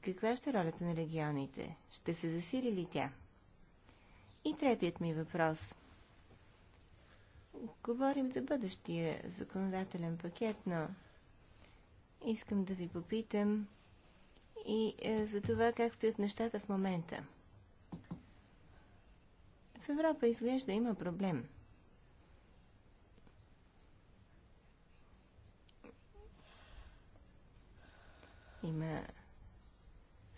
Каква ще е ролята на регионите? Ще се засили ли тя? И третият ми въпрос. Говорим за бъдещия законодателен пакет, но искам да ви попитам и е, за това как стоят нещата в момента. В Европа изглежда има проблем. Има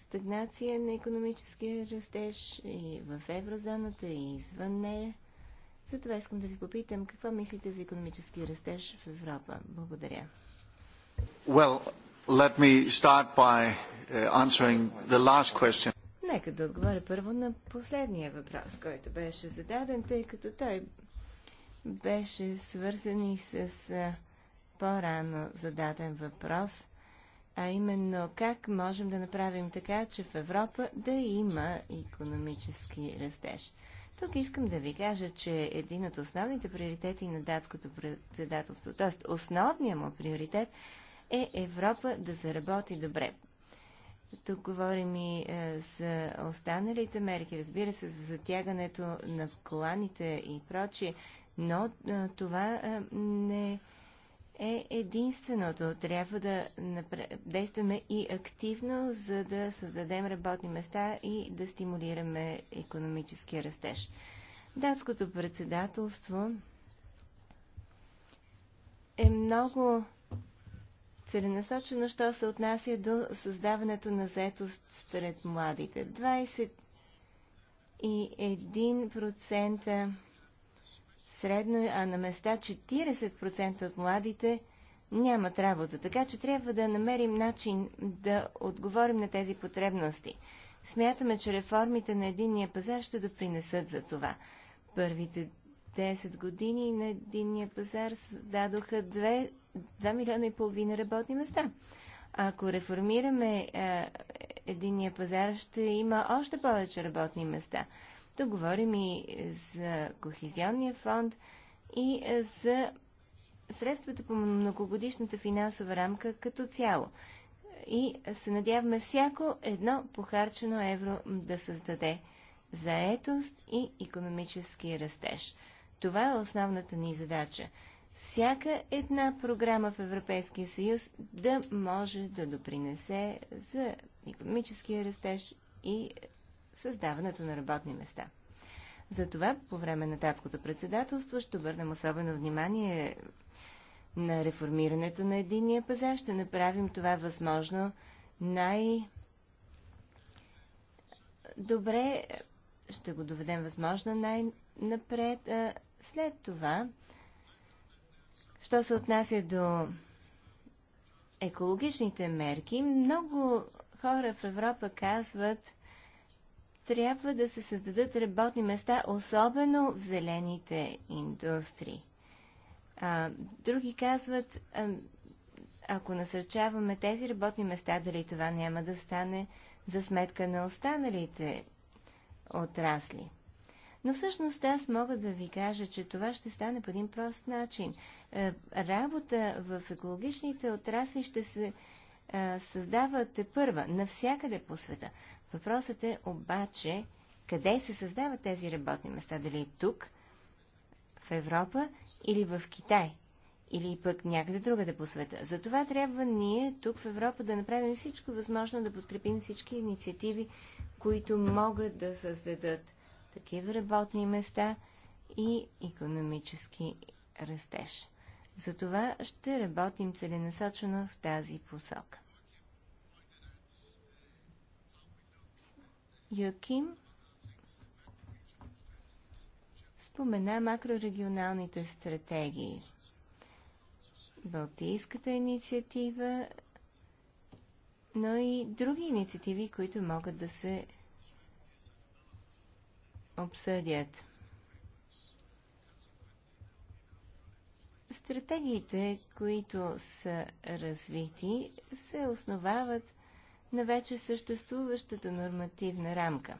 стагнация на економическия растеж и в еврозоната, и извън нея. Затова искам да ви попитам какво мислите за економически растеж в Европа. Благодаря. Well, Let me start by uh, answering the last question. Нека да отговоря първо на последния въпрос, който беше зададен, тъй като той беше свързан и с по-рано зададен въпрос, а именно как можем да направим така, че в Европа да има економически растеж. Тук искам да ви кажа, че един от основните приоритети на датското председателство, т.е. основният му приоритет е Европа да заработи добре. Тук говорим и е, за останалите мерки, разбира се, за затягането на коланите и прочие, но е, това е, не е единственото. Трябва да действаме и активно, за да създадем работни места и да стимулираме економическия растеж. Датското председателство е много целенасочено, що се отнася до създаването на заетост сред младите. 21% средно, а на места 40% от младите нямат работа. Така че трябва да намерим начин да отговорим на тези потребности. Смятаме, че реформите на единния пазар ще допринесат за това. Първите 10 години на единния пазар създадоха две 2 милиона и половина работни места. Ако реформираме а, е, единия пазар, ще има още повече работни места. Тук говорим и за Кохизионния фонд и е, за средствата по многогодишната финансова рамка като цяло. И е, се надяваме всяко едно похарчено евро да създаде заетост и економически растеж. Това е основната ни задача всяка една програма в Европейския съюз да може да допринесе за економическия растеж и създаването на работни места. Затова по време на татското председателство ще обърнем особено внимание на реформирането на единния пазар. Ще направим това възможно най- добре, ще го доведем възможно най-напред. След това Що се отнася до екологичните мерки, много хора в Европа казват, трябва да се създадат работни места, особено в зелените индустрии. А, други казват, ако насърчаваме тези работни места, дали това няма да стане за сметка на останалите отрасли. Но всъщност аз мога да ви кажа, че това ще стане по един прост начин. Е, работа в екологичните отрасли ще се е, създава първа навсякъде по света. Въпросът е обаче къде се създават тези работни места. Дали е тук, в Европа или в Китай, или пък някъде другаде по света. това трябва ние тук в Европа да направим всичко възможно да подкрепим всички инициативи, които могат да създадат такива работни места и економически растеж. Затова ще работим целенасочено в тази посока. Йоким спомена макрорегионалните стратегии. Балтийската инициатива, но и други инициативи, които могат да се обсъдят. Стратегиите, които са развити, се основават на вече съществуващата нормативна рамка.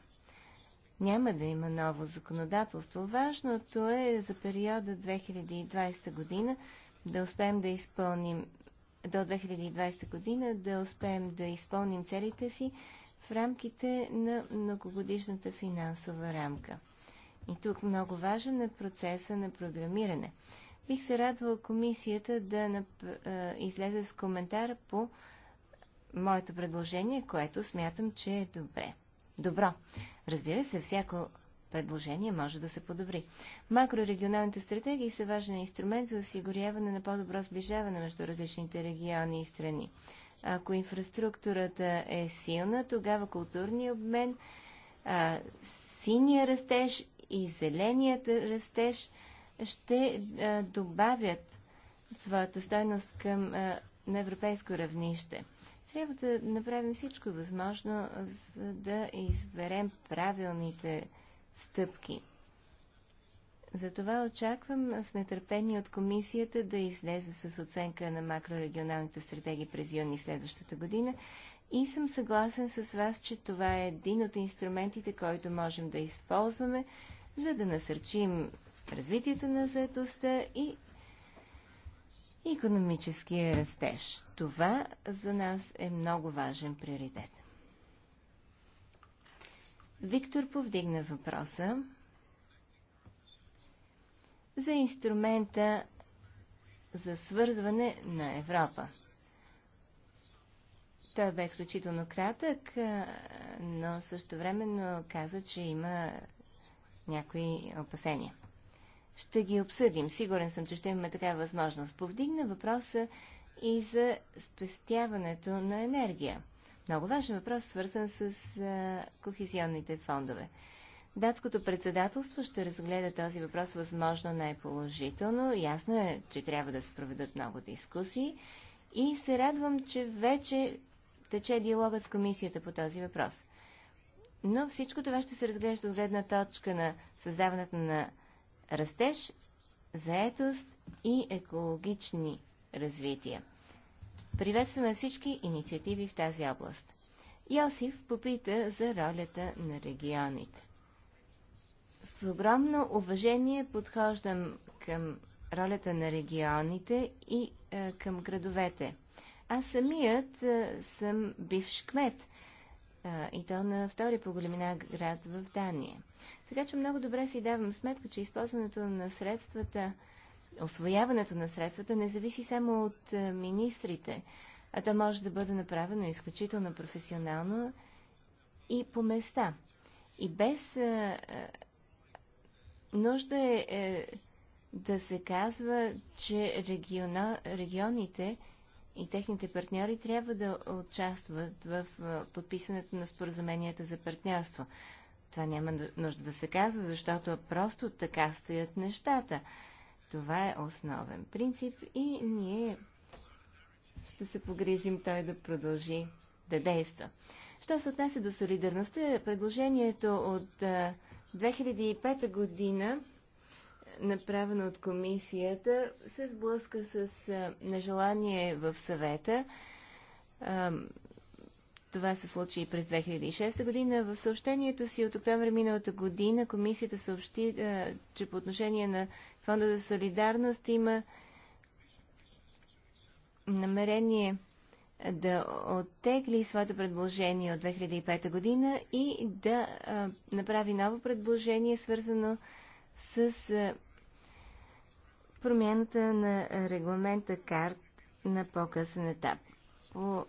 Няма да има ново законодателство. Важното е за периода 2020 година да успеем да изпълним до 2020 година да успеем да изпълним целите си в рамките на многогодишната финансова рамка. И тук много важен е процеса на програмиране. Бих се радвала комисията да нап... излезе с коментар по моето предложение, което смятам, че е добре. Добро. Разбира се, всяко предложение може да се подобри. Макрорегионалните стратегии са важен инструмент за осигуряване на по-добро сближаване между различните региони и страни. Ако инфраструктурата е силна, тогава културния обмен, а, синия растеж и зеленият растеж ще а, добавят своята стойност към, а, на европейско равнище. Трябва да направим всичко възможно, за да изберем правилните стъпки. Затова очаквам с нетърпение от комисията да излезе с оценка на макрорегионалните стратегии през юни следващата година и съм съгласен с вас, че това е един от инструментите, който можем да използваме, за да насърчим развитието на заедостта и економическия растеж. Това за нас е много важен приоритет. Виктор повдигна въпроса за инструмента за свързване на Европа. Той бе изключително кратък, но също времено каза, че има някои опасения. Ще ги обсъдим. Сигурен съм, че ще имаме такава възможност. Повдигна въпроса и за спестяването на енергия. Много важен въпрос, свързан с кохезионните фондове. Датското председателство ще разгледа този въпрос възможно най-положително. Ясно е, че трябва да се проведат много дискусии и се радвам, че вече тече диалогът с комисията по този въпрос. Но всичко това ще се разглежда от гледна точка на създаването на растеж, заетост и екологични развития. Приветстваме всички инициативи в тази област. Йосиф попита за ролята на регионите с огромно уважение подхождам към ролята на регионите и е, към градовете. Аз самият е, съм бивш кмет е, и то на втори по големина град в Дания. Така че много добре си давам сметка, че използването на средствата, освояването на средствата не зависи само от е, министрите, а то може да бъде направено изключително професионално и по места. И без е, е Нужда е, е да се казва, че региона, регионите и техните партньори трябва да участват в е, подписването на споразуменията за партньорство. Това няма нужда да се казва, защото просто така стоят нещата. Това е основен принцип и ние ще се погрижим той да продължи да действа. Що се отнася до солидарността, предложението от е, 2005 година, направена от комисията, се сблъска с нежелание в съвета. Това се случи и през 2006 година. В съобщението си от октомври миналата година комисията съобщи, че по отношение на Фонда за солидарност има намерение да оттегли своето предложение от 2005 година и да а, направи ново предложение, свързано с а, промяната на регламента карт на по-късен етап. По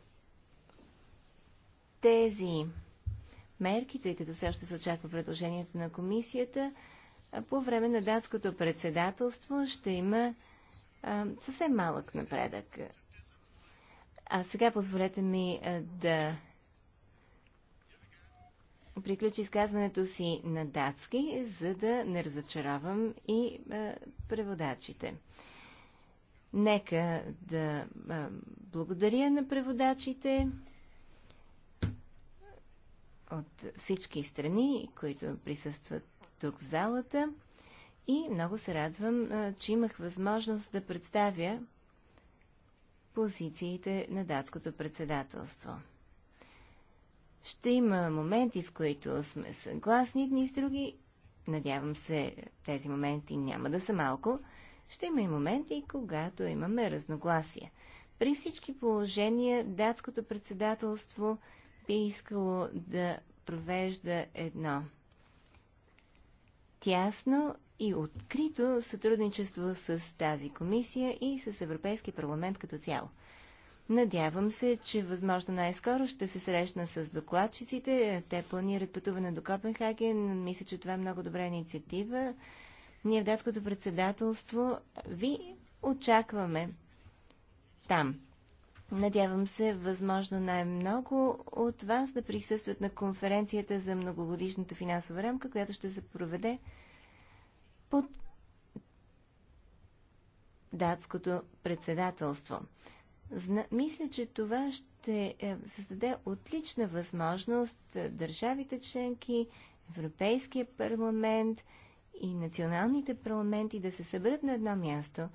тези мерки, тъй като все още се очаква предложението на комисията, по време на датското председателство ще има а, съвсем малък напредък а сега позволете ми да приключи изказването си на датски, за да не разочаровам и преводачите. Нека да благодаря на преводачите от всички страни, които присъстват тук в залата. И много се радвам, че имах възможност да представя позициите на датското председателство. Ще има моменти, в които сме съгласни едни с други. Надявам се, тези моменти няма да са малко. Ще има и моменти, когато имаме разногласия. При всички положения, датското председателство би искало да провежда едно тясно и открито сътрудничество с тази комисия и с Европейски парламент като цяло. Надявам се, че възможно най-скоро ще се срещна с докладчиците. Те планират пътуване до Копенхаген. Мисля, че това е много добра инициатива. Ние в датското председателство ви очакваме там. Надявам се, възможно най-много от вас да присъстват на конференцията за многогодишната финансова рамка, която ще се проведе под датското председателство. Зна... Мисля, че това ще е, създаде отлична възможност е, държавите членки, Европейския парламент и националните парламенти да се съберат на едно място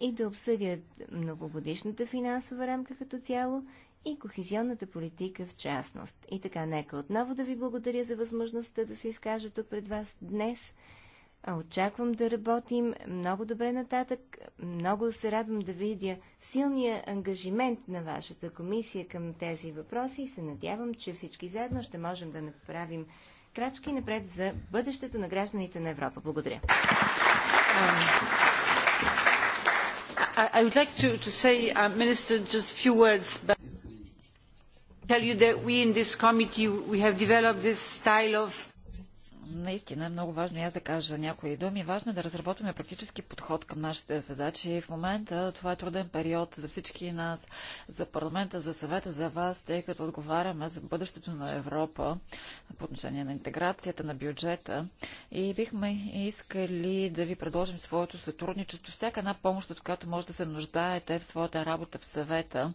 и да обсъдят многогодишната финансова рамка като цяло и кохезионната политика в частност. И така, нека отново да ви благодаря за възможността да се изкажа тук пред вас днес – Очаквам да работим много добре нататък. Много се радвам да видя силния ангажимент на вашата комисия към тези въпроси и се надявам, че всички заедно ще можем да направим крачки напред за бъдещето на гражданите на Европа. Благодаря. Um, I would like to, to say, uh, Minister, just few words, but tell you that we in this committee, we have developed this style of Наистина е много важно и аз да кажа някои думи. Важно е да разработваме практически подход към нашите задачи. В момента това е труден период за всички нас, за парламента, за съвета, за вас, тъй като отговаряме за бъдещето на Европа по отношение на интеграцията, на бюджета. И бихме искали да ви предложим своето сътрудничество, всяка една помощ, от която може да се нуждаете в своята работа в съвета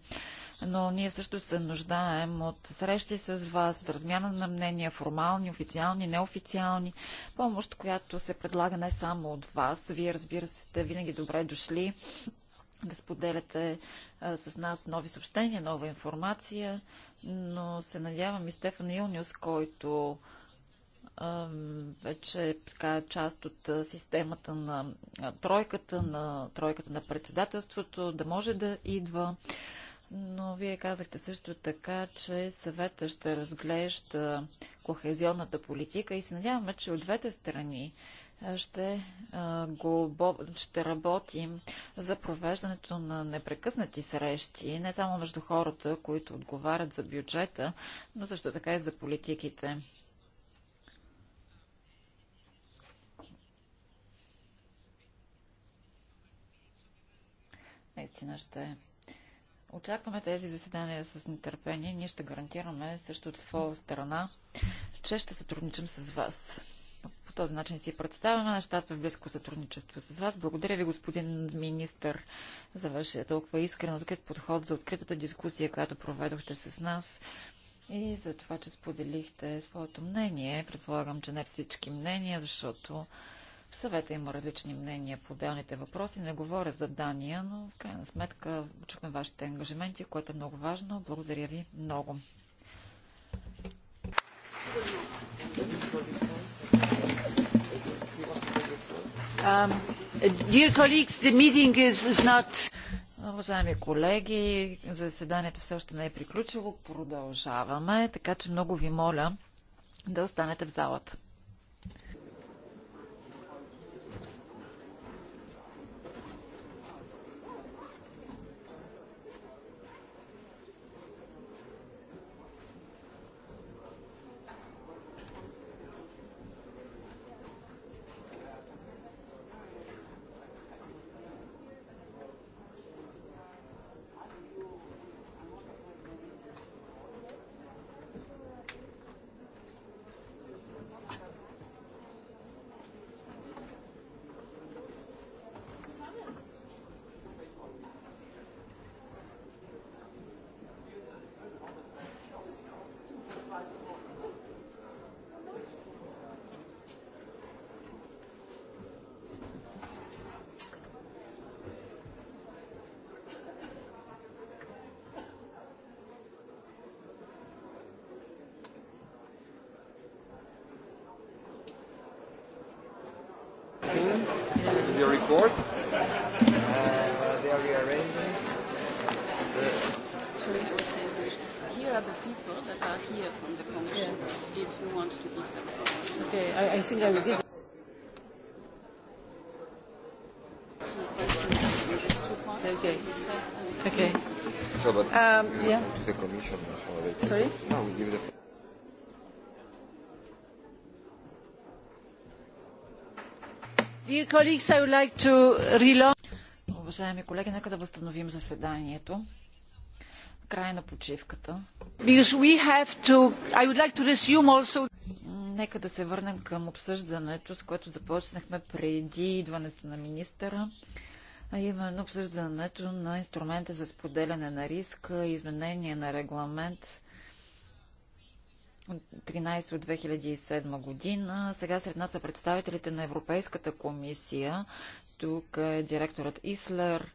но ние също се нуждаем от срещи с вас, от размяна на мнения, формални, официални, неофициални, помощ, която се предлага не само от вас. Вие, разбира се, сте винаги добре дошли да споделяте а, с нас нови съобщения, нова информация, но се надявам и Стефан Илниус, който вече е така част от системата на тройката, на тройката на председателството, да може да идва но вие казахте също така, че съвета ще разглежда кохезионната политика и се надяваме, че от двете страни ще, го, ще работим за провеждането на непрекъснати срещи, не само между хората, които отговарят за бюджета, но също така и за политиките. Наистина ще Очакваме тези заседания с нетърпение. Ние ще гарантираме също от своя страна, че ще сътрудничим с вас. По този начин си представяме нещата в близко сътрудничество с вас. Благодаря ви, господин министър, за вашия толкова искрен открит подход, за откритата дискусия, която проведохте с нас и за това, че споделихте своето мнение. Предполагам, че не всички мнения, защото в съвета има различни мнения по отделните въпроси. Не говоря за Дания, но в крайна сметка чухме вашите ангажименти, което е много важно. Благодаря ви много. Um, Уважаеми колеги, заседанието все още не е приключило. Продължаваме, така че много ви моля да останете в залата. заведи Okay. Okay. So, but um, yeah. To the commission, sorry. No, we give the. Dear colleagues, I would like to relaunch. Уважаеми колеги, нека да възстановим заседанието. Край на почивката. Because we have to, I would like to resume also Нека да се върнем към обсъждането, с което започнахме преди идването на министъра, а именно обсъждането на инструмента за споделяне на риска, изменение на регламент 13 от 2007 година. Сега сред нас са представителите на Европейската комисия. Тук е директорът Ислер.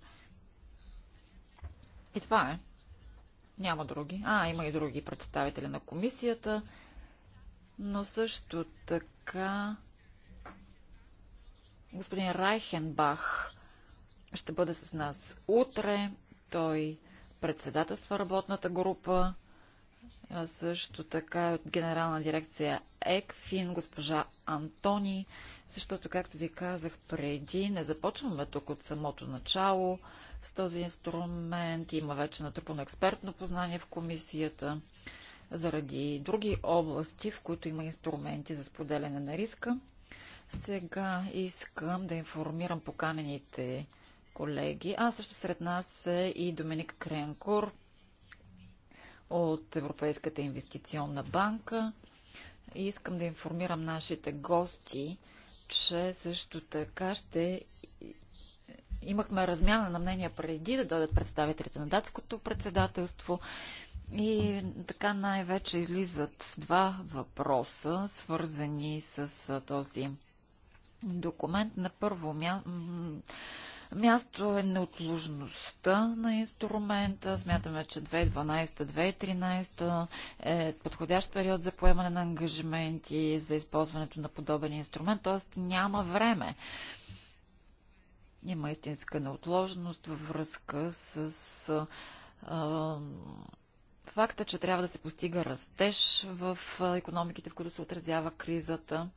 И това е. Няма други. А, има и други представители на комисията но също така господин Райхенбах ще бъде с нас утре. Той председателства работната група. А също така е от генерална дирекция ЕКФИН, госпожа Антони. Защото, както ви казах преди, не започваме тук от самото начало с този инструмент. Има вече натрупано експертно познание в комисията заради други области, в които има инструменти за споделяне на риска. Сега искам да информирам поканените колеги. А също сред нас е и Доминик Кренкор от Европейската инвестиционна банка. И искам да информирам нашите гости, че също така ще имахме размяна на мнения преди да дойдат представителите на датското председателство и така най-вече излизат два въпроса, свързани с този документ. На първо мя... място е неотложността на инструмента. Смятаме, че 2012-2013 е подходящ период за поемане на ангажименти за използването на подобен инструмент, т.е. няма време. Има истинска неотложност във връзка с а, Факта, че трябва да се постига растеж в економиките, в които се отразява кризата.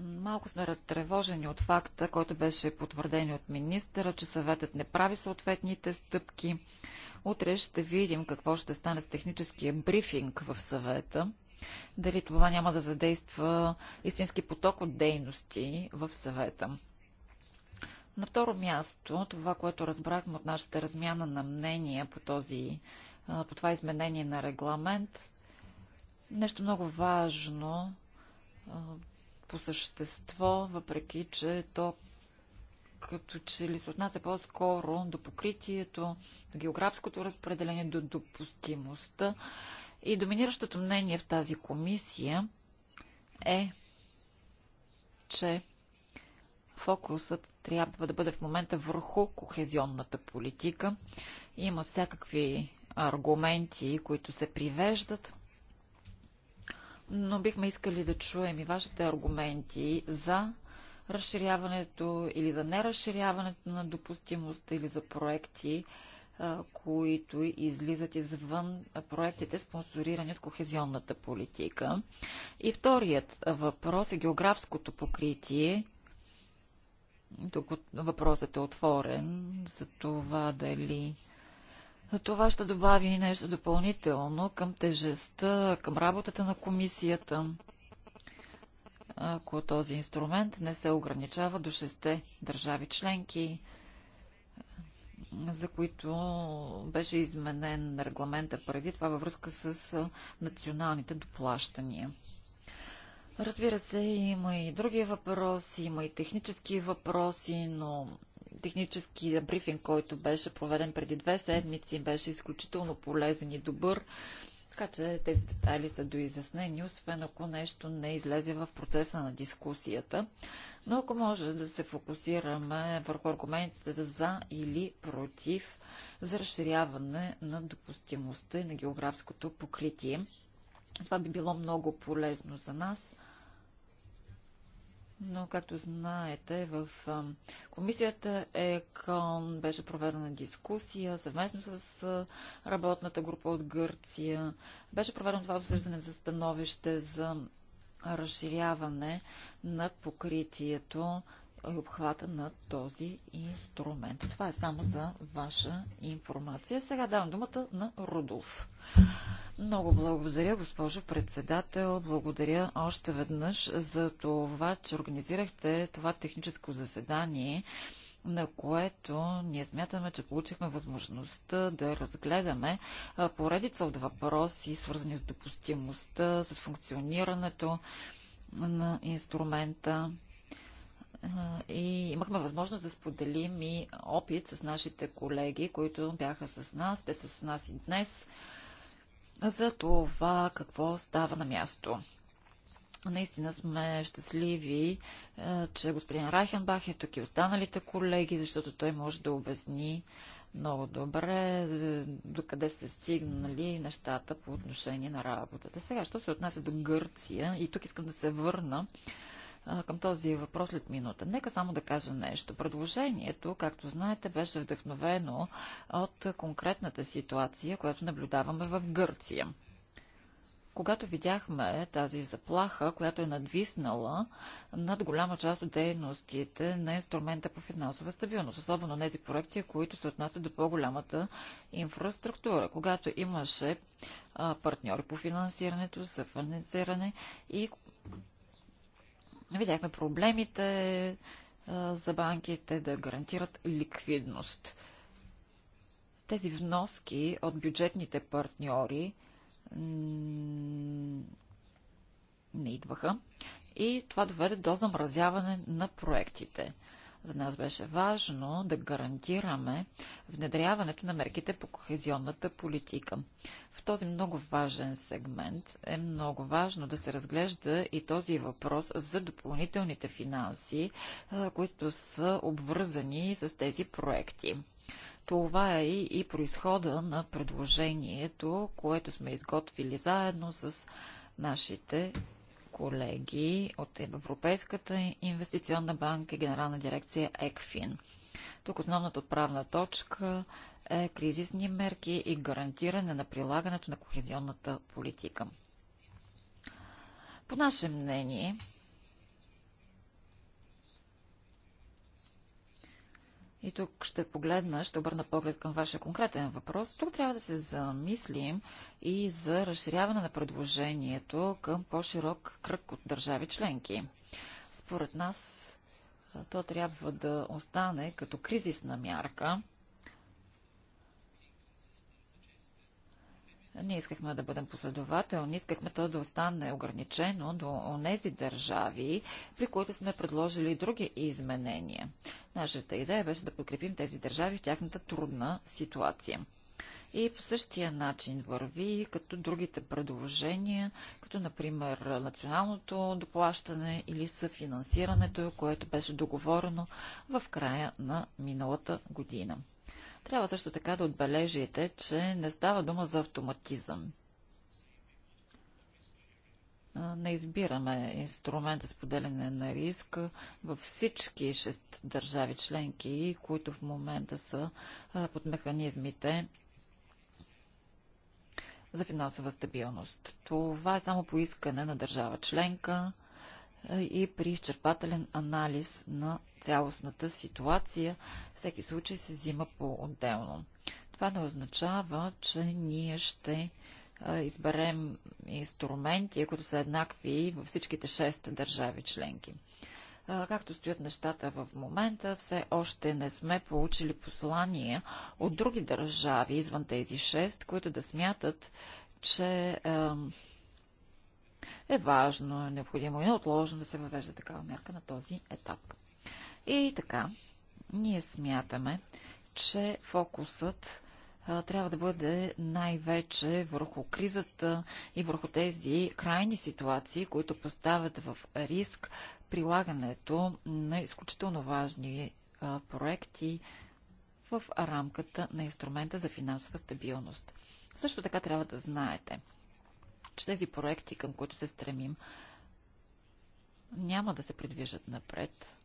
Малко сме разтревожени от факта, който беше потвърден от министъра, че съветът не прави съответните стъпки. Утре ще видим какво ще стане с техническия брифинг в съвета. Дали това няма да задейства истински поток от дейности в съвета. На второ място, това, което разбрахме от нашата размяна на мнения по, този, по това изменение на регламент, нещо много важно по същество, въпреки че то като че ли се отнася по-скоро до покритието, до географското разпределение, до допустимостта. И доминиращото мнение в тази комисия е, че Фокусът трябва да бъде в момента върху кохезионната политика. Има всякакви аргументи, които се привеждат, но бихме искали да чуем и вашите аргументи за разширяването или за неразширяването на допустимостта или за проекти, които излизат извън проектите, спонсорирани от кохезионната политика. И вторият въпрос е географското покритие тук въпросът е отворен за това дали това ще добави нещо допълнително към тежестта, към работата на комисията, ако този инструмент не се ограничава до шесте държави членки, за които беше изменен регламента преди това във връзка с националните доплащания. Разбира се, има и други въпроси, има и технически въпроси, но технически брифинг, който беше проведен преди две седмици, беше изключително полезен и добър. Така че тези детайли са доизяснени, освен ако нещо не излезе в процеса на дискусията. Но ако може да се фокусираме върху аргументите за или против за разширяване на допустимостта и на географското покритие. Това би било много полезно за нас. Но, както знаете, в комисията ЕКОН беше проведена дискусия съвместно с работната група от Гърция. Беше проведено това обсъждане за становище за разширяване на покритието обхвата на този инструмент. Това е само за ваша информация. Сега давам думата на Рудолф. Много благодаря, госпожо председател. Благодаря още веднъж за това, че организирахте това техническо заседание на което ние смятаме, че получихме възможността да разгледаме поредица от въпроси, свързани с допустимостта, с функционирането на инструмента и имахме възможност да споделим и опит с нашите колеги, които бяха с нас. Те са с нас и днес за това какво става на място. Наистина сме щастливи, е, че господин Райхенбах е тук и останалите колеги, защото той може да обясни много добре е, докъде са стигнали нещата по отношение на работата. Сега, що се отнася до Гърция, и тук искам да се върна към този въпрос след минута. Нека само да кажа нещо. Предложението, както знаете, беше вдъхновено от конкретната ситуация, която наблюдаваме в Гърция когато видяхме тази заплаха, която е надвиснала над голяма част от дейностите на инструмента по финансова стабилност, особено тези проекти, които се отнасят до по-голямата инфраструктура, когато имаше партньори по финансирането, съфинансиране и Видяхме проблемите за банките да гарантират ликвидност. Тези вноски от бюджетните партньори не идваха и това доведе до замразяване на проектите. За нас беше важно да гарантираме внедряването на мерките по кохезионната политика. В този много важен сегмент е много важно да се разглежда и този въпрос за допълнителните финанси, които са обвързани с тези проекти. Това е и, произхода происхода на предложението, което сме изготвили заедно с нашите колеги от Европейската инвестиционна банка и Генерална дирекция ЕКФИН. Тук основната отправна точка е кризисни мерки и гарантиране на прилагането на кохезионната политика. По наше мнение, И тук ще погледна, ще обърна поглед към вашия конкретен въпрос. Тук трябва да се замислим и за разширяване на предложението към по-широк кръг от държави членки. Според нас то трябва да остане като кризисна мярка – Ние искахме да бъдем последователни, искахме то да остане ограничено до тези държави, при които сме предложили други изменения. Нашата идея беше да подкрепим тези държави в тяхната трудна ситуация. И по същия начин върви като другите предложения, като например националното доплащане или съфинансирането, което беше договорено в края на миналата година. Трябва също така да отбележите, че не става дума за автоматизъм. Не избираме инструмента за поделяне на риск във всички шест държави членки, които в момента са под механизмите за финансова стабилност. Това е само поискане на държава членка е, и при изчерпателен анализ на цялостната ситуация. Всеки случай се взима по-отделно. Това не означава, че ние ще е, изберем инструменти, които са еднакви във всичките шест държави членки. Е, както стоят нещата в момента, все още не сме получили послания от други държави извън тези шест, които да смятат, че е важно, е необходимо и неотложно да се въвежда такава мярка на този етап. И така, ние смятаме, че фокусът трябва да бъде най-вече върху кризата и върху тези крайни ситуации, които поставят в риск прилагането на изключително важни проекти в рамката на инструмента за финансова стабилност. Също така трябва да знаете, че тези проекти, към които се стремим, няма да се придвижат напред.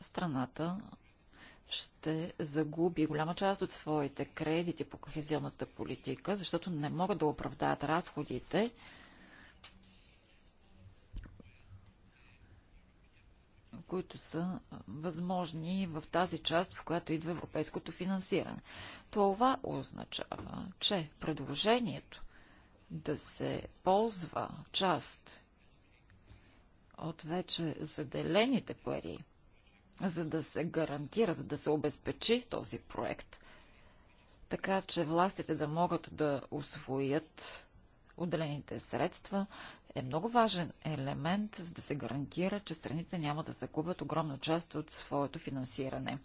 Страната ще загуби голяма част от своите кредити по кохезионната политика, защото не могат да оправдаят разходите, които са възможни в тази част, в която идва европейското финансиране. Това означава, че предложението да се ползва част от вече заделените пари, за да се гарантира, за да се обезпечи този проект, така че властите да могат да освоят отделените средства, е много важен елемент, за да се гарантира, че страните няма да загубят огромна част от своето финансиране.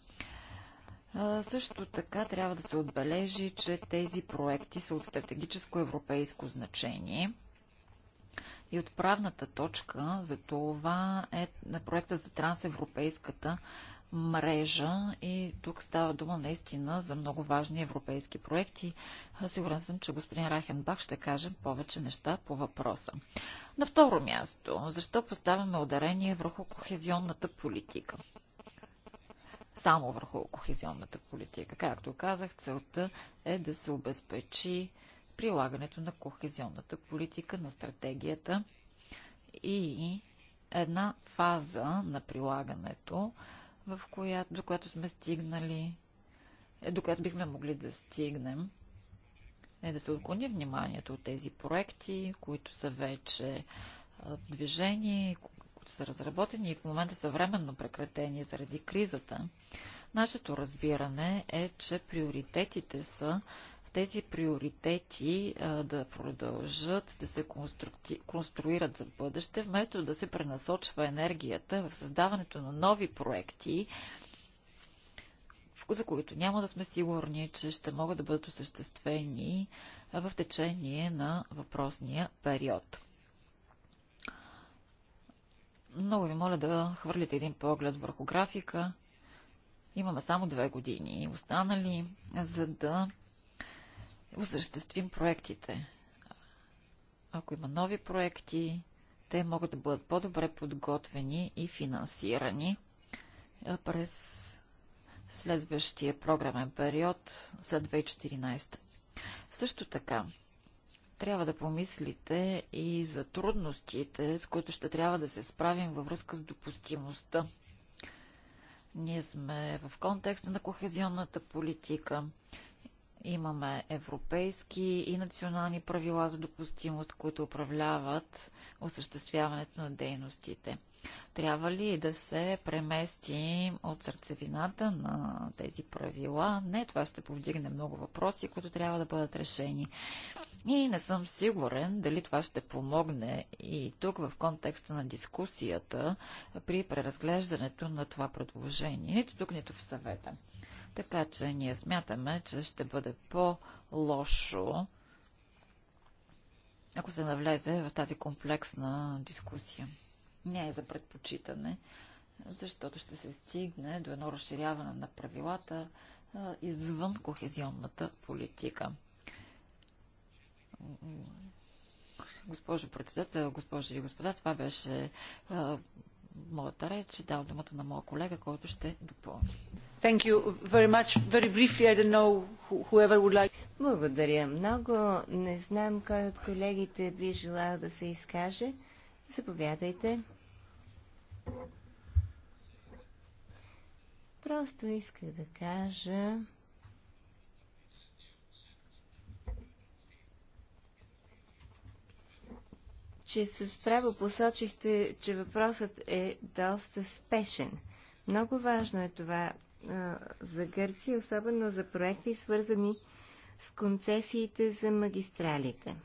Също така трябва да се отбележи, че тези проекти са от стратегическо европейско значение. И отправната точка за това е на проекта за трансевропейската мрежа и тук става дума наистина за много важни европейски проекти. Сигурен съм, че господин Рахенбах ще каже повече неща по въпроса. На второ място, защо поставяме ударение върху кохезионната политика? Само върху кохезионната политика. Както казах, целта е да се обезпечи прилагането на кохезионната политика, на стратегията и една фаза на прилагането, в която, до която сме стигнали, е, до която бихме могли да стигнем, е да се отклони вниманието от тези проекти, които са вече движени, които са разработени и в момента са временно прекратени заради кризата. Нашето разбиране е, че приоритетите са тези приоритети а, да продължат да се конструкти, конструират за бъдеще, вместо да се пренасочва енергията в създаването на нови проекти, за които няма да сме сигурни, че ще могат да бъдат осъществени в течение на въпросния период. Много ви моля да хвърлите един поглед върху графика. Имаме само две години останали, за да осъществим проектите. Ако има нови проекти, те могат да бъдат по-добре подготвени и финансирани през следващия програмен период за 2014. Също така, трябва да помислите и за трудностите, с които ще трябва да се справим във връзка с допустимостта. Ние сме в контекста на кохезионната политика Имаме европейски и национални правила за допустимост, които управляват осъществяването на дейностите. Трябва ли да се преместим от сърцевината на тези правила? Не, това ще повдигне много въпроси, които трябва да бъдат решени. И не съм сигурен дали това ще помогне и тук в контекста на дискусията при преразглеждането на това предложение. Нито тук, нито в съвета. Така че ние смятаме, че ще бъде по-лошо, ако се навлезе в тази комплексна дискусия. Не е за предпочитане, защото ще се стигне до едно разширяване на правилата извън кохезионната политика. Госпожо председател, госпожи и господа, това беше а, моята реч. дам думата на моя колега, който ще допълни. Very very briefly, know, like... Благодаря много. Не знам кой от колегите би желал да се изкаже. Заповядайте. Просто иска да кажа, че с право посочихте, че въпросът е доста спешен. Много важно е това а, за Гърция, особено за проекти, свързани с концесиите за магистралите.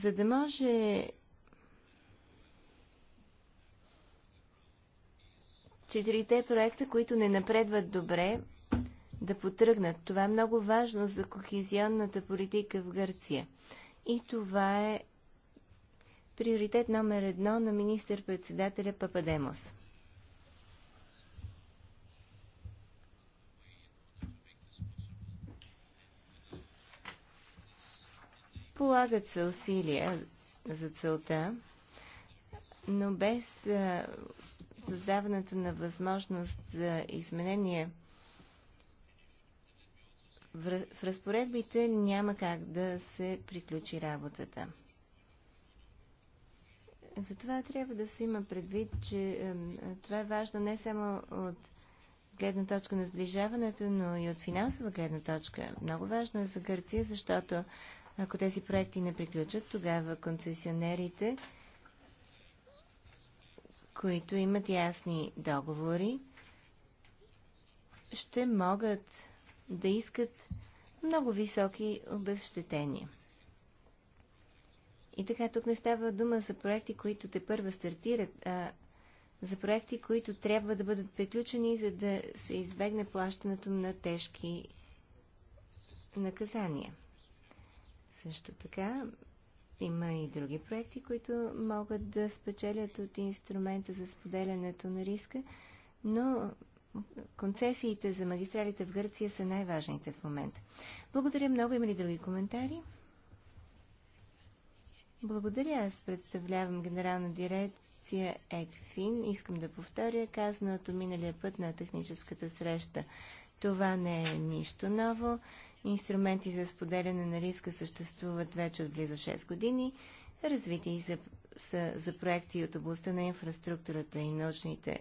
За да може четирите проекта, които не напредват добре, да потръгнат. Това е много важно за кохезионната политика в Гърция. И това е приоритет номер едно на министър-председателя Пападемос. Полагат се усилия за целта, но без създаването на възможност за изменение – в разпоредбите няма как да се приключи работата. Затова трябва да се има предвид, че това е важно не само от гледна точка на сближаването, но и от финансова гледна точка. Много важно е за Гърция, защото ако тези проекти не приключат, тогава концесионерите, които имат ясни договори, ще могат да искат много високи обезщетения. И така, тук не става дума за проекти, които те първа стартират, а за проекти, които трябва да бъдат приключени, за да се избегне плащането на тежки наказания. Също така, има и други проекти, които могат да спечелят от инструмента за споделянето на риска, но концесиите за магистралите в Гърция са най-важните в момента. Благодаря много. Има ли други коментари? Благодаря. Аз представлявам генерална дирекция ЕКФИН. Искам да повторя казаното миналия път на техническата среща. Това не е нищо ново. Инструменти за споделяне на риска съществуват вече от близо 6 години. Развити за, са за проекти от областта на инфраструктурата и научните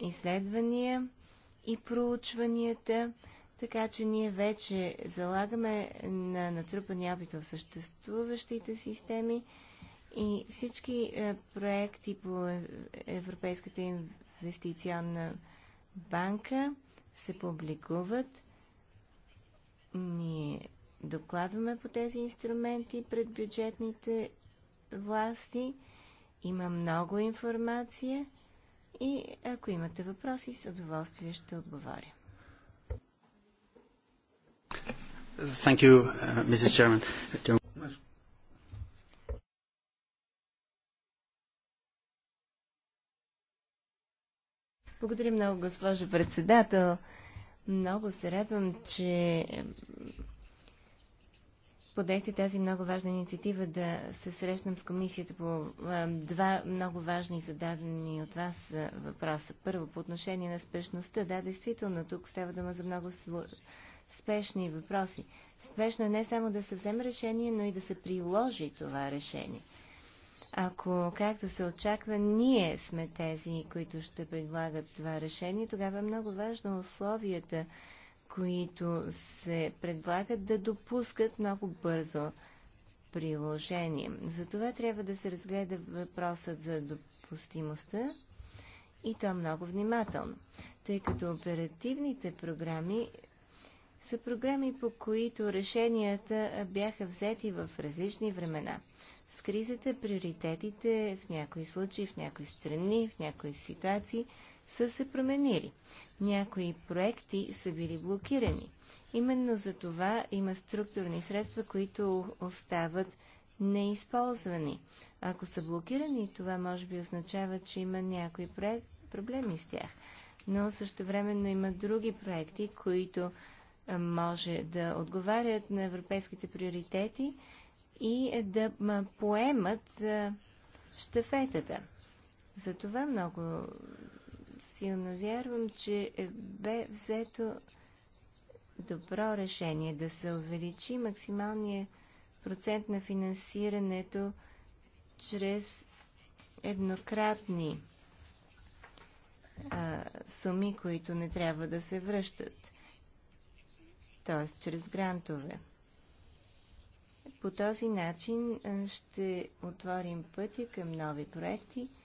изследвания и проучванията, така че ние вече залагаме на натрупания опит в съществуващите системи и всички е, проекти по е, Европейската инвестиционна банка се публикуват. Ние докладваме по тези инструменти пред бюджетните власти. Има много информация – и ако имате въпроси, с удоволствие ще отговоря. Thank you, uh, Mrs. Chairman. Благодаря много, госпожо председател. Много се радвам, че подехте тази много важна инициатива да се срещнем с комисията по два много важни зададени от вас въпроса. Първо, по отношение на спешността. Да, действително, тук става дума за много спешни въпроси. Спешно е не само да се вземе решение, но и да се приложи това решение. Ако, както се очаква, ние сме тези, които ще предлагат това решение, тогава е много важно условията, които се предлагат, да допускат много бързо приложение. Затова трябва да се разгледа въпросът за допустимостта и то много внимателно, тъй като оперативните програми са програми, по които решенията бяха взети в различни времена. С кризата приоритетите в някои случаи, в някои страни, в някои ситуации – са се променили. Някои проекти са били блокирани. Именно за това има структурни средства, които остават неизползвани. Ако са блокирани, това може би означава, че има някои проект, проблеми с тях. Но също времено има други проекти, които може да отговарят на европейските приоритети и да поемат щафетата. това много силно вярвам, че бе взето добро решение да се увеличи максималния процент на финансирането чрез еднократни а, суми, които не трябва да се връщат, т.е. чрез грантове. По този начин ще отворим пътя към нови проекти –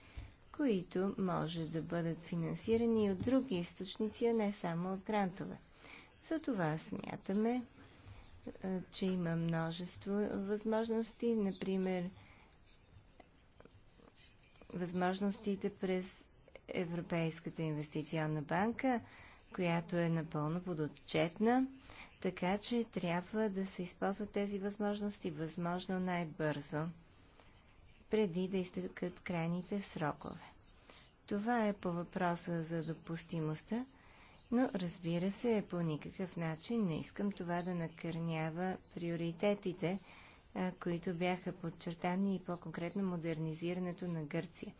които може да бъдат финансирани от други източници, а не само от грантове. За това смятаме, че има множество възможности, например възможностите през Европейската инвестиционна банка, която е напълно подотчетна, така че трябва да се използват тези възможности възможно най-бързо, преди да изтъкат крайните срокове. Това е по въпроса за допустимостта, но разбира се, по никакъв начин не искам това да накърнява приоритетите, които бяха подчертани и по-конкретно модернизирането на Гърция.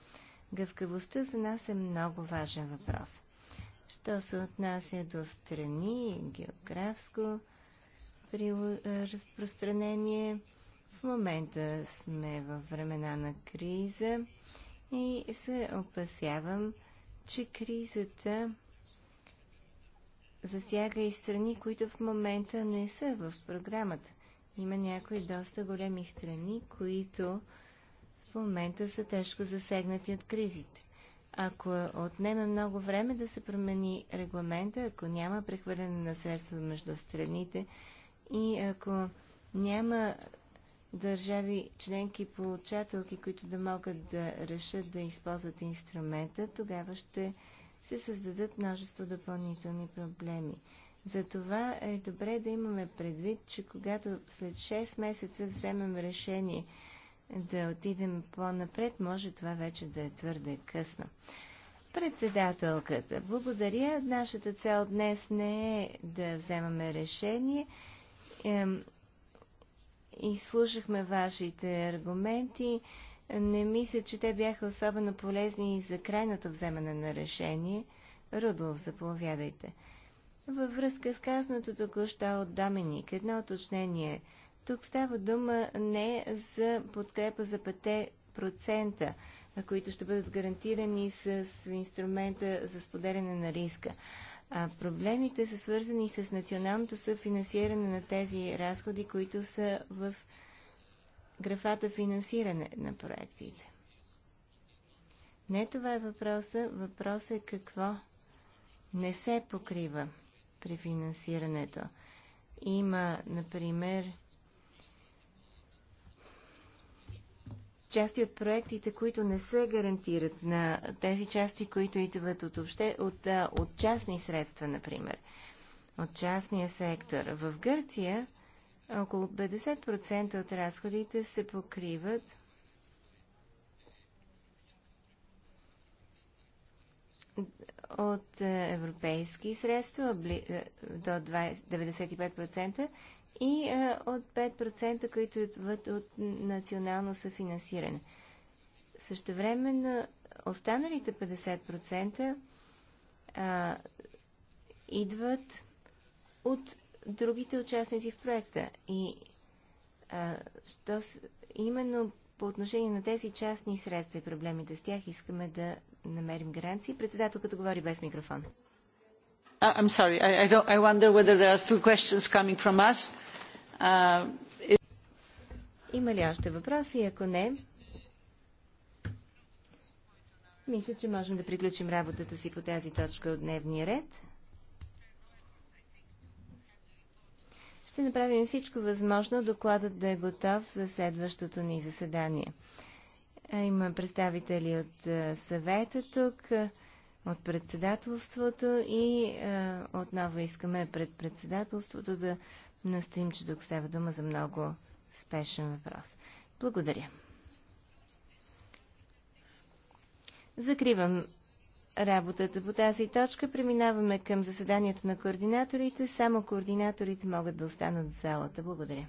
Гъвкавостта за нас е много важен въпрос. Що се отнася до страни, географско разпространение, в момента сме във времена на криза и се опасявам, че кризата засяга и страни, които в момента не са в програмата. Има някои доста големи страни, които в момента са тежко засегнати от кризите. Ако отнеме много време да се промени регламента, ако няма прехвърляне на средства между страните и ако няма държави членки получателки, които да могат да решат да използват инструмента, тогава ще се създадат множество допълнителни проблеми. Затова е добре да имаме предвид, че когато след 6 месеца вземем решение да отидем по-напред, може това вече да е твърде късно. Председателката, благодаря. Нашата цел днес не е да вземаме решение изслушахме вашите аргументи. Не мисля, че те бяха особено полезни и за крайното вземане на решение. Рудолов, заповядайте. Във връзка с казаното току-що от Доминик, едно уточнение. Тук става дума не за подкрепа за 5%, които ще бъдат гарантирани с инструмента за споделяне на риска. А проблемите са свързани с националното съфинансиране на тези разходи, които са в графата финансиране на проектите. Не това е въпроса. Въпросът е какво не се покрива при финансирането. Има, например, части от проектите, които не се гарантират на тези части, които идват от, обще, от, от частни средства, например, от частния сектор. В Гърция около 50% от разходите се покриват от европейски средства до 95% и е, от 5%, които идват от национално съфинансиране. Също на останалите 50% а, идват от другите участници в проекта. И а, що именно по отношение на тези частни средства и проблемите с тях искаме да намерим гаранции. Председателката говори без микрофон. Uh, I, I wonder whether there are questions coming from us. Uh, има ли още въпроси? Ако не, мисля, че можем да приключим работата си по тази точка от дневния ред. Ще направим всичко възможно докладът да е готов за следващото ни заседание. Има представители от съвета тук от председателството и е, отново искаме пред председателството да настоим, че тук става дума за много спешен въпрос. Благодаря. Закривам работата по тази точка. Преминаваме към заседанието на координаторите. Само координаторите могат да останат в залата. Благодаря.